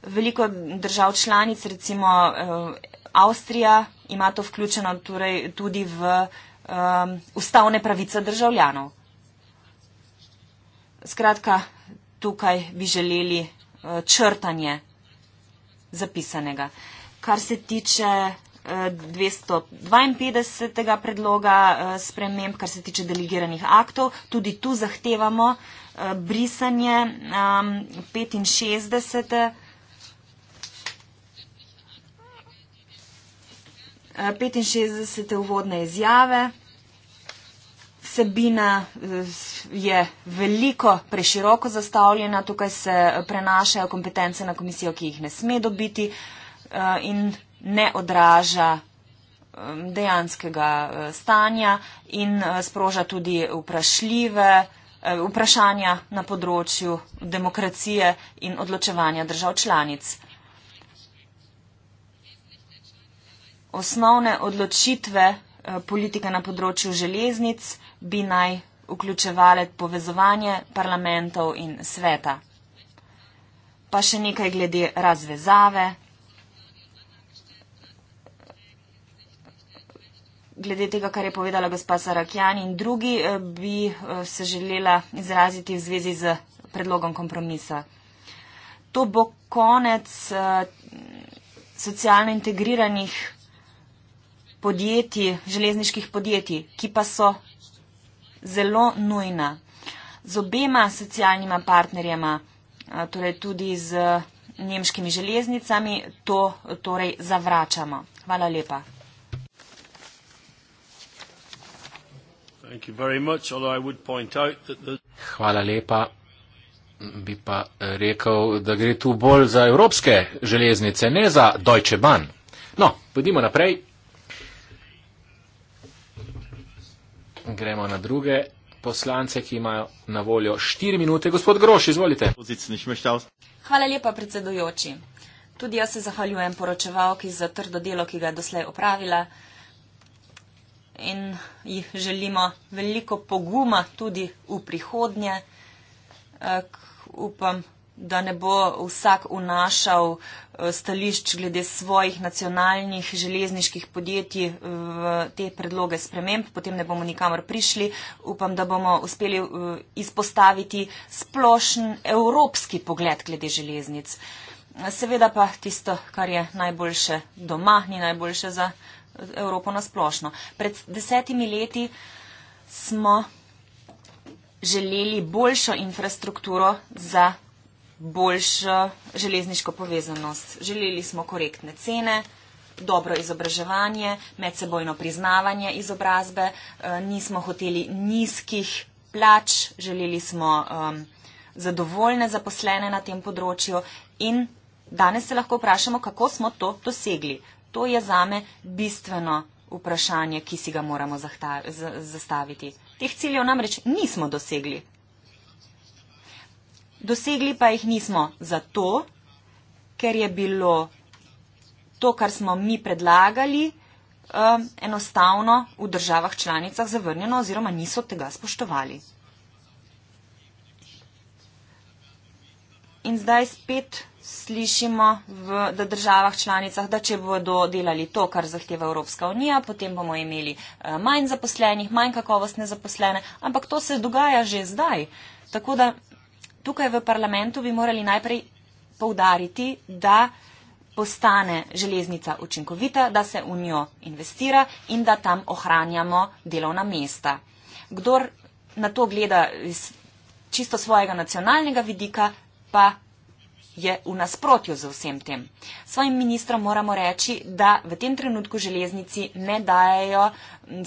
Veliko držav članic, recimo eh, Avstrija, ima to vključeno torej tudi v ustavne pravice državljanov. Skratka, tukaj bi želeli črtanje zapisanega. Kar se tiče 252. predloga eh, sprememb, kar se tiče delegiranih aktov. Tudi tu zahtevamo eh, brisanje 65. Ehm, 65. Eh, uvodne izjave. Sebina je veliko preširoko zastavljena, tukaj se prenašajo kompetence na komisijo, ki jih ne sme dobiti in ne odraža um, dejanskega uh, stanja in uh, sproža tudi vprašljive uh, vprašanja na področju demokracije in odločevanja držav članic. Osnovne odločitve politike na področju železnic bi naj vključevale povezovanje parlamentov in sveta. Pa še nekaj glede razvezave. glede tega, kar je povedala gospa Sarakjan in drugi, eh, bi eh, se želela izraziti v zvezi z predlogom kompromisa. To bo konec eh, socialno integriranih podjetij, železniških podjetij, ki pa so zelo nujna. Z obema socialnima partnerjema, torej tudi z nemškimi železnicami, to torej zavračamo. Hvala lepa. Hvala lepa. Bi pa rekel, da gre tu bolj za evropske železnice, ne za Deutsche Bahn. No, pojdimo naprej. Gremo na druge poslance, ki imajo na voljo 4 minute. Gospod Groš, izvolite. Hvala lepa, predsedujoči. Tudi jaz se zahvaljujem poročevalki za trdo delo, ki ga je doslej opravila in ji želimo veliko poguma tudi v prihodnje. Eh, upam, da ne bo vsak unašal eh, stališč glede svojih nacionalnih železniških podjetij v te predloge sprememb, potem ne bomo nikamor prišli. Upam, da bomo uspeli eh, izpostaviti splošen evropski pogled glede železnic. Seveda pa tisto, kar je najboljše doma, ni najboljše za Evropo na splošno. Pred desetimi leti smo želeli boljšo infrastrukturo za boljšo železniško povezanost. Želeli smo korektne cene, dobro izobraževanje, medsebojno priznavanje izobrazbe, eh, nismo hoteli nizkih plač, želeli smo um, zadovoljne zaposlene na tem področju in danes se lahko vprašamo, kako smo to dosegli. To je zame bistveno vprašanje, ki si ga moramo zastaviti. Teh ciljev namreč nismo dosegli. Dosegli pa jih nismo zato, ker je bilo to, kar smo mi predlagali, um, enostavno v državah članicah zavrnjeno oziroma niso tega spoštovali. In zdaj spet slišimo v državah članicah, da če bodo delali to, kar zahteva Evropska unija, potem bomo imeli eh, manj zaposlenih, manj kakovostne zaposlene, ampak to se dogaja že zdaj. Tako da tukaj v parlamentu bi morali najprej poudariti, da postane železnica učinkovita, da se v njo investira in da tam ohranjamo delovna mesta. Kdor na to gleda iz čisto svojega nacionalnega vidika, pa je v nasprotju z vsem tem. Svojim ministrom moramo reči, da v tem trenutku železnici ne dajajo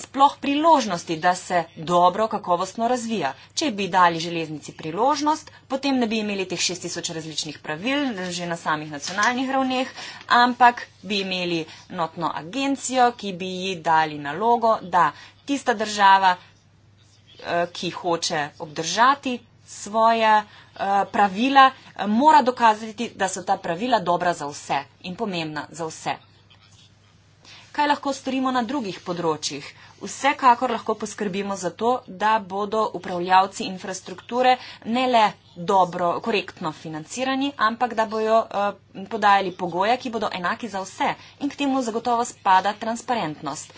sploh priložnosti, da se dobro, kakovostno razvija. Če bi dali železnici priložnost, potem ne bi imeli teh 6000 različnih pravil že na samih nacionalnih ravneh, ampak bi imeli notno agencijo, ki bi ji dali nalogo, da tista država, eh, ki hoče obdržati svoje Eh, pravila, eh, mora dokazati, da so ta pravila dobra za vse in pomembna za vse. Kaj lahko storimo na drugih področjih? Vsekakor lahko poskrbimo za to, da bodo upravljavci infrastrukture ne le dobro, korektno financirani, ampak da bojo eh, podajali pogoje, ki bodo enaki za vse in k temu zagotovo spada transparentnost.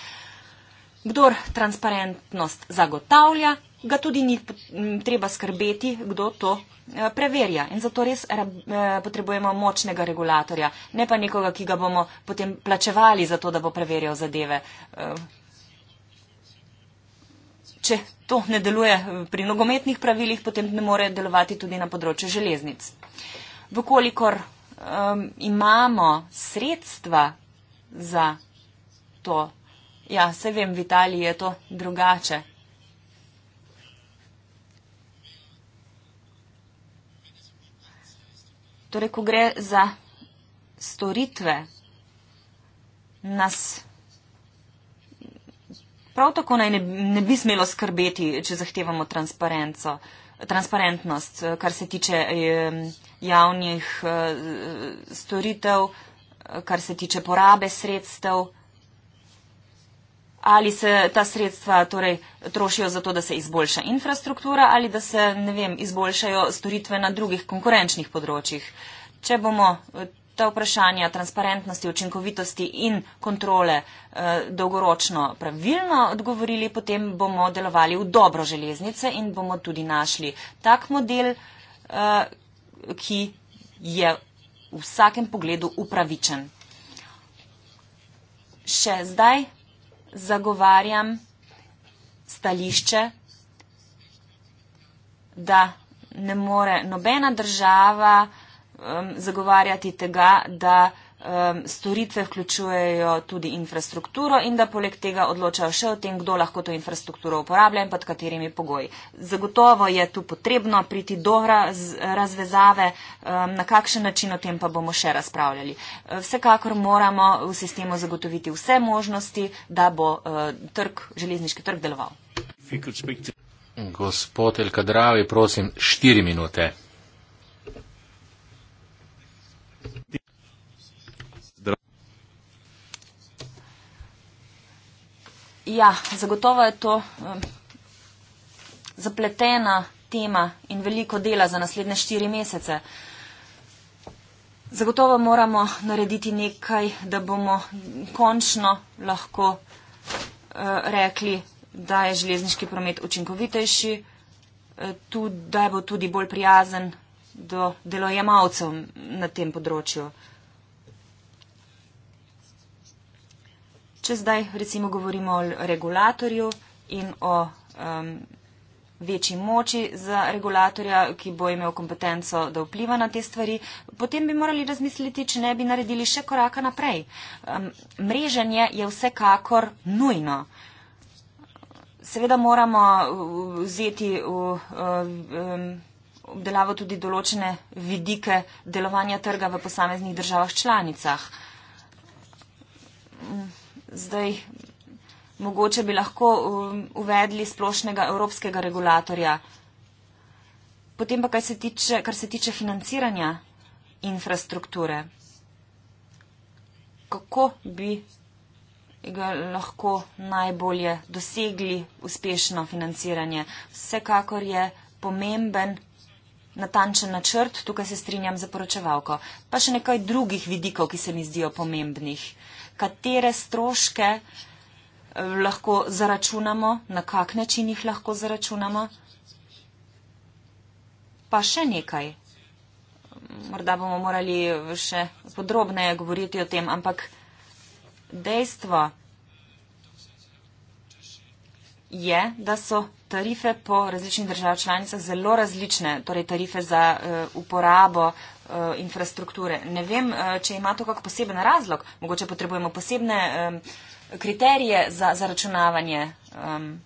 Kdor transparentnost zagotavlja, ga tudi ni treba skrbeti, kdo to eh, preverja. In zato res eh, potrebujemo močnega regulatorja, ne pa nekoga, ki ga bomo potem plačevali za to, da bo preverjal zadeve. Eh, če to ne deluje pri nogometnih pravilih, potem ne more delovati tudi na področju železnic. Vkolikor um, imamo sredstva za to, ja, se vem, v Italiji je to drugače, Torej, ko gre za storitve, nas prav tako naj ne, ne bi smelo skrbeti, če zahtevamo transparentnost, kar se tiče javnih eh, storitev, kar se tiče porabe sredstev ali se ta sredstva torej trošijo za to, da se izboljša infrastruktura ali da se, ne vem, izboljšajo storitve na drugih konkurenčnih področjih. Če bomo eh, ta vprašanja transparentnosti, učinkovitosti in kontrole eh, dolgoročno pravilno odgovorili, potem bomo delovali v dobro železnice in bomo tudi našli tak model, eh, ki je v vsakem pogledu upravičen. Še zdaj zagovarjam stališče, da ne more nobena država um, zagovarjati tega, da storitve vključujejo tudi infrastrukturo in da poleg tega odločajo še o tem, kdo lahko to infrastrukturo uporablja in pod katerimi pogoji. Zagotovo je tu potrebno priti do razvezave, na kakšen način o tem pa bomo še razpravljali. Vsekakor moramo v sistemu zagotoviti vse možnosti, da bo e, trg, železniški trg deloval. Gospod Elkadravi, prosim, štiri minute. Ja, zagotovo je to zapletena tema in veliko dela za naslednje štiri mesece. Zagotovo moramo narediti nekaj, da bomo končno lahko eh, rekli, da je železniški promet učinkovitejši, eh, tudi, da bo tudi bolj prijazen do delojemalcev na tem področju. Če zdaj recimo govorimo o regulatorju in o um, večji moči za regulatorja, ki bo imel kompetenco, da vpliva na te stvari, potem bi morali razmisliti, če ne bi naredili še koraka naprej. Um, mreženje je vsekakor nujno. Seveda moramo vzeti v obdelavo tudi določene vidike delovanja trga v posameznih državah članicah zdaj mogoče bi lahko um, uvedli splošnega evropskega regulatorja. Potem pa, kar se tiče, kar se tiče financiranja infrastrukture, kako bi ga lahko najbolje dosegli uspešno financiranje. Vsekakor je pomemben natančen načrt, tukaj se strinjam za poročevalko. Pa še nekaj drugih vidikov, ki se mi zdijo pomembnih katere stroške eh, lahko zaračunamo, na kak način jih lahko zaračunamo. Pa še nekaj. Morda bomo morali še podrobneje govoriti o tem, ampak dejstvo je, da so tarife po različnih držav članicah zelo različne, torej tarife za eh, uporabo Eh, infrastrukture. Ne vem, eh, če ima to kak poseben razlog, mogoče potrebujemo posebne um, kriterije za zaračunavanje um,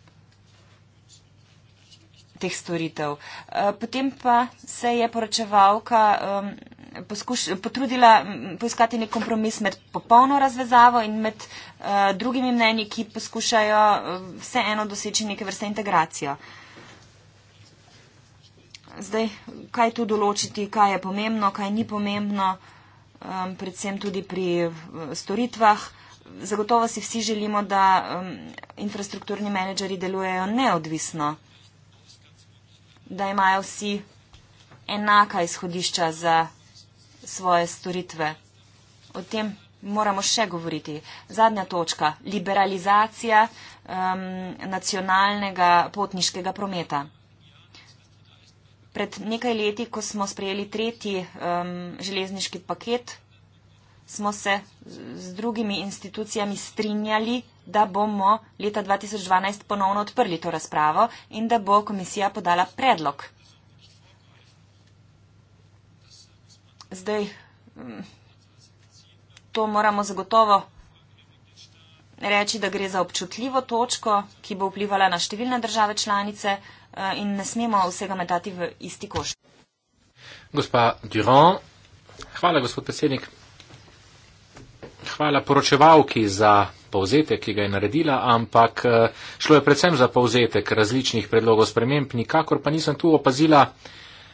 teh storitev. Uh, potem pa se je poračevalka um, poskuš, potrudila poiskati nek kompromis med popolno razvezavo in med uh, drugimi mnenji, ki poskušajo vseeno doseči neke vrste integracijo. Uh, zdaj, kaj tu določiti, kaj je pomembno, kaj ni pomembno, um, predvsem tudi pri storitvah. Zagotovo si vsi želimo, da um, infrastrukturni menedžeri delujejo neodvisno, da imajo vsi enaka izhodišča za svoje storitve. O tem moramo še govoriti. Zadnja točka. Liberalizacija um, nacionalnega potniškega prometa pred nekaj leti, ko smo sprejeli tretji um, železniški paket, smo se z, z drugimi institucijami strinjali, da bomo leta 2012 ponovno odprli to razpravo in da bo komisija podala predlog. Zdaj, um, to moramo zagotovo reči, da gre za občutljivo točko, ki bo vplivala na številne države članice, Eh, in ne smemo vsega metati v isti koš. Gospa Durand, hvala gospod predsednik. Hvala poročevalki za povzetek, ki ga je naredila, ampak eh, šlo je predvsem za povzetek različnih predlogov sprememb, nikakor pa nisem tu opazila,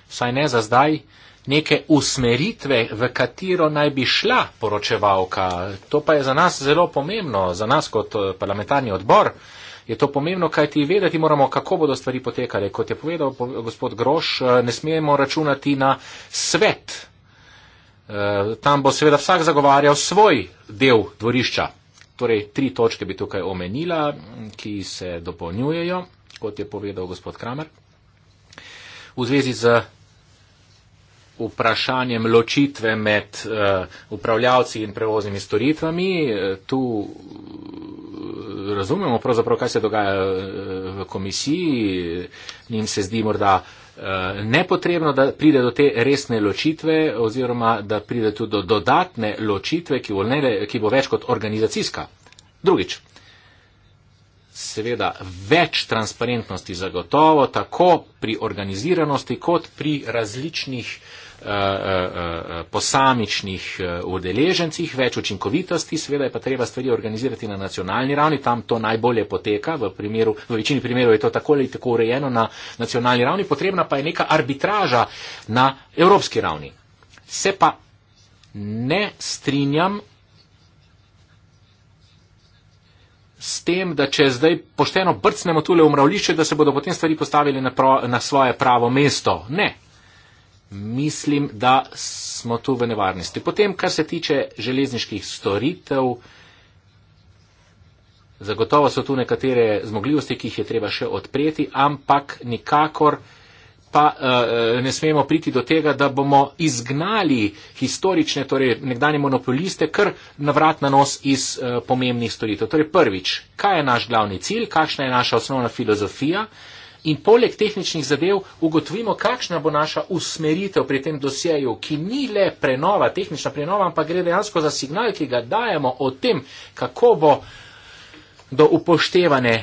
saj ne za zdaj, neke usmeritve, v katero naj bi šla poročevalka. To pa je za nas zelo pomembno, za nas kot eh, parlamentarni odbor je to pomembno, kaj ti vedeti moramo, kako bodo stvari potekale. Kot je povedal gospod Groš, eh, ne smemo računati na svet. Eh, tam bo seveda vsak zagovarjal svoj del dvorišča. Torej, tri točke bi tukaj omenila, ki se dopolnjujejo, kot je povedal gospod Kramer. V zvezi z vprašanjem ločitve med eh, upravljavci in prevoznimi storitvami, tu razumemo, kaj se dogaja eh, v komisiji, njim se zdi morda eh, nepotrebno, da pride do te resne ločitve oziroma da pride tudi do dodatne ločitve, ki bo, ne, ki bo več kot organizacijska. Drugič, seveda več transparentnosti zagotovo, tako pri organiziranosti kot pri različnih uh, Eh, eh, eh, posamičnih udeležencih, več učinkovitosti, seveda je pa treba stvari organizirati na nacionalni ravni, tam to najbolje poteka, v, primeru, v večini primerov je to tako ali tako urejeno na nacionalni ravni, potrebna pa je neka arbitraža na evropski ravni. Se pa ne strinjam s tem, da če zdaj pošteno brcnemo tule v mravlišče, da se bodo potem stvari postavili na, pro, na svoje pravo mesto. Ne mislim, da smo tu v nevarnosti. Potem, kar se tiče železniških storitev, zagotovo so tu nekatere zmogljivosti, ki jih je treba še odpreti, ampak nikakor pa uh, ne smemo priti do tega, da bomo izgnali historične, torej nekdanje monopoliste, kar navrat na nos iz uh, pomembnih storitev. Torej prvič, kaj je naš glavni cilj, kakšna je naša osnovna filozofija, uh, in poleg tehničnih zadev ugotovimo, kakšna bo naša usmeritev pri tem dosjeju, ki ni le prenova, tehnična prenova, ampak gre dejansko za signal, ki ga dajemo o tem, kako bo do upoštevane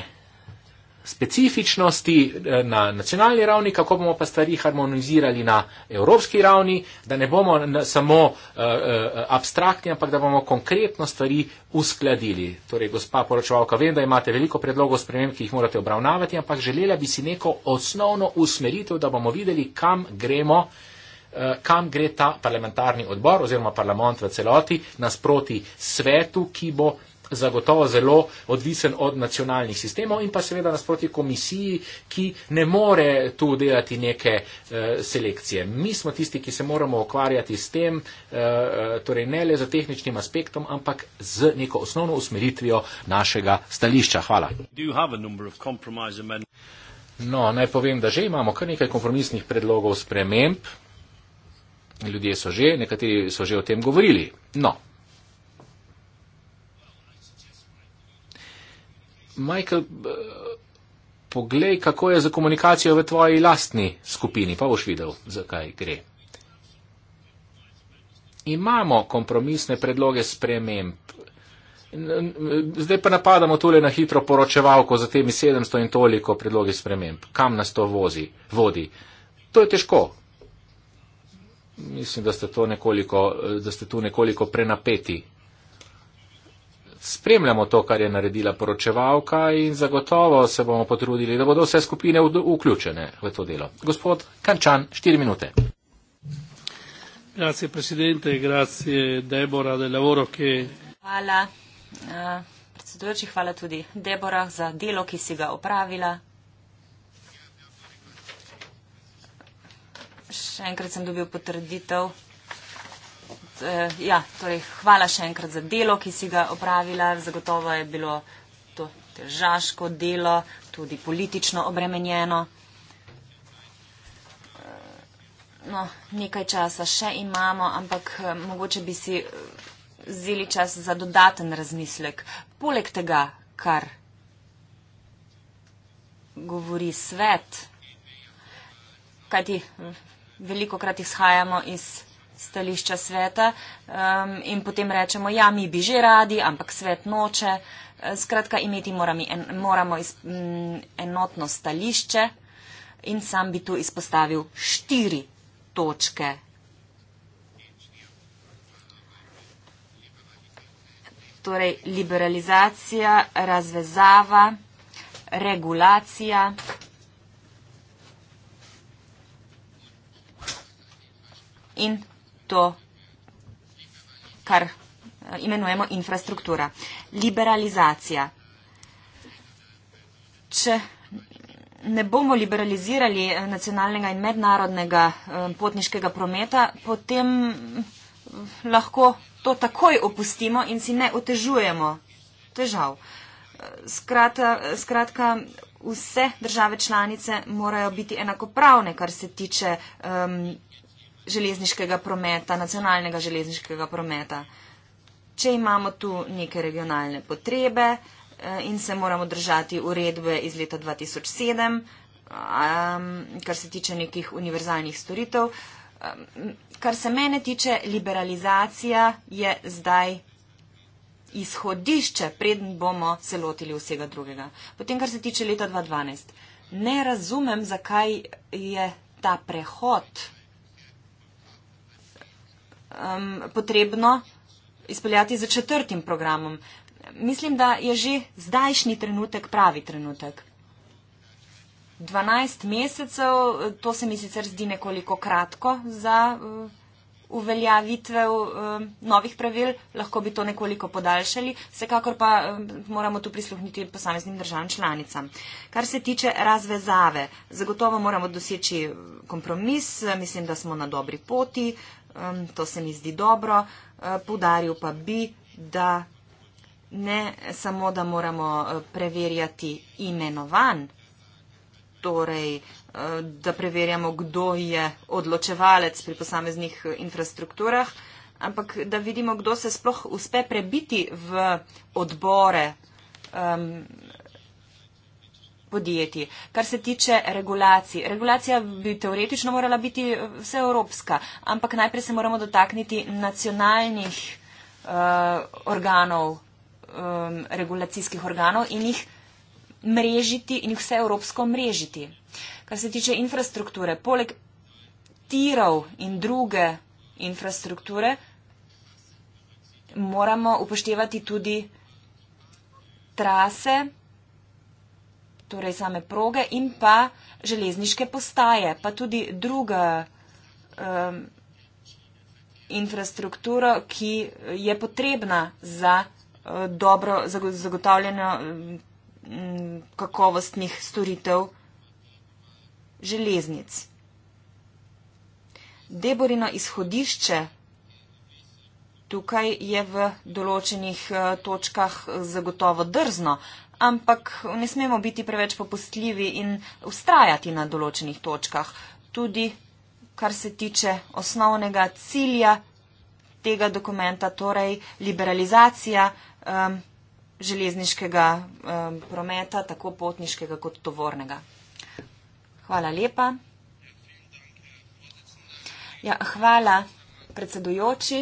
specifičnosti eh, na nacionalni ravni, kako bomo pa stvari harmonizirali na evropski ravni, da ne bomo samo eh, eh, abstraktni, ampak da bomo konkretno stvari uskladili. Torej, gospa poročevalka, vem, da imate veliko predlogov sprememb, ki jih morate obravnavati, ampak želela bi si neko osnovno usmeritev, da bomo videli, kam gremo kam gre ta parlamentarni odbor oziroma parlament v celoti nasproti svetu, ki bo zagotovo zelo odvisen od nacionalnih sistemov in pa seveda nasproti komisiji, ki ne more tu delati neke eh, selekcije. Mi smo tisti, ki se moramo ukvarjati s tem, eh, torej ne le za tehničnim aspektom, ampak z neko osnovno usmeritvijo našega stališča. Hvala. No, naj povem, da že imamo kar nekaj kompromisnih predlogov sprememb. Ljudje so že, nekateri so že o tem govorili. No, Michael, eh, poglej, kako je za komunikacijo v tvoji lastni skupini, pa boš videl, zakaj gre. Imamo kompromisne predloge sprememb. Eh, zdaj pa napadamo tole na hitro poročevalko za temi 700 in toliko predlogi sprememb. Kam nas to vozi, vodi? To je težko. Mislim, da ste, nekoliko, eh, da ste tu nekoliko prenapeti spremljamo to, kar je naredila poročevalka in zagotovo se bomo potrudili, da bodo vse skupine vključene v to delo. Gospod Kančan, štiri minute. Grazie, presidente, grazie, Debora, del lavoro, ki. Hvala, uh, predsedujoči, hvala tudi Debora za delo, ki si ga opravila. Še enkrat sem dobil potrditev Eh, ja, torej, hvala še enkrat za delo, ki si ga opravila. Zagotovo je bilo to težaško delo, tudi politično obremenjeno. Eh, no, nekaj časa še imamo, ampak eh, mogoče bi si eh, vzeli čas za dodaten razmislek. Poleg tega, kar govori svet, kajti veliko krat izhajamo iz stališča sveta um, in potem rečemo, ja, mi bi že radi, ampak svet noče. Skratka, imeti moram, en, moramo iz, m, mm, enotno stališče in sam bi tu izpostavil štiri točke. Torej, liberalizacija, razvezava, regulacija. In to, kar eh, imenujemo infrastruktura. Liberalizacija. Če ne bomo liberalizirali eh, nacionalnega in mednarodnega eh, potniškega prometa, potem lahko to takoj opustimo in si ne otežujemo težav. Skratka, skratka vse države članice morajo biti enakopravne, kar se tiče um, železniškega prometa, nacionalnega železniškega prometa. Če imamo tu neke regionalne potrebe eh, in se moramo držati uredbe iz leta 2007, ehm, kar se tiče nekih univerzalnih storitev. Ehm, kar se mene tiče, liberalizacija je zdaj izhodišče, preden bomo se lotili vsega drugega. Potem, kar se tiče leta 2012, ne razumem, zakaj je ta prehod um, potrebno izpeljati za četrtim programom. Mislim, da je že zdajšnji trenutek pravi trenutek. 12 mesecev, to se mi sicer zdi nekoliko kratko za uh, uveljavitve uh, novih pravil, lahko bi to nekoliko podaljšali, vsekakor pa um, moramo tu prisluhniti posameznim državam članicam. Kar se tiče razvezave, zagotovo moramo doseči uh, kompromis, mislim, da smo na dobri poti, um, to se mi zdi dobro, uh, poudaril pa bi, da ne samo, da moramo eh, preverjati imenovan, torej, uh, da preverjamo, kdo je odločevalec pri posameznih infrastrukturah, ampak da vidimo, kdo se sploh uspe prebiti v odbore. Um, podjetij. Kar se tiče regulacij, regulacija bi teoretično morala biti eh, vseevropska, ampak najprej se moramo dotakniti nacionalnih uh, organov, um, regulacijskih organov in jih mrežiti in jih vseevropsko mrežiti. Kar se tiče infrastrukture, poleg tirov in druge infrastrukture, moramo upoštevati tudi trase, torej same proge in pa železniške postaje, pa tudi druga um, infrastruktura, ki je potrebna za uh, dobro zagotavljanje um, kakovostnih storitev železnic. Deborino izhodišče tukaj je v določenih uh, točkah zagotovo drzno, uh, ampak ne smemo biti preveč popustljivi in ustrajati na določenih točkah, tudi kar se tiče osnovnega cilja tega dokumenta, torej liberalizacija um, železniškega um, prometa, tako potniškega kot tovornega. Hvala lepa. Ja, hvala predsedujoči,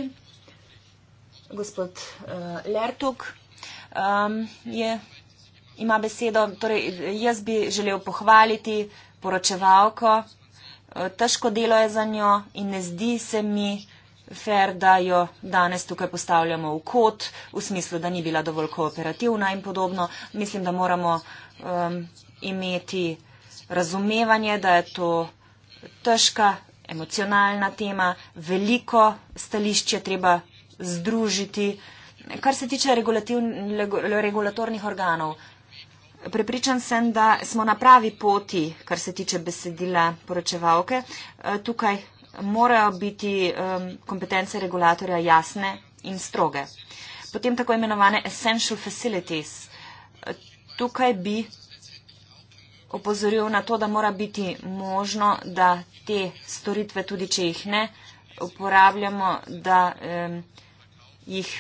gospod uh, Lertuk. Um, je ima besedo. Torej, jaz bi želel pohvaliti poročevalko. E, težko delo je za njo in ne zdi se mi fair, da jo danes tukaj postavljamo v kot, v smislu, da ni bila dovolj kooperativna in podobno. Mislim, da moramo um, imeti razumevanje, da je to težka, emocionalna tema, veliko stališče treba združiti. Kar se tiče regulatornih organov, Prepričan sem, da smo na pravi poti, kar se tiče besedila poročevalke. E, tukaj morajo biti kompetence regulatorja jasne in stroge. Potem tako imenovane essential facilities. E, tukaj bi opozoril na to, da mora biti možno, da te storitve, tudi če jih ne, uporabljamo, da jih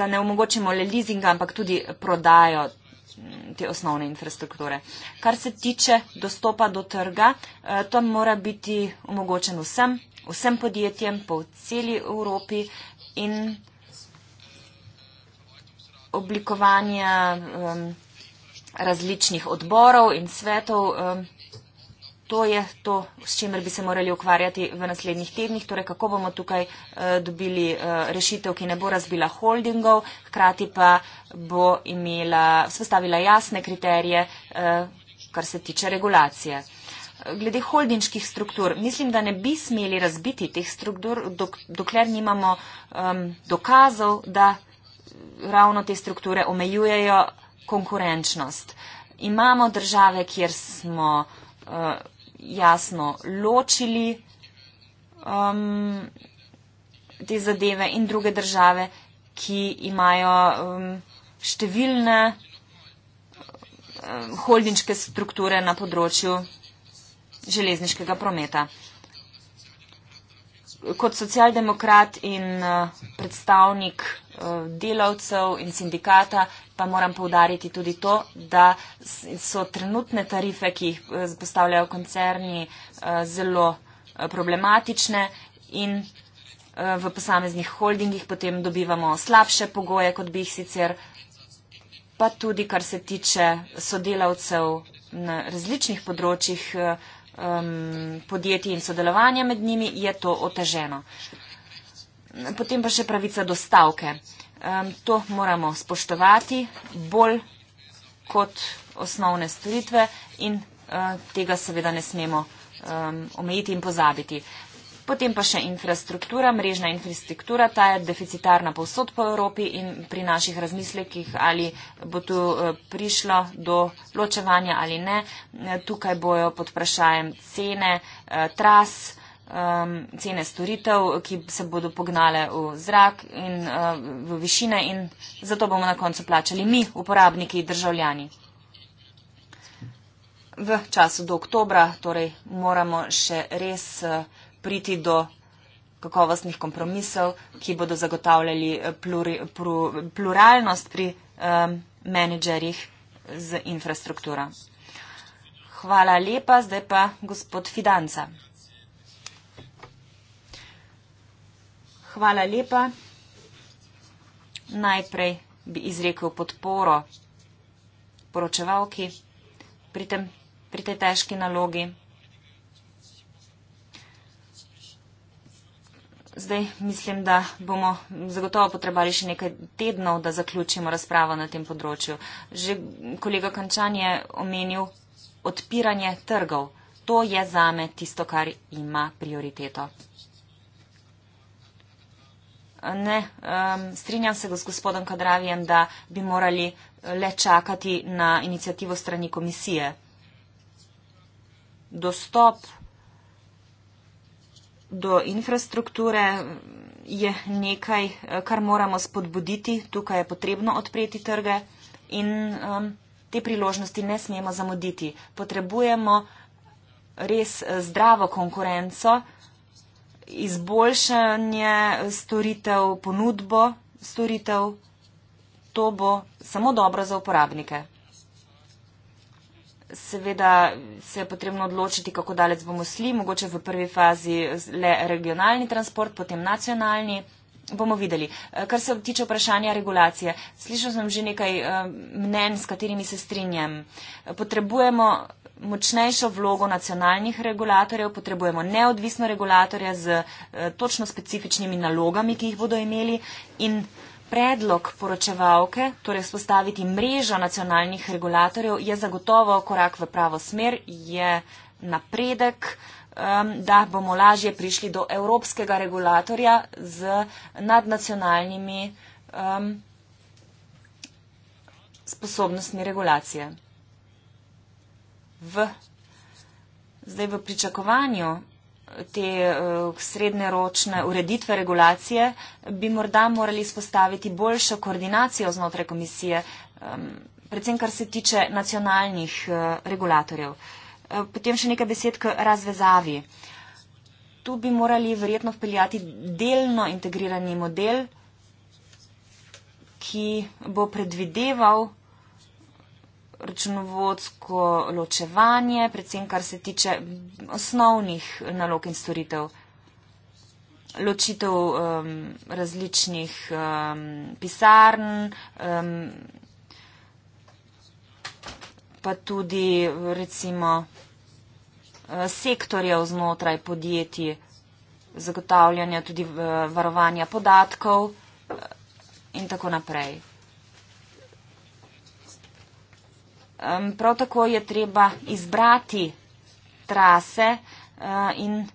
da ne omogočimo le leasinga, ampak tudi prodajo Mm, te osnovne infrastrukture. Kar se tiče dostopa do trga, eh, to mora biti omogočen vsem, vsem podjetjem po celi Evropi in oblikovanja različnih odborov in svetov, to je to, s čimer bi se morali ukvarjati v naslednjih tednih, torej kako bomo tukaj eh, dobili eh, rešitev, ki ne bo razbila holdingov, hkrati pa bo imela, vzpostavila jasne kriterije, eh, kar se tiče regulacije. Glede holdinških struktur, mislim, da ne bi smeli razbiti teh struktur, dokler nimamo dokazov, da ravno te strukture omejujejo konkurenčnost. Imamo države, kjer smo jasno ločili um, te zadeve in druge države, ki imajo um, številne um, holdinške strukture na področju železniškega prometa. Kot socialdemokrat in uh, predstavnik Eh, delavcev in sindikata, pa moram povdariti tudi to, da so trenutne tarife, ki jih eh, postavljajo koncerni, eh, zelo problematične in v posameznih holdingih potem dobivamo slabše pogoje, kot bi jih sicer, pa tudi kar se tiče sodelavcev na različnih področjih podjetij in sodelovanja med njimi, je to oteženo potem pa še pravica do stavke. Um, to moramo spoštovati bolj kot osnovne storitve in uh, tega seveda ne smemo um, omejiti in pozabiti. Potem pa še infrastruktura, mrežna infrastruktura, ta je deficitarna povsod po Evropi in pri naših razmislekih, ali bo tu e, prišlo do ločevanja ali ne, e, tukaj bojo pod vprašajem cene, tras, um, cene storitev, ki se bodo pognale v zrak in uh, v višine in zato bomo na koncu plačali mi, uporabniki, državljani. V času do oktobra torej moramo še res uh, priti do kakovostnih kompromisov, ki bodo zagotavljali uh, pluri, pru, pluralnost pri um, menedžerjih z infrastrukturo. Hvala lepa, zdaj pa gospod Fidanca. hvala lepa. Najprej bi izrekel podporo poročevalki pri, tem, pri tej težki nalogi. Zdaj mislim, da bomo zagotovo potrebali še nekaj tednov, da zaključimo razpravo na tem področju. Že kolega Kančan je omenil odpiranje trgov. To je zame tisto, kar ima prioriteto. Ne, um, strinjam se z gospodom Kadravijem, da bi morali eh, le čakati na inicijativo strani komisije. Dostop do infrastrukture eh, je nekaj, eh, kar moramo spodbuditi. Tukaj je potrebno odpreti trge in um, te priložnosti ne smemo zamuditi. Potrebujemo res zdravo konkurenco izboljšanje eh, storitev, ponudbo storitev, to bo samo dobro za uporabnike. Seveda se je potrebno odločiti, kako dalec bomo sli, mogoče v prvi fazi le regionalni transport, potem nacionalni transport bomo videli. Eh, kar se tiče vprašanja regulacije, slišal sem že nekaj eh, mnen, s katerimi se strinjam. Eh, potrebujemo močnejšo vlogo nacionalnih regulatorjev, potrebujemo neodvisno regulatorja z točno specifičnimi nalogami, ki jih bodo imeli in predlog poročevalke, torej spostaviti mrežo nacionalnih regulatorjev, je zagotovo korak v pravo smer, je napredek um, da bomo lažje prišli do evropskega regulatorja z nadnacionalnimi um, sposobnostmi regulacije. V, zdaj v pričakovanju te uh, srednjeročne ureditve regulacije bi morda morali spostaviti boljšo koordinacijo znotraj komisije, um, predvsem kar se tiče nacionalnih uh, regulatorjev. Uh, Eh, potem še nekaj besed k razvezavi. Tu bi morali verjetno vpeljati delno integrirani model, ki bo predvideval računovodsko ločevanje, predvsem kar se tiče osnovnih nalog in storitev, ločitev um, različnih um, pisarn, um, pa tudi recimo Eh, sektorjev znotraj podjetij, zagotavljanja tudi eh, varovanja podatkov eh, in tako naprej. Prav tako je treba izbrati trase in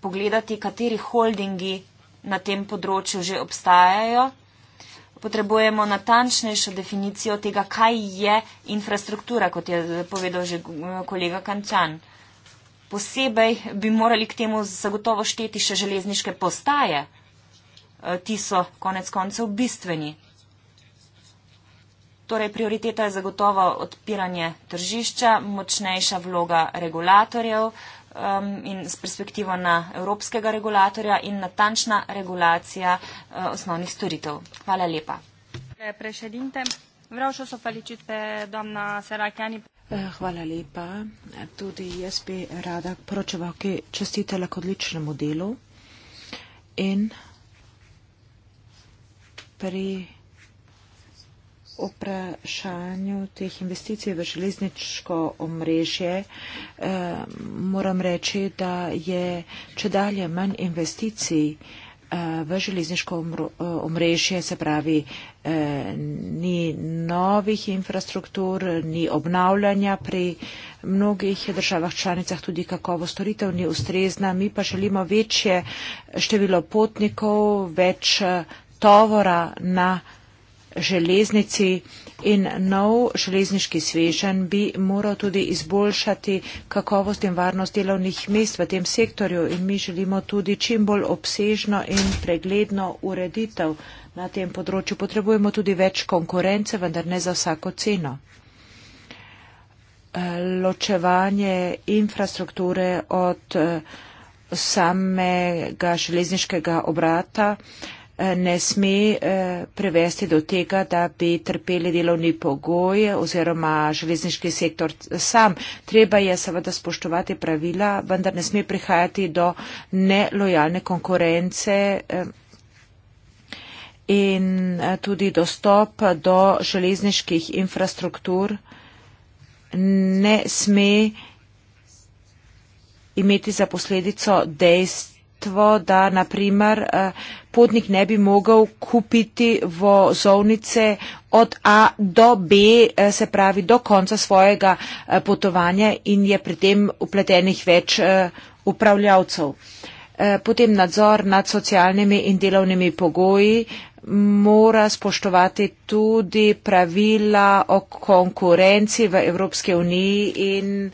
pogledati, kateri holdingi na tem področju že obstajajo. Potrebujemo natančnejšo definicijo tega, kaj je infrastruktura, kot je povedal že kolega Kančan. Posebej bi morali k temu zagotovo šteti še železniške postaje. Eh, ti so konec koncev bistveni. Torej, prioriteta je zagotovo odpiranje tržišča, močnejša vloga regulatorjev um, in s perspektivo na evropskega regulatorja in natančna regulacija uh, osnovnih storitev. Hvala lepa. Eh, hvala lepa. Tudi jaz bi rada poročevalki čestitela k odličnemu delu in pri vprašanju teh investicij v železničko omrežje eh, moram reči, da je če dalje manj investicij Eh, v železniško eh, omrežje, se pravi, eh, ni novih infrastruktur, ni obnavljanja pri mnogih državah članicah, tudi kakovo storitev ni ustrezna. Mi pa želimo večje število potnikov, več tovora na železnici in nov železniški svežen bi moral tudi izboljšati kakovost in varnost delovnih mest v tem sektorju in mi želimo tudi čim bolj obsežno in pregledno ureditev na tem področju. Potrebujemo tudi več konkurence, vendar ne za vsako ceno. Eh, ločevanje infrastrukture od eh, samega železniškega obrata ne sme eh, prevesti do tega, da bi trpeli delovni pogoj oziroma železniški sektor sam. Treba je seveda spoštovati pravila, vendar ne sme prihajati do nelojalne konkurence eh, in eh, tudi dostop do železniških infrastruktur ne sme imeti za posledico dejstva, žrtvo, da naprimer eh, potnik ne bi mogel kupiti vozovnice od A do B, eh, se pravi do konca svojega eh, potovanja in je pri tem upletenih več upravljavcev. Potem nadzor nad socialnimi in delovnimi pogoji mora spoštovati tudi pravila o konkurenci v Evropske uniji in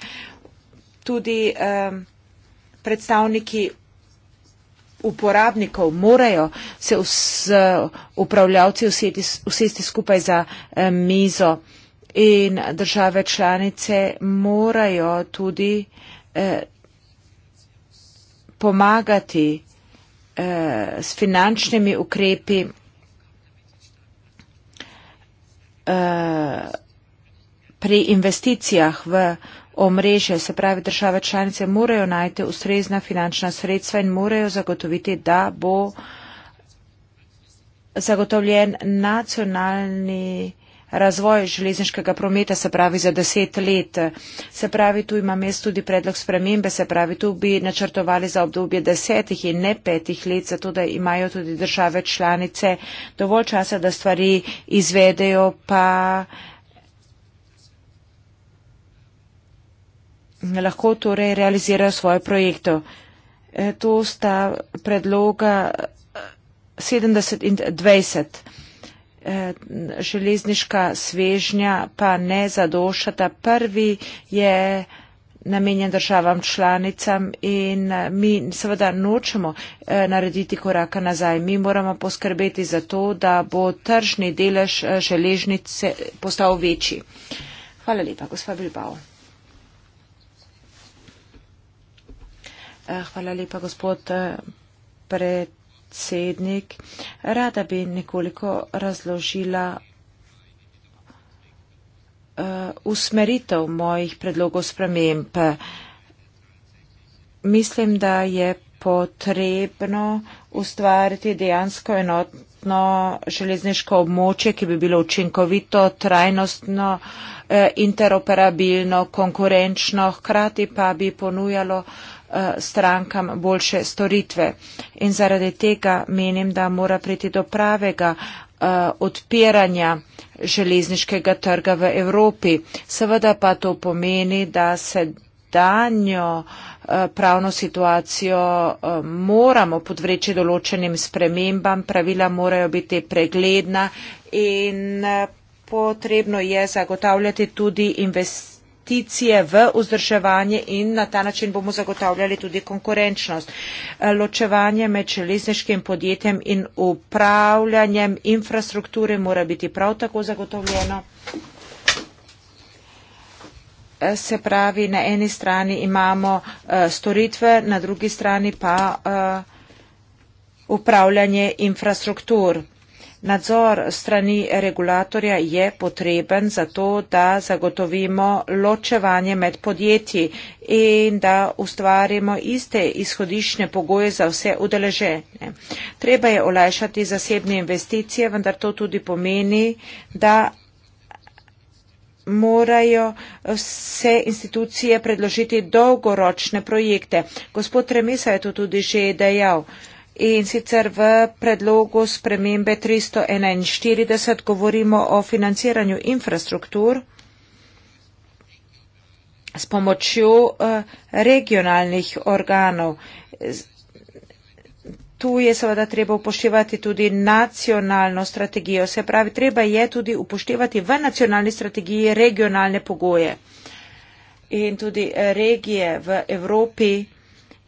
tudi eh, predstavniki uporabnikov morajo se z eh, upravljavci usesti skupaj za eh, mizo in države članice morajo tudi eh, pomagati s finančnimi ukrepi pri investicijah v omrežje, se pravi države članice morajo najti ustrezna finančna sredstva in morajo zagotoviti, da bo zagotovljen nacionalni razvoj železniškega prometa, se pravi za deset let. Se pravi, tu ima mest tudi predlog spremembe, se pravi, tu bi načrtovali za obdobje desetih in ne petih let, zato da imajo tudi države članice dovolj časa, da stvari izvedejo, pa lahko torej realizirajo svoje projekte. E, to sta predloga 70 in 20. E, železniška svežnja pa ne zadošata. Prvi je namenjen državam članicam in e, mi seveda nočemo narediti koraka nazaj. Mi moramo poskrbeti za to, da bo tržni delež železnice postal večji. Hvala lepa, gospod Bilbao. Eh, hvala lepa, gospod eh, predsednik. Rada bi nekoliko razložila eh, usmeritev mojih predlogov sprememb. Mislim, da je potrebno ustvariti dejansko enotno železniško območje, ki bi bilo učinkovito, trajnostno, interoperabilno, konkurenčno, hkrati pa bi ponujalo Eh, strankam boljše storitve. In zaradi tega menim, da mora priti do pravega eh, odpiranja železniškega trga v Evropi. Seveda pa to pomeni, da se danjo eh, pravno situacijo moramo podvreči določenim spremembam, pravila morajo biti pregledna in potrebno je zagotavljati tudi investicije investicije v vzdrževanje in na ta način bomo zagotavljali tudi konkurenčnost. Eh, ločevanje med železniškim podjetjem in upravljanjem infrastrukture mora biti prav tako zagotovljeno. Eh, se pravi, na eni strani imamo eh, storitve, na drugi strani pa upravljanje infrastruktur. Nadzor strani regulatorja je potreben za to, da zagotovimo ločevanje med podjetji in da ustvarimo iste izhodišne pogoje za vse udeležene. Treba je olajšati zasebne investicije, vendar to tudi pomeni, da morajo vse institucije predložiti dolgoročne projekte. Gospod Remisa je to tudi že dejal in sicer v predlogu spremembe 341 govorimo o financiranju infrastruktur s pomočjo eh, regionalnih organov. Tu je seveda treba upoštevati tudi nacionalno strategijo, se pravi, treba je tudi upoštevati v nacionalni strategiji regionalne pogoje. In tudi regije v Evropi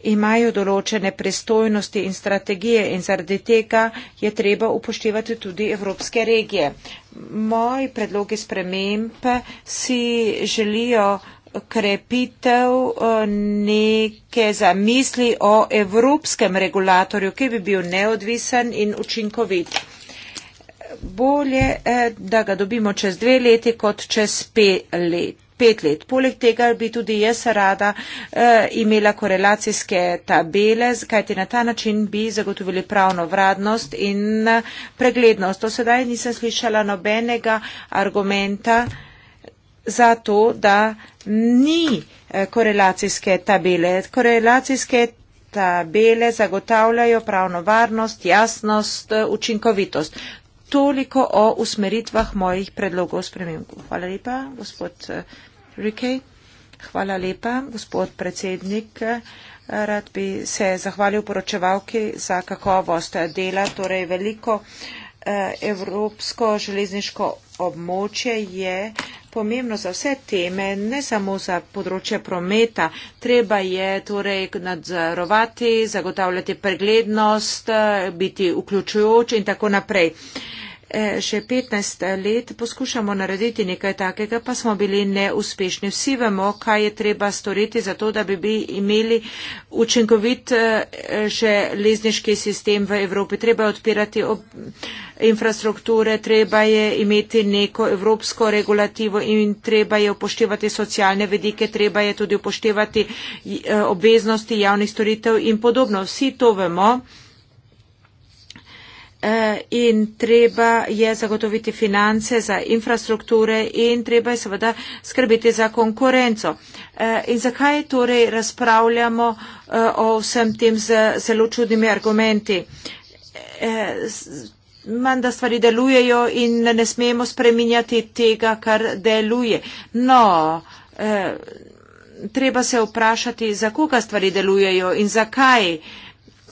imajo določene pristojnosti in strategije in zaradi tega je treba upoštevati tudi evropske regije. Moji predlogi sprememb si želijo krepitev eh, neke zamisli o evropskem regulatorju, ki bi bil neodvisen in učinkovit. Bolje, eh, da ga dobimo čez dve leti kot čez pet let pet let. Poleg tega bi tudi jaz rada eh, imela korelacijske tabele, kajti na ta način bi zagotovili pravno vradnost in eh, preglednost. Do sedaj nisem slišala nobenega argumenta za to, da ni eh, korelacijske tabele. Korelacijske tabele zagotavljajo pravno varnost, jasnost, eh, učinkovitost. Toliko o usmeritvah mojih predlogov spremenku. Hvala lepa, gospod. Rikej. Hvala lepa, gospod predsednik. Rad bi se zahvalil poročevalki za kakovost dela. Torej, veliko eh, evropsko železniško območje je pomembno za vse teme, ne samo za področje prometa. Treba je torej nadzorovati, zagotavljati preglednost, eh, biti vključujoč in tako naprej že eh, 15 let poskušamo narediti nekaj takega, pa smo bili neuspešni. Vsi vemo, kaj je treba storiti za to, da bi imeli učinkovit železniški eh, sistem v Evropi. Treba je odpirati infrastrukture, treba je imeti neko evropsko regulativo in treba je upoštevati socialne vedike, treba je tudi upoštevati eh, obveznosti javnih storitev in podobno. Vsi to vemo. Eh, in treba je zagotoviti finance za infrastrukture in treba je seveda skrbiti za konkurenco. Eh, in zakaj torej razpravljamo eh, o vsem tem z zelo čudnimi argumenti? Manj, da stvari delujejo in ne smemo spreminjati tega, kar deluje. No, treba se vprašati, za koga stvari delujejo in zakaj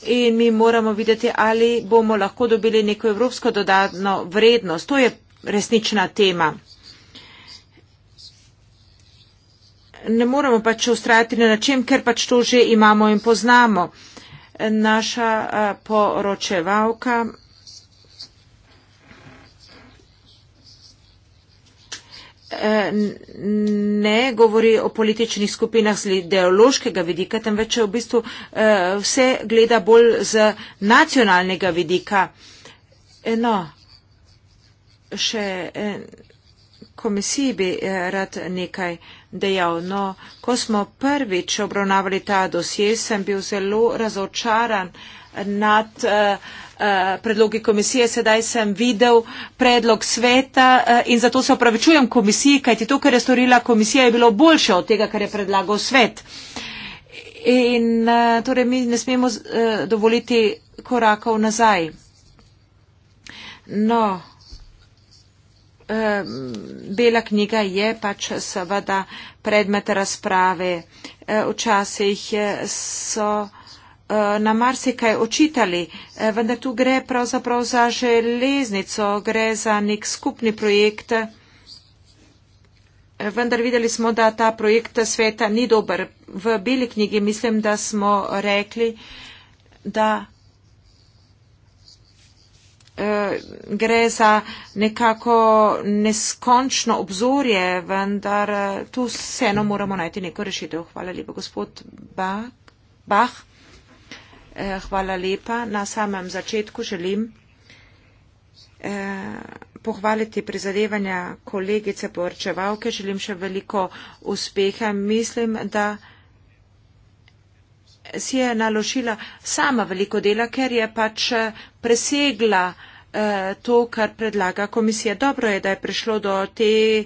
in mi moramo videti, ali bomo lahko dobili neko evropsko dodatno vrednost. To je resnična tema. Ne moramo pač ustrajati na čem, ker pač to že imamo in poznamo. Naša eh, poročevalka. ne govori o političnih skupinah z ideološkega vidika, temveč v bistvu eh, vse gleda bolj z nacionalnega vidika. Eh, no, še eh, komisiji bi rad nekaj dejal. No, ko smo prvič obravnavali ta dosje, sem bil zelo razočaran nad uh, Eh, predlogi komisije, sedaj sem videl predlog sveta eh, in zato se opravičujem komisiji, kajti to, kar je storila komisija, je bilo boljše od tega, kar je predlagal svet. In eh, torej mi ne smemo dovoliti korakov nazaj. No, bela knjiga je pač seveda predmet razprave. Včasih so. Eh, na marsikaj očitali, eh, vendar tu gre pravzaprav za železnico, gre za nek skupni projekt. Eh, vendar videli smo, da ta projekt sveta ni dober. V beli knjigi mislim, da smo rekli, da gre za nekako neskončno obzorje, vendar tu vseeno moramo najti neko rešitev. Hvala lepa, gospod Bach. Bach. Eh, hvala lepa. Na samem začetku želim eh, pohvaliti prizadevanja kolegice Borčevalke. Želim še veliko uspeha. Mislim, da si je naložila sama veliko dela, ker je pač eh, presegla to, kar predlaga komisija. Dobro je, da je prišlo do te eh,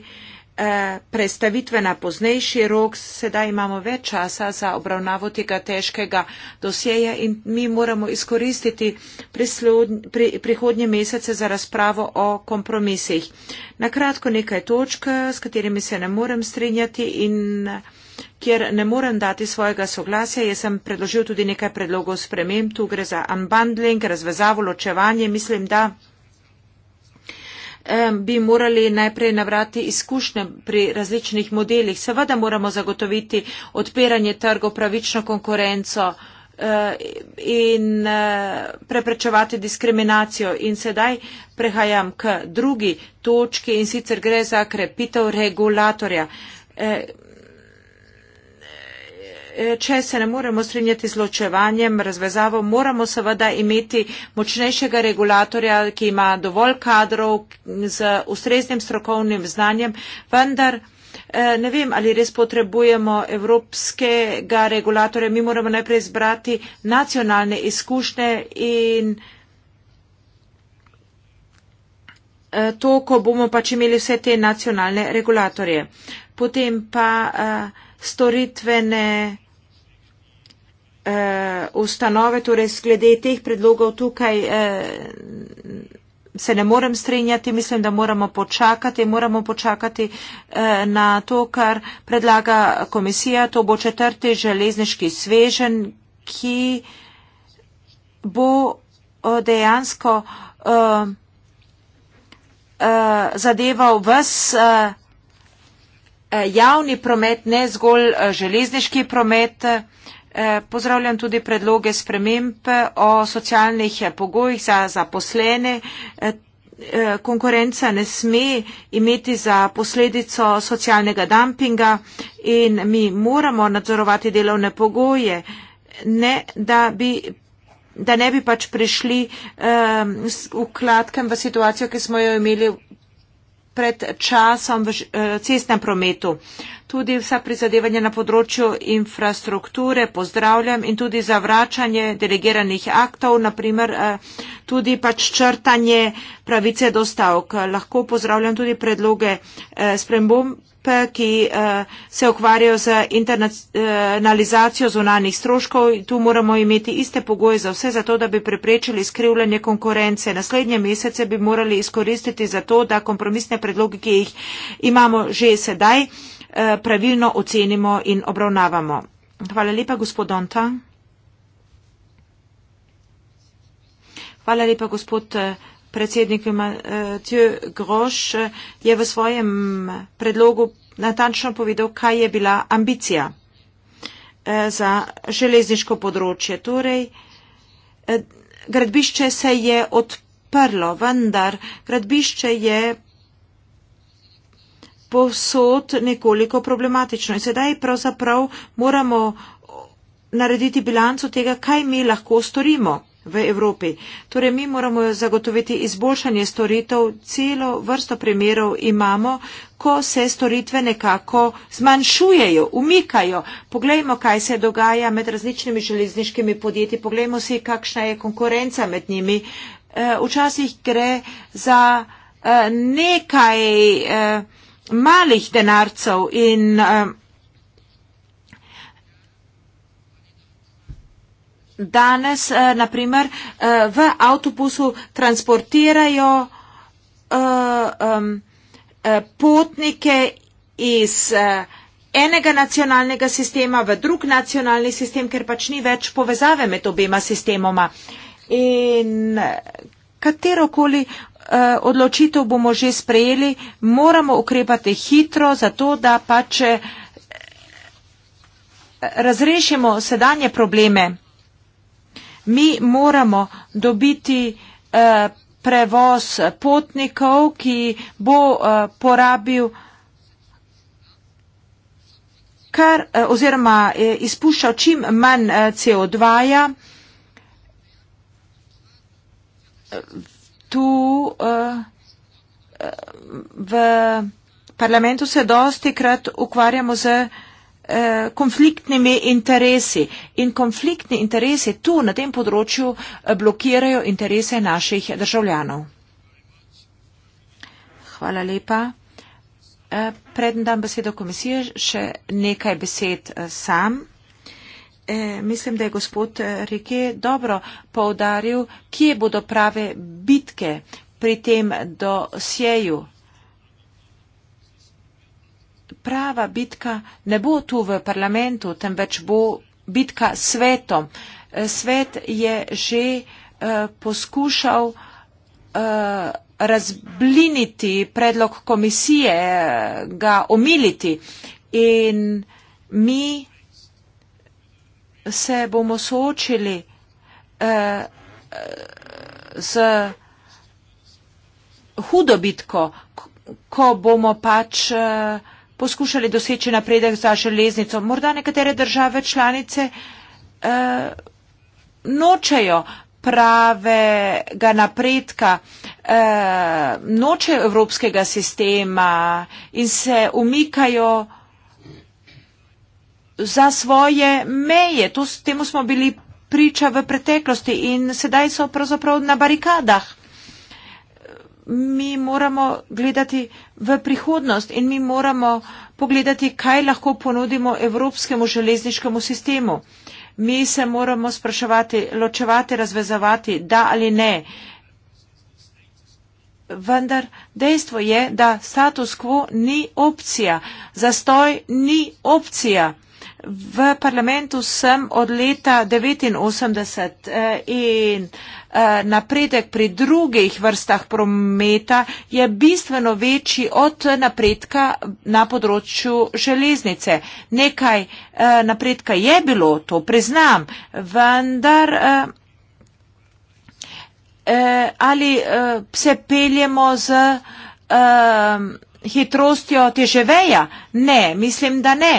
Eh, predstavitve na poznejši rok, sedaj imamo več časa za obravnavo tega težkega dosjeja in mi moramo izkoristiti prihodnje mesece za razpravo o kompromisih. Na kratko nekaj točk, s katerimi se ne morem strinjati in kjer ne morem dati svojega soglasja. Jaz sem predložil tudi nekaj predlogov spremem, tu gre za unbundling, razvezavo, ločevanje. Mislim, da bi morali najprej navrati izkušnje pri različnih modelih. Seveda moramo zagotoviti odpiranje trgov, pravično konkurenco eh, in eh, preprečevati diskriminacijo. In sedaj prehajam k drugi točki in sicer gre za krepitev regulatorja. Eh, E, če se ne moremo strinjati z ločevanjem, razvezavo, moramo seveda imeti močnejšega regulatorja, ki ima dovolj kadrov z ustreznim strokovnim znanjem, vendar e, ne vem, ali res potrebujemo evropskega regulatorja. Mi moramo najprej izbrati nacionalne izkušnje in e, to, ko bomo pač imeli vse te nacionalne regulatorje. Potem pa uh, storitvene eh, ustanove, torej sklede teh predlogov tukaj eh, se ne morem strinjati, mislim, da moramo počakati, moramo počakati eh, na to, kar predlaga komisija, to bo četrti železniški svežen, ki bo eh, dejansko eh, eh, zadeval vse. Eh, Eh, javni promet, ne zgolj eh, železniški promet. Eh, pozdravljam tudi predloge sprememb o socialnih pogojih za zaposlene. Konkurenca ne sme imeti za posledico socialnega dumpinga in mi moramo nadzorovati delovne pogoje, ne da bi da ne bi pač prišli um, v kladkem v situacijo, ki smo jo imeli pred časom v eh, cestnem prometu. Tudi vsa prizadevanja na področju infrastrukture pozdravljam in tudi zavračanje delegiranih aktov, naprimer eh, tudi pač črtanje pravice dostavk. Lahko pozdravljam tudi predloge eh, sprembom ekipe, ki uh, se ukvarjajo z internalizacijo zunanih stroškov. Tu moramo imeti iste pogoje za vse, zato da bi preprečili skrivljanje konkurence. Naslednje mesece bi morali izkoristiti za to, da kompromisne predloge, ki jih imamo že sedaj, uh, pravilno ocenimo in obravnavamo. Hvala lepa, gospod Donta. Hvala lepa, gospod. Eh, predsednik Matthieu Groš je v svojem predlogu natančno povedal, kaj je bila ambicija eh, za železniško področje. Torej, eh, gradbišče se je odprlo, vendar gradbišče je posod nekoliko problematično. In sedaj pravzaprav moramo narediti bilanco tega, kaj mi lahko storimo v Evropi. Torej, mi moramo zagotoviti izboljšanje storitev, celo vrsto primerov imamo, ko se storitve nekako zmanjšujejo, umikajo. Poglejmo, kaj se dogaja med različnimi železniškimi podjetji, poglejmo si, kakšna je konkurenca med njimi. E, včasih gre za e, nekaj e, malih denarcev in e, danes, uh, eh, naprimer, uh, eh, v avtobusu transportirajo uh, um, uh, potnike iz uh, enega nacionalnega sistema v drug nacionalni sistem, ker pač ni več povezave med obema sistemoma. In katerokoli uh, odločitev bomo že sprejeli, moramo ukrepati hitro, zato da pač razrešimo sedanje probleme mi moramo dobiti eh, prevoz potnikov, ki bo eh, porabil kar eh, oziroma izpuščal čim manj CO2-ja. Tu v parlamentu se dosti krat ukvarjamo z Eh, konfliktnimi interesi. In konfliktni interesi tu na tem področju eh, blokirajo interese naših državljanov. Hvala lepa. Eh, Predem dam besedo komisije, še nekaj besed sam. Mislim, da je gospod Rike dobro poudaril, kje bodo prave bitke pri tem dosjeju prava bitka ne bo tu v parlamentu, temveč bo bitka s svetom. Eh, svet je že eh, poskušal eh, razbliniti predlog komisije, ga omiliti in mi se bomo soočili z hudo bitko, ko bomo pač uh, poskušali doseči napredek za železnico. Morda nekatere države članice eh, nočejo pravega napredka, eh, nočejo evropskega sistema in se umikajo za svoje meje. To, temu smo bili priča v preteklosti in sedaj so pravzaprav na barikadah mi moramo gledati v prihodnost in mi moramo pogledati, kaj lahko ponudimo evropskemu železniškemu sistemu. Mi se moramo spraševati, ločevati, razvezavati, da ali ne. Vendar dejstvo je, da status quo ni opcija, zastoj ni opcija. V parlamentu sem od leta 1989 eh, in Eh, napredek pri drugih vrstah prometa je bistveno večji od napredka na področju železnice. Nekaj eh, napredka je bilo, to priznam, vendar eh, ali se peljemo z hitrostjo teževeja? Ne, mislim, da ne.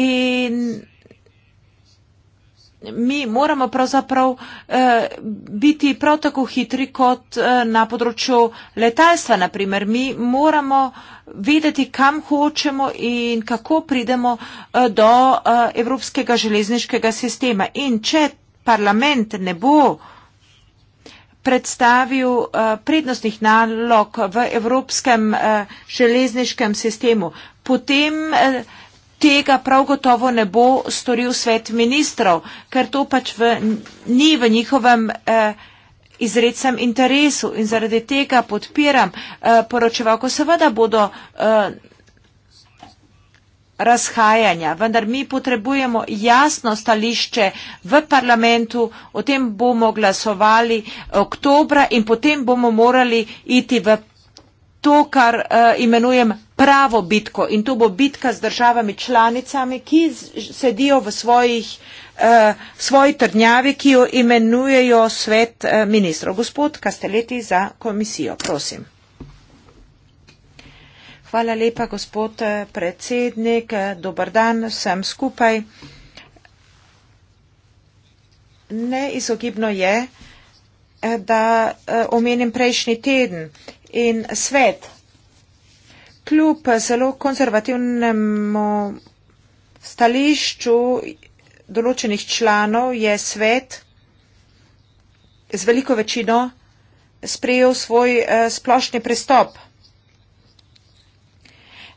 In mi moramo pravzaprav eh, biti prav tako hitri kot eh, na področju letalstva. Naprimer, mi moramo vedeti, kam hočemo in kako pridemo eh, do evropskega železniškega sistema. In če parlament ne bo predstavil prednostnih nalog v evropskem železniškem sistemu, potem tega prav gotovo ne bo storil svet ministrov, ker to pač v, ni v njihovem eh, izrednem interesu in zaradi tega podpiram eh, poročevalko. Seveda bodo eh, razhajanja, vendar mi potrebujemo jasno stališče v parlamentu, o tem bomo glasovali oktobra in potem bomo morali iti v to, kar uh, imenujem pravo bitko in to bo bitka z državami članicami, ki sedijo v svojih, uh, svoji trdnjavi, ki jo imenujejo svet uh, ministrov. Gospod Kasteleti za komisijo, prosim. Hvala lepa, gospod predsednik. Dobar dan, sem skupaj. Neizogibno je, da omenim prejšnji teden In svet, kljub zelo konzervativnemu stališču določenih članov, je svet z veliko večino sprejel svoj eh, splošni pristop.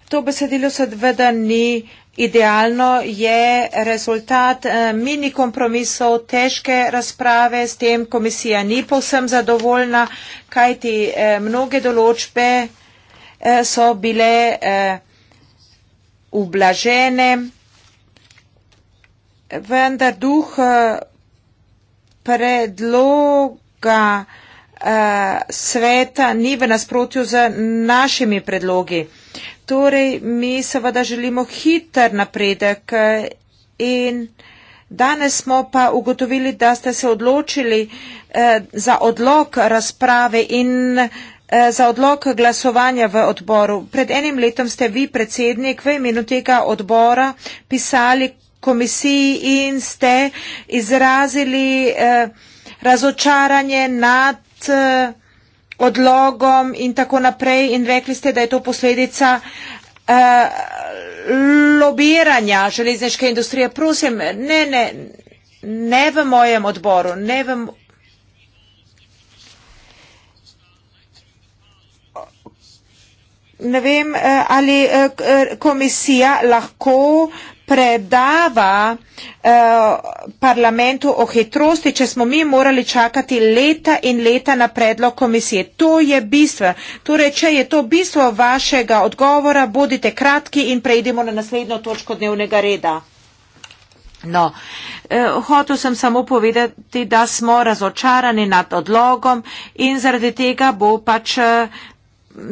To besedilo seveda ni eh, Idealno je rezultat eh, mini kompromisov, težke razprave, s tem komisija ni povsem zadovoljna, kajti eh, mnoge določbe eh, so bile ublažene, vendar duh predloga sveta ni v nasprotju z našimi predlogi. Torej, mi seveda želimo hiter napredek eh, in danes smo pa ugotovili, da ste se odločili eh, za odlog razprave in eh, za odlog glasovanja v odboru. Pred enim letom ste vi, predsednik, v imenu tega odbora pisali komisiji in ste izrazili razočaranje nad odlogom in tako naprej in rekli ste, da je to posledica uh, lobiranja železniške industrije. Prosim, ne, ne, ne v mojem odboru, ne v. Ne vem, eh, ali eh, komisija lahko predava eh, parlamentu o hitrosti, če smo mi morali čakati leta in leta na predlog komisije. To je bistvo. Torej, če je to bistvo vašega odgovora, bodite kratki in prejdemo na naslednjo točko dnevnega reda. No, eh, hotel sem samo povedati, da smo razočarani nad odlogom in zaradi tega bo pač eh,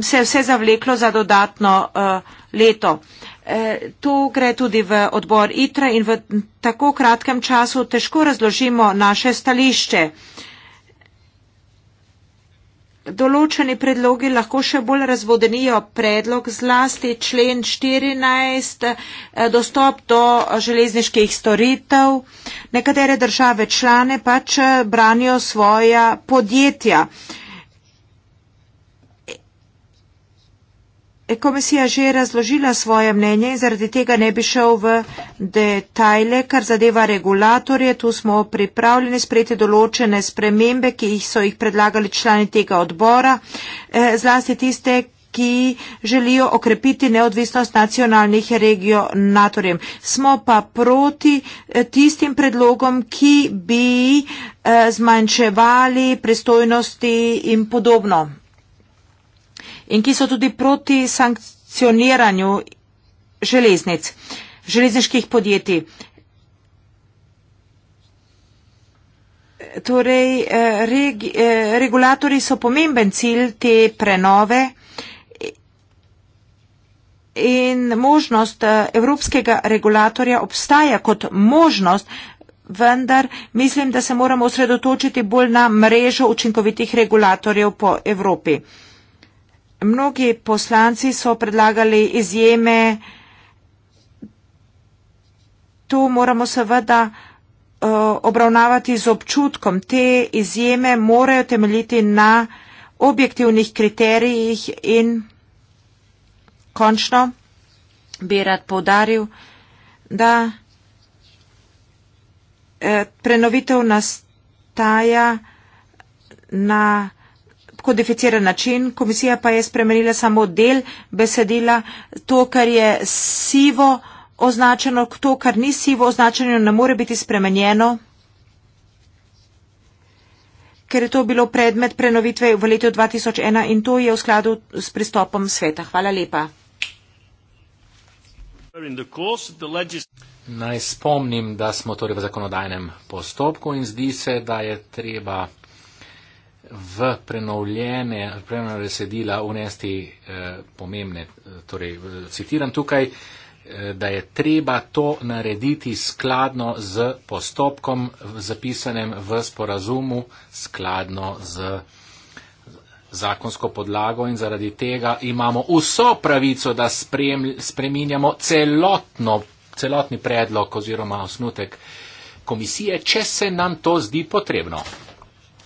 se vse zavleklo za dodatno eh, leto. Eh, Eh, to gre tudi v odbor ITRA in v tako kratkem času težko razložimo naše stališče. Določeni predlogi lahko še bolj razvodenijo predlog zlasti člen 14, eh, dostop do železniških storitev. Nekatere države člane pač eh, branijo svoja podjetja. Eh, komisija že razložila svoje mnenje in zaradi tega ne bi šel v detajle, kar zadeva regulatorje. Tu smo pripravljeni sprejeti določene spremembe, ki so jih predlagali člani tega odbora, eh, zlasti tiste, ki želijo okrepiti neodvisnost nacionalnih regionatorjev. Smo pa proti eh, tistim predlogom, ki bi eh, zmanjševali pristojnosti in podobno in ki so tudi proti sankcioniranju železnic, železniških podjetij. Torej, eh, reg, eh, regulatori so pomemben cilj te prenove in možnost eh, evropskega regulatorja obstaja kot možnost, vendar mislim, da se moramo osredotočiti bolj na mrežo učinkovitih regulatorjev po Evropi mnogi poslanci so predlagali izjeme. Tu moramo seveda eh, obravnavati z občutkom. Te izjeme morajo temeljiti na objektivnih kriterijih in končno bi rad povdaril, da eh, prenovitev nastaja na kodificiran način, komisija pa je spremenila samo del besedila, to, kar je sivo označeno, to, kar ni sivo označeno, ne more biti spremenjeno, ker je to bilo predmet prenovitve v letu 2001 in to je v skladu s pristopom sveta. Hvala lepa. Naj spomnim, da smo torej v zakonodajnem postopku in zdi se, da je treba v prenovljene, prenovljena resedila unesti eh, pomembne. Eh, torej, eh, citiram tukaj, eh, da je treba to narediti skladno z postopkom zapisanem v sporazumu, skladno z zakonsko podlago in zaradi tega imamo vso pravico, da spreminjamo celotno, celotni predlog oziroma osnutek komisije, če se nam to zdi potrebno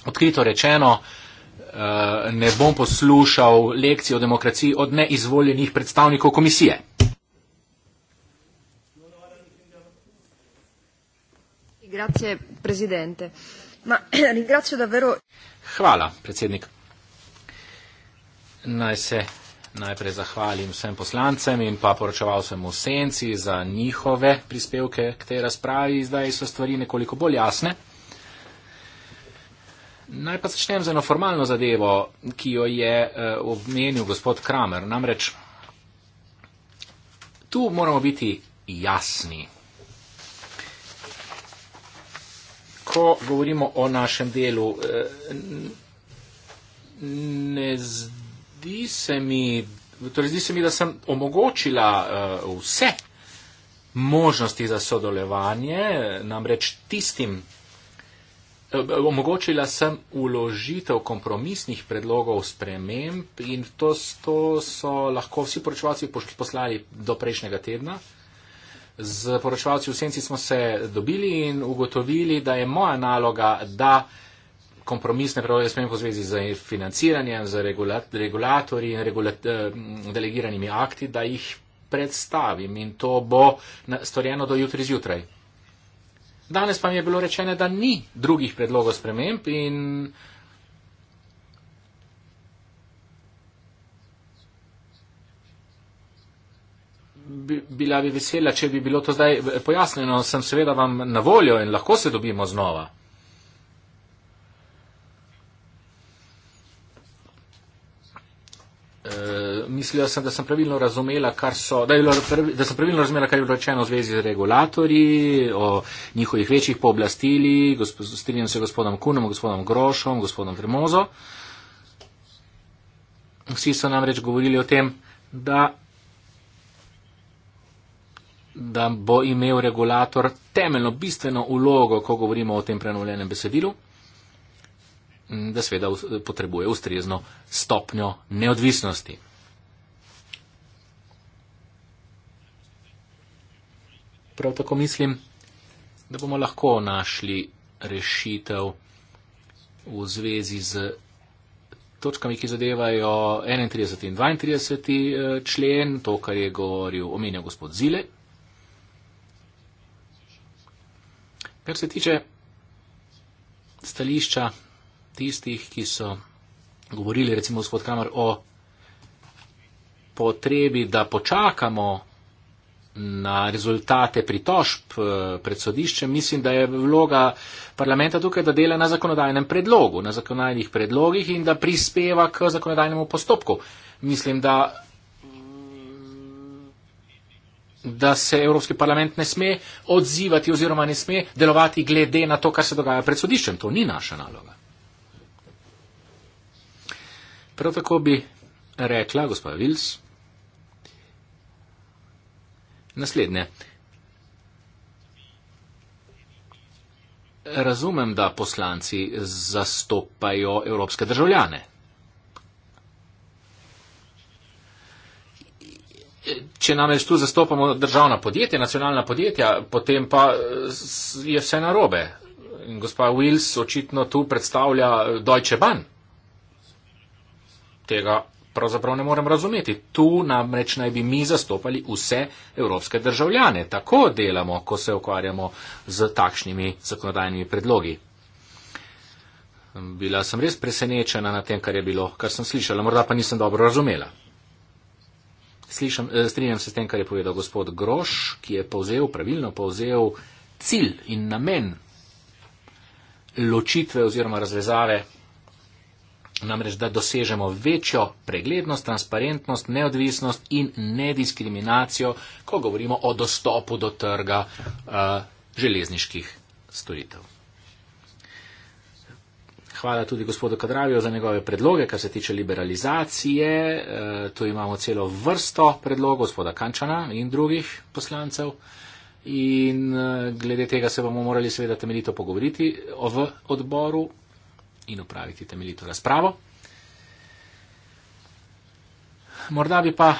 odkrito rečeno, eh, ne bom poslušal lekcij o demokraciji od neizvoljenih predstavnikov komisije. Eh, Hvala, predsednik. Naj se najprej zahvalim vsem poslancem in pa poročeval sem v senci za njihove prispevke k tej razpravi. Zdaj so stvari nekoliko bolj jasne. Naj pa začnem z eno formalno zadevo, ki jo je uh, eh, obmenil gospod Kramer. Namreč tu moramo biti jasni. Ko govorimo o našem delu, uh, ne zdi se mi. Torej, zdi se mi, da sem omogočila uh, vse možnosti za sodelovanje, namreč tistim omogočila sem uložitev kompromisnih predlogov sprememb in to, to so lahko vsi poročevalci poslali do prejšnjega tedna. Z poročevalci v senci smo se dobili in ugotovili, da je moja naloga, da kompromisne predloge sprememb v zvezi z financiranjem, z regulat, regulatorji in regulat, eh, delegiranimi akti, da jih predstavim in to bo storjeno do jutri zjutraj. Danes pa mi je bilo rečeno, da ni drugih predlogov sprememb in bila bi vesela, če bi bilo to zdaj eh, pojasnjeno. Sem seveda vam na voljo in lahko se dobimo znova. mislila sem, da sem pravilno razumela, kar so, da, bilo, da sem pravilno razumela, kar je bilo rečeno v zvezi z regulatorji, o njihovih večjih pooblastili, strinjam se gospodom Kunom, gospodom Grošom, gospodom Tremozo. Vsi so namreč govorili o tem, da, da bo imel regulator temeljno bistveno ulogo, ko govorimo o tem prenovljenem besedilu da seveda potrebuje ustrezno stopnjo neodvisnosti. Prav tako mislim, da bomo lahko našli rešitev v zvezi z točkami, ki zadevajo 31 in 32 eh, člen, to, kar je govoril, omenjal gospod Zile. Kar se tiče stališča tistih, ki so govorili, recimo gospod Kramer, o potrebi, da počakamo na rezultate pritožb eh, pred sodiščem, mislim, da je vloga parlamenta tukaj, da dela na zakonodajnem predlogu, na zakonodajnih predlogih in da prispeva k zakonodajnemu postopku. Mislim, da, mm, da se Evropski parlament ne sme odzivati oziroma ne sme delovati glede na to, kar se dogaja pred sodiščem. To ni naša naloga. Prav tako bi rekla gospod Vils naslednje. Razumem, da poslanci zastopajo evropske državljane. Če namreč tu zastopamo državna podjetja, nacionalna podjetja, potem pa eh, je vse narobe. Gospa Wills očitno tu predstavlja Deutsche Bahn. Tega pravzaprav ne morem razumeti. Tu namreč naj bi mi zastopali vse evropske državljane. Tako delamo, ko se ukvarjamo z takšnimi zakonodajnimi predlogi. Bila sem res presenečena na tem, kar je bilo, kar sem slišala, morda pa nisem dobro razumela. Slišam, eh, strinjam se s tem, kar je povedal gospod Groš, ki je povzel, pravilno povzel cilj in namen ločitve oziroma razvezave namreč da dosežemo večjo preglednost, transparentnost, neodvisnost in nediskriminacijo, ko govorimo o dostopu do trga uh, železniških storitev. Hvala tudi gospodu Kadravijo za njegove predloge, kar se tiče liberalizacije. E, tu imamo celo vrsto predlogov gospoda Kančana in drugih poslancev. In e, glede tega se bomo morali seveda temeljito pogovoriti v odboru in upraviti temeljito razpravo. Morda bi pa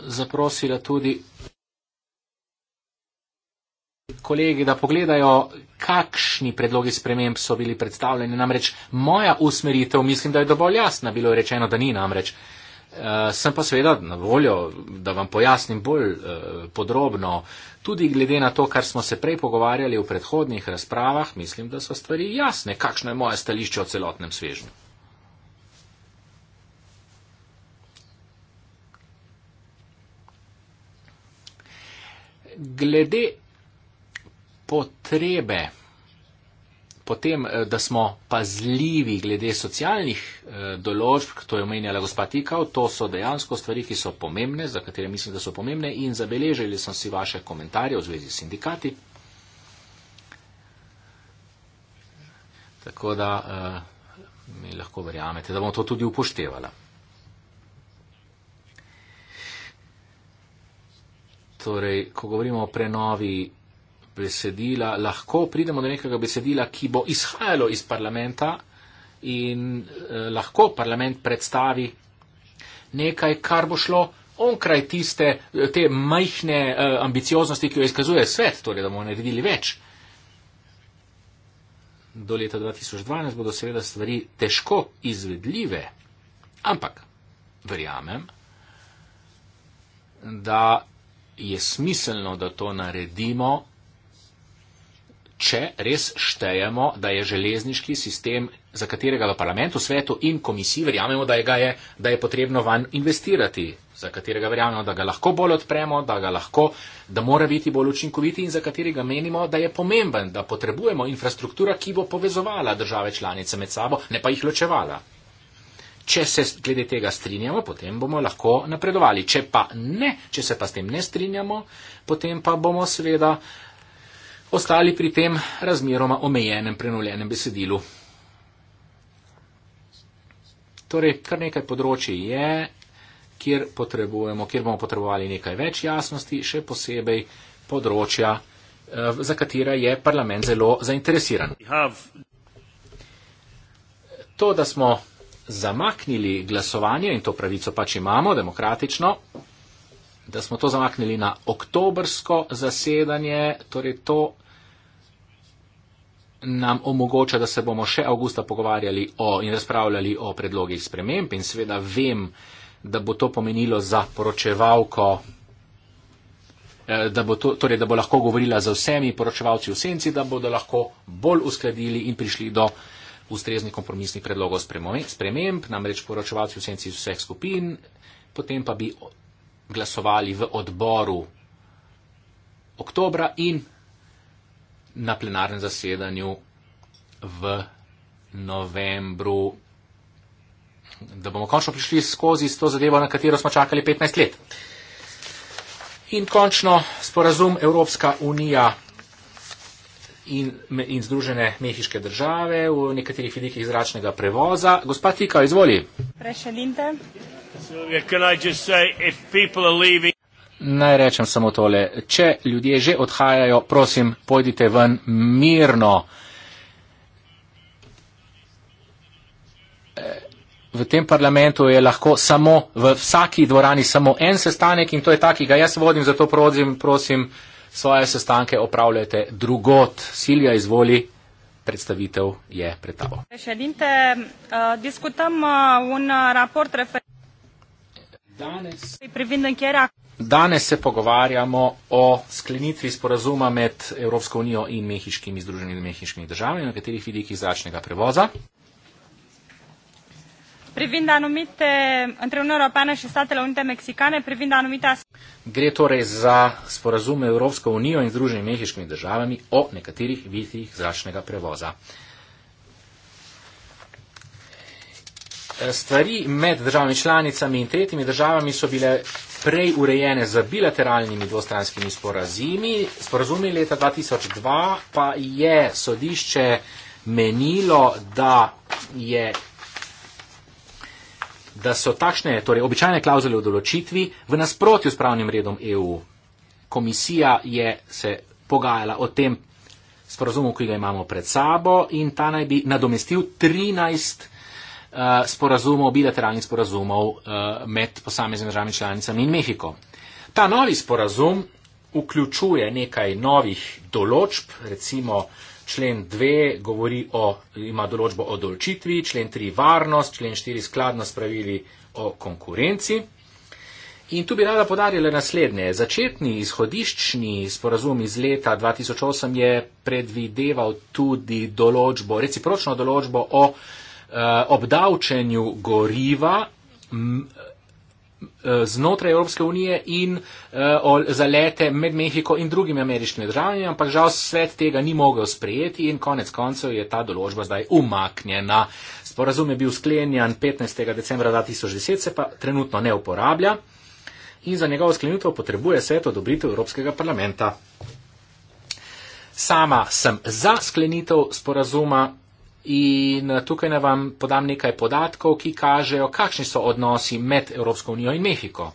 zaprosila tudi kolegi, da pogledajo, kakšni predlogi sprememb so bili predstavljeni. Namreč moja usmeritev, mislim, da je dovolj jasna, bilo je rečeno, da ni namreč. Uh, sem pa seveda na voljo, da vam pojasnim bolj uh, podrobno, tudi glede na to, kar smo se prej pogovarjali v predhodnih razpravah, mislim, da so stvari jasne, kakšno je moje stališče o celotnem svežnju. Glede potrebe potem, eh, da smo pazljivi glede socialnih eh, določb, to je omenjala gospa Tikal, to so dejansko stvari, ki so pomembne, za katere mislim, da so pomembne in zabeležili sem si vaše komentarje v zvezi s sindikati. Tako da eh, mi lahko verjamete, da bomo to tudi upoštevala. Torej, ko govorimo o prenovi besedila, lahko pridemo do nekega besedila, ki bo izhajalo iz parlamenta in eh, lahko parlament predstavi nekaj, kar bo šlo onkraj tiste, eh, te majhne eh, ambicioznosti, ki jo izkazuje svet, torej da bomo naredili več. Do leta 2012 bodo seveda stvari težko izvedljive, ampak verjamem, da je smiselno, da to naredimo če res štejemo, da je železniški sistem, za katerega v parlamentu, svetu in komisiji verjamemo, da, je, da je potrebno van investirati, za katerega verjamemo, da ga lahko bolj odpremo, da ga lahko, da mora biti bolj učinkoviti in za katerega menimo, da je pomemben, da potrebujemo infrastruktura, ki bo povezovala države članice med sabo, ne pa jih ločevala. Če se glede tega strinjamo, potem bomo lahko napredovali. Če pa ne, če se pa s tem ne strinjamo, potem pa bomo seveda. Uh, ostali pri tem razmeroma omejenem prenovljenem besedilu. Torej, kar nekaj področji je, kjer, kjer bomo potrebovali nekaj več jasnosti, še posebej področja, eh, za katera je parlament zelo zainteresiran. To, da smo zamaknili glasovanje, in to pravico pač imamo, demokratično, da smo to zamaknili na oktobrsko zasedanje, torej to nam omogoča, da se bomo še avgusta pogovarjali o in razpravljali o predlogih sprememb in seveda vem, da bo to pomenilo za poročevalko, eh, da bo, to, torej, da bo lahko govorila za vsemi poročevalci v senci, da bodo lahko bolj uskladili in prišli do ustreznih kompromisnih predlogov sprememb, namreč poročevalci v senci iz vseh skupin, potem pa bi glasovali v odboru oktobra in na plenarnem zasedanju v novembru, da bomo končno prišli skozi to zadevo, na katero smo čakali 15 let. In končno sporazum Evropska unija in, in Združene mehiške države v nekaterih vidikih zračnega prevoza. Gospa Tika, izvoli. Prešelim te. Can I just say, if people are leaving... Naj rečem samo tole. Če ljudje že odhajajo, prosim, pojdite ven mirno. E, v tem parlamentu je lahko samo v vsaki dvorani samo en sestanek in to je takega. Jaz vodim, zato prosim, prosim, svoje sestanke opravljajte drugot. Silja izvoli. Predstavitev je pred tabo. E, e, Danes. Danes se pogovarjamo o sklenitvi sporazuma med Evropsko unijo in mehiškimi združenimi mehiškimi državami, na katerih vidikih zračnega prevoza. Gre torej za sporazum Evropsko unijo in združenimi mehiškimi državami o nekaterih vidikih zračnega prevoza. E, stvari med državami članicami in tretjimi državami so bile prej urejene z bilateralnimi dvostranskimi sporazumi. Sporazumi leta 2002 pa je sodišče menilo, da je da so takšne, torej običajne klauzule v določitvi v nasprotju s pravnim redom EU. Komisija je se pogajala o tem sporozumu, ki ga imamo pred sabo in ta naj bi nadomestil 13 Eh, sporazumov, bilateralnih sporazumov eh, med posameznimi državami članicami in Mehiko. Ta novi sporazum vključuje nekaj novih določb, recimo člen 2 govori o, ima določbo o določitvi, člen 3 varnost, člen 4 skladno s pravili o konkurenci. In tu bi rada podarila naslednje. Začetni izhodiščni sporazum iz leta 2008 je predvideval tudi določbo, recipročno določbo o Eh, obdavčenju goriva eh, znotraj Evropske unije in eh, za lete med Mehiko in drugimi ameriškimi državami, ampak žal svet tega ni mogel sprejeti in konec koncev je ta določba zdaj umaknjena. Sporazum je bil sklenjen 15. decembra 2010, se pa trenutno ne uporablja in za njegovo sklenitev potrebuje svet odobritev Evropskega parlamenta. Sama sem za sklenitev sporazuma in eh, tukaj naj vam podam nekaj podatkov, ki kažejo, kakšni so odnosi med Evropsko unijo in Mehiko.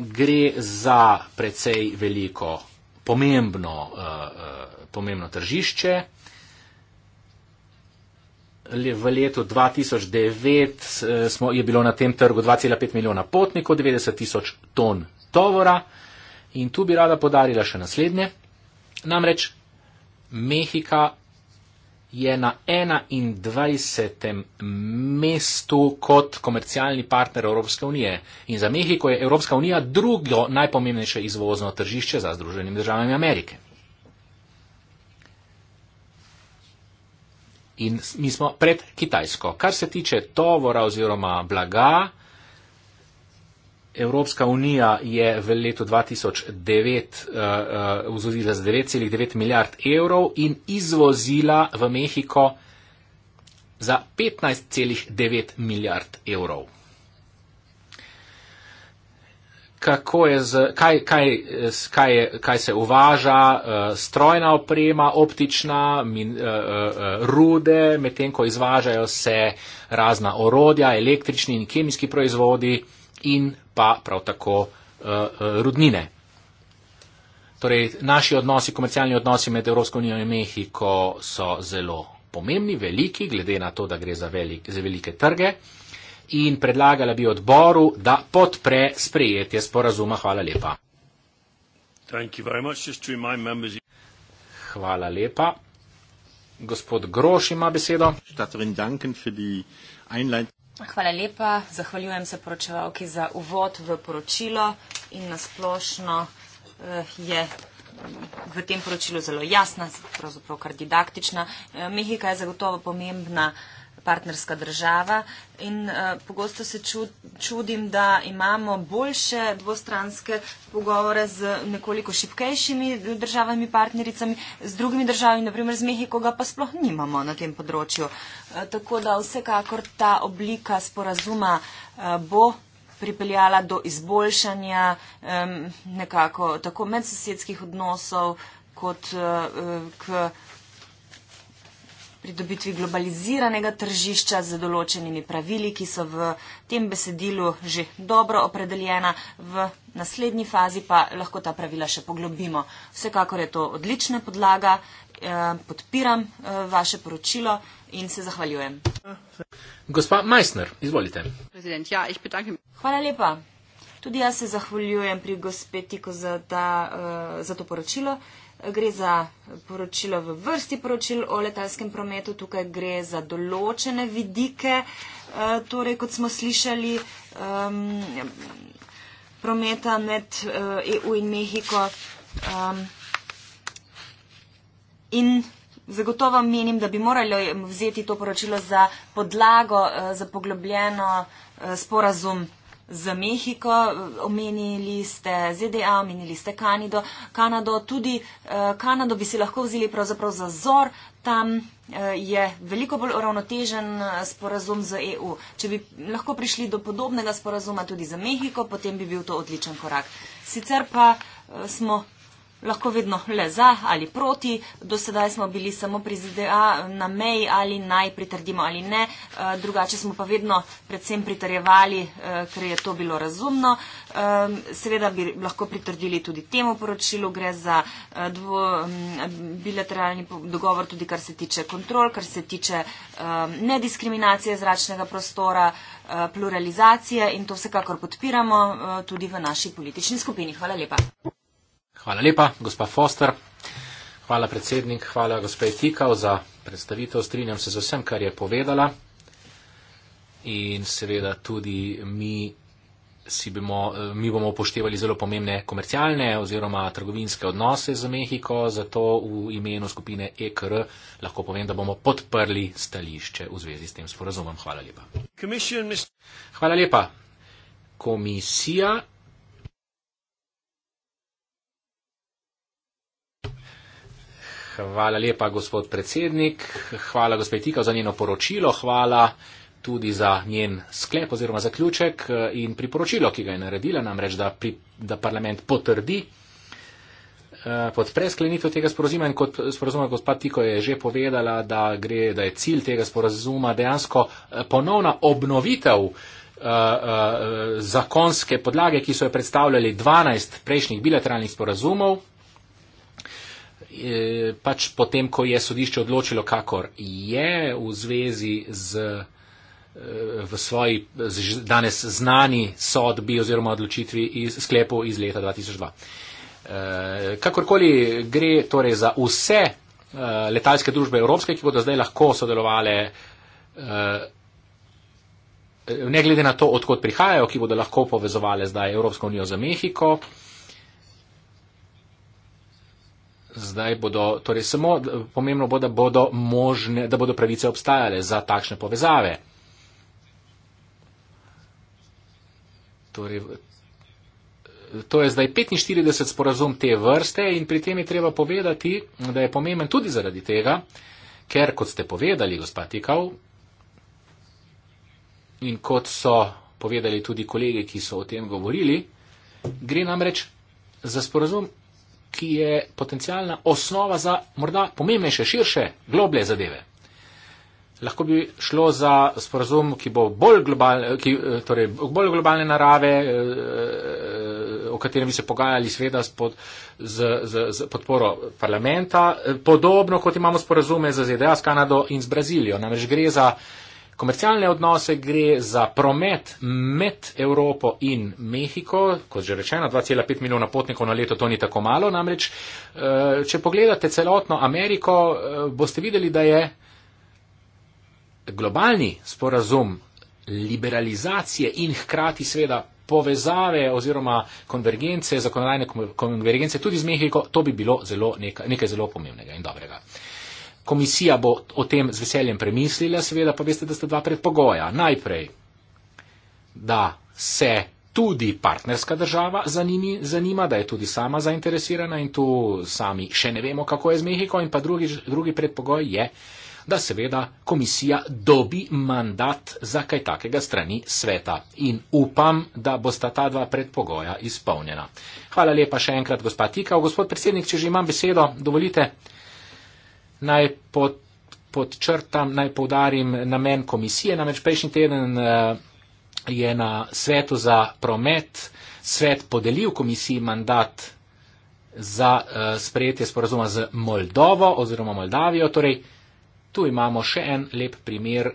Gre za precej veliko pomembno, eh, eh, pomembno tržišče. V letu 2009 smo, je bilo na tem trgu 2,5 milijona potnikov, 90 tisoč ton tovora. In tu bi rada podarila še naslednje. Namreč Mehika je na 21. mestu kot komercialni partner Evropske unije. In za Mehiko je Evropska unija drugo najpomembnejše izvozno tržišče za Združenimi državami Amerike. In mi smo pred Kitajsko. Kar se tiče tovora oziroma blaga, Evropska unija je v letu 2009 uh, uh, vzvozila za 9,9 milijard evrov in izvozila v Mehiko za 15,9 milijard evrov. Kako je z, kaj, kaj, eh, kaj, kaj se uvaža, eh, strojna oprema, optična, min, eh, rude, medtem ko izvažajo se razna orodja, električni in kemijski proizvodi in pa prav tako eh, eh, rudnine. Torej, naši odnosi, komercialni odnosi med Evropsko unijo in Mehiko so zelo pomembni, veliki, glede na to, da gre za, velik, za velike trge in predlagala bi odboru, da podpre sprejetje sporazuma. Hvala lepa. Hvala lepa. Gospod Groš ima besedo. Hvala lepa. Zahvaljujem se poročevalki za uvod v poročilo in nasplošno eh, je v tem poročilu zelo jasna, pravzaprav kar didaktična. Eh, Mehika je zagotovo pomembna partnerska država. In uh, pogosto se ču, čudim, da imamo boljše dvostranske pogovore z nekoliko šipkejšimi državami, partnericami, z drugimi državami, naprimer z Mehiko, ga pa sploh nimamo na tem področju. Uh, tako da vsekakor ta oblika sporazuma uh, bo pripeljala do izboljšanja um, nekako tako medsosedskih odnosov kot uh, k pridobitvi globaliziranega tržišča z določenimi pravili, ki so v tem besedilu že dobro opredeljena, v naslednji fazi pa lahko ta pravila še poglobimo. Vsekakor je to odlična podlaga, eh, podpiram eh, vaše poročilo in se zahvaljujem. Gospa Meissner, izvolite. Ja, Hvala lepa. Tudi jaz se zahvaljujem pri gospetiku za, eh, za to poročilo gre za poročilo v vrsti poročil o letalskem prometu, tukaj gre za določene vidike, eh, torej kot smo slišali, um, prometa med EU eh, e in Mehiko. Um, in zagotovo menim, da bi morali vzeti to poročilo za podlago, eh, za poglobljeno sporazum za Mehiko, omenili ste ZDA, omenili ste Kanido, Kanado, tudi eh, Kanado bi si lahko vzeli pravzaprav za zor, tam eh, je veliko bolj uravnotežen eh, sporazum z EU. Če bi lahko prišli do podobnega sporazuma tudi za Mehiko, potem bi bil to odličen korak. Sicer pa smo Lahko vedno le za ali proti. Do sedaj smo bili samo pri ZDA na meji ali naj pritrdimo ali ne. Eh, drugače smo pa vedno predvsem pritrjevali, eh, ker je to bilo razumno. Ehm, seveda bi lahko pritrdili tudi temu poročilu. Gre za eh, dvo, bilateralni dogovor tudi kar se tiče kontrol, kar se tiče ehm, nediskriminacije zračnega prostora, pluralizacije in to vsekakor podpiramo tudi v naši politični skupini. Hvala lepa. Hvala lepa, gospa Foster. Hvala predsednik, hvala gospe Tikal za predstavitev. Strinjam se z vsem, kar je povedala. In seveda tudi mi, bomo, eh, mi bomo upoštevali zelo pomembne komercialne oziroma trgovinske odnose z Mehiko, zato v imenu skupine EKR lahko povem, da bomo podprli stališče v zvezi s tem sporozumom. Hvala lepa. Hvala lepa. Komisija Hvala lepa, gospod predsednik. Hvala, gospod Tikal, za njeno poročilo. Hvala tudi za njen sklep oziroma zaključek eh, in priporočilo, ki ga je naredila, namreč, da, pri, da parlament potrdi eh, podpre sklenitev tega sporozuma in kot sporozuma gospod Tiko je že povedala, da, gre, da je cilj tega sporozuma dejansko eh, ponovna obnovitev zakonske podlage, ki so jo predstavljali 12 prejšnjih bilateralnih sporazumov, Eh, pač potem, ko je sodišče odločilo, kakor je v zvezi z eh, v svoji danes znani sodbi oziroma odločitvi iz sklepu iz leta 2002. Eh, kakorkoli gre torej za vse letalske družbe evropske, ki bodo zdaj lahko sodelovale, ne glede na to, odkot prihajajo, ki bodo lahko povezovale zdaj Evropsko unijo za Mehiko, Zdaj bodo, torej samo pomembno bo, da bodo možne, da bodo pravice obstajale za takšne povezave. Torej, to je zdaj 45 sporazum te vrste in pri tem je treba povedati, da je pomemben tudi zaradi tega, ker kot ste povedali, gospod Tikal, in kot so povedali tudi kolege, ki so o tem govorili, gre namreč za sporazum ki je potencijalna osnova za morda pomembnejše, širše, globlje zadeve. Lahko bi šlo za sporazum, ki bo bolj, global, ki, eh, torej, bolj globalne narave, eh, eh, o katerem bi se pogajali sveda spod, z, z, z podporo parlamenta, podobno kot imamo sporazume z ZDA, s Kanado in z Brazilijo. Namreč gre za uh, komercialne odnose, gre za promet med Evropo in Mehiko, kot že rečeno, 2,5 milijona potnikov na leto, to ni tako malo. Namreč, eh, če pogledate celotno Ameriko, eh, boste videli, da je globalni sporazum liberalizacije in hkrati sveda povezave oziroma konvergence, zakonodajne konvergence tudi z Mehiko, to bi bilo zelo nekaj, nekaj zelo pomembnega in dobrega komisija bo o tem z veseljem premislila, seveda pa veste, da sta dva predpogoja. Najprej, da se tudi partnerska država zanimi, zanima, da je tudi sama zainteresirana in tu sami še ne vemo, kako je z Mehiko in pa drugi, drugi predpogoj je, da seveda komisija dobi mandat za kaj takega strani sveta. In upam, da bosta ta dva predpogoja izpolnjena. Hvala lepa še enkrat, gospod Tikal. Gospod predsednik, če že imam besedo, dovolite naj pod, podčrtam, naj povdarim namen komisije. Namreč prejšnji teden eh, je na svetu za promet svet podelil komisiji mandat za eh, sprejetje sporazuma z Moldovo oziroma Moldavijo. Torej, tu imamo še en lep primer,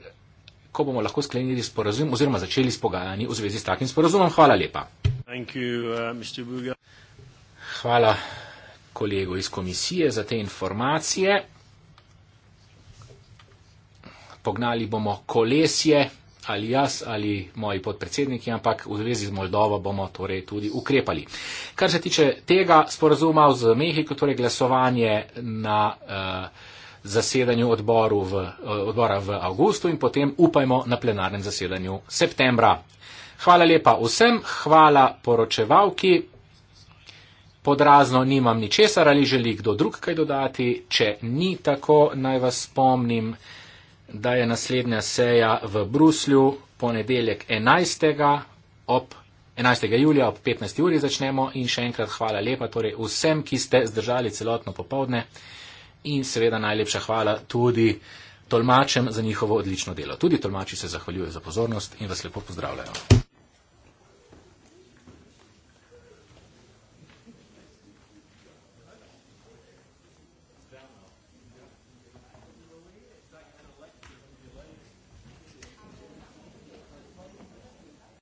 ko bomo lahko sklenili sporazum oziroma začeli s pogajanji v zvezi s takim sporazumom. Hvala lepa. You, uh, Hvala kolegu iz komisije za te informacije pognali bomo kolesje, ali jaz, ali moji podpredsedniki, ampak v zvezi z Moldovo bomo torej tudi ukrepali. Kar se tiče tega sporazuma z Mehiko, torej glasovanje na uh, zasedanju odboru v, uh, odbora v avgustu in potem upajmo na plenarnem zasedanju septembra. Hvala lepa vsem, hvala poročevalki. Podrazno nimam ničesar, ali želi kdo drug kaj dodati. Če ni tako, naj vas spomnim da je naslednja seja v Bruslju ponedeljek 11. ob 11. julija ob 15. uri začnemo in še enkrat hvala lepa torej vsem, ki ste zdržali celotno popovdne in seveda najlepša hvala tudi tolmačem za njihovo odlično delo. Tudi tolmači se zahvaljujejo za pozornost in vas lepo pozdravljajo.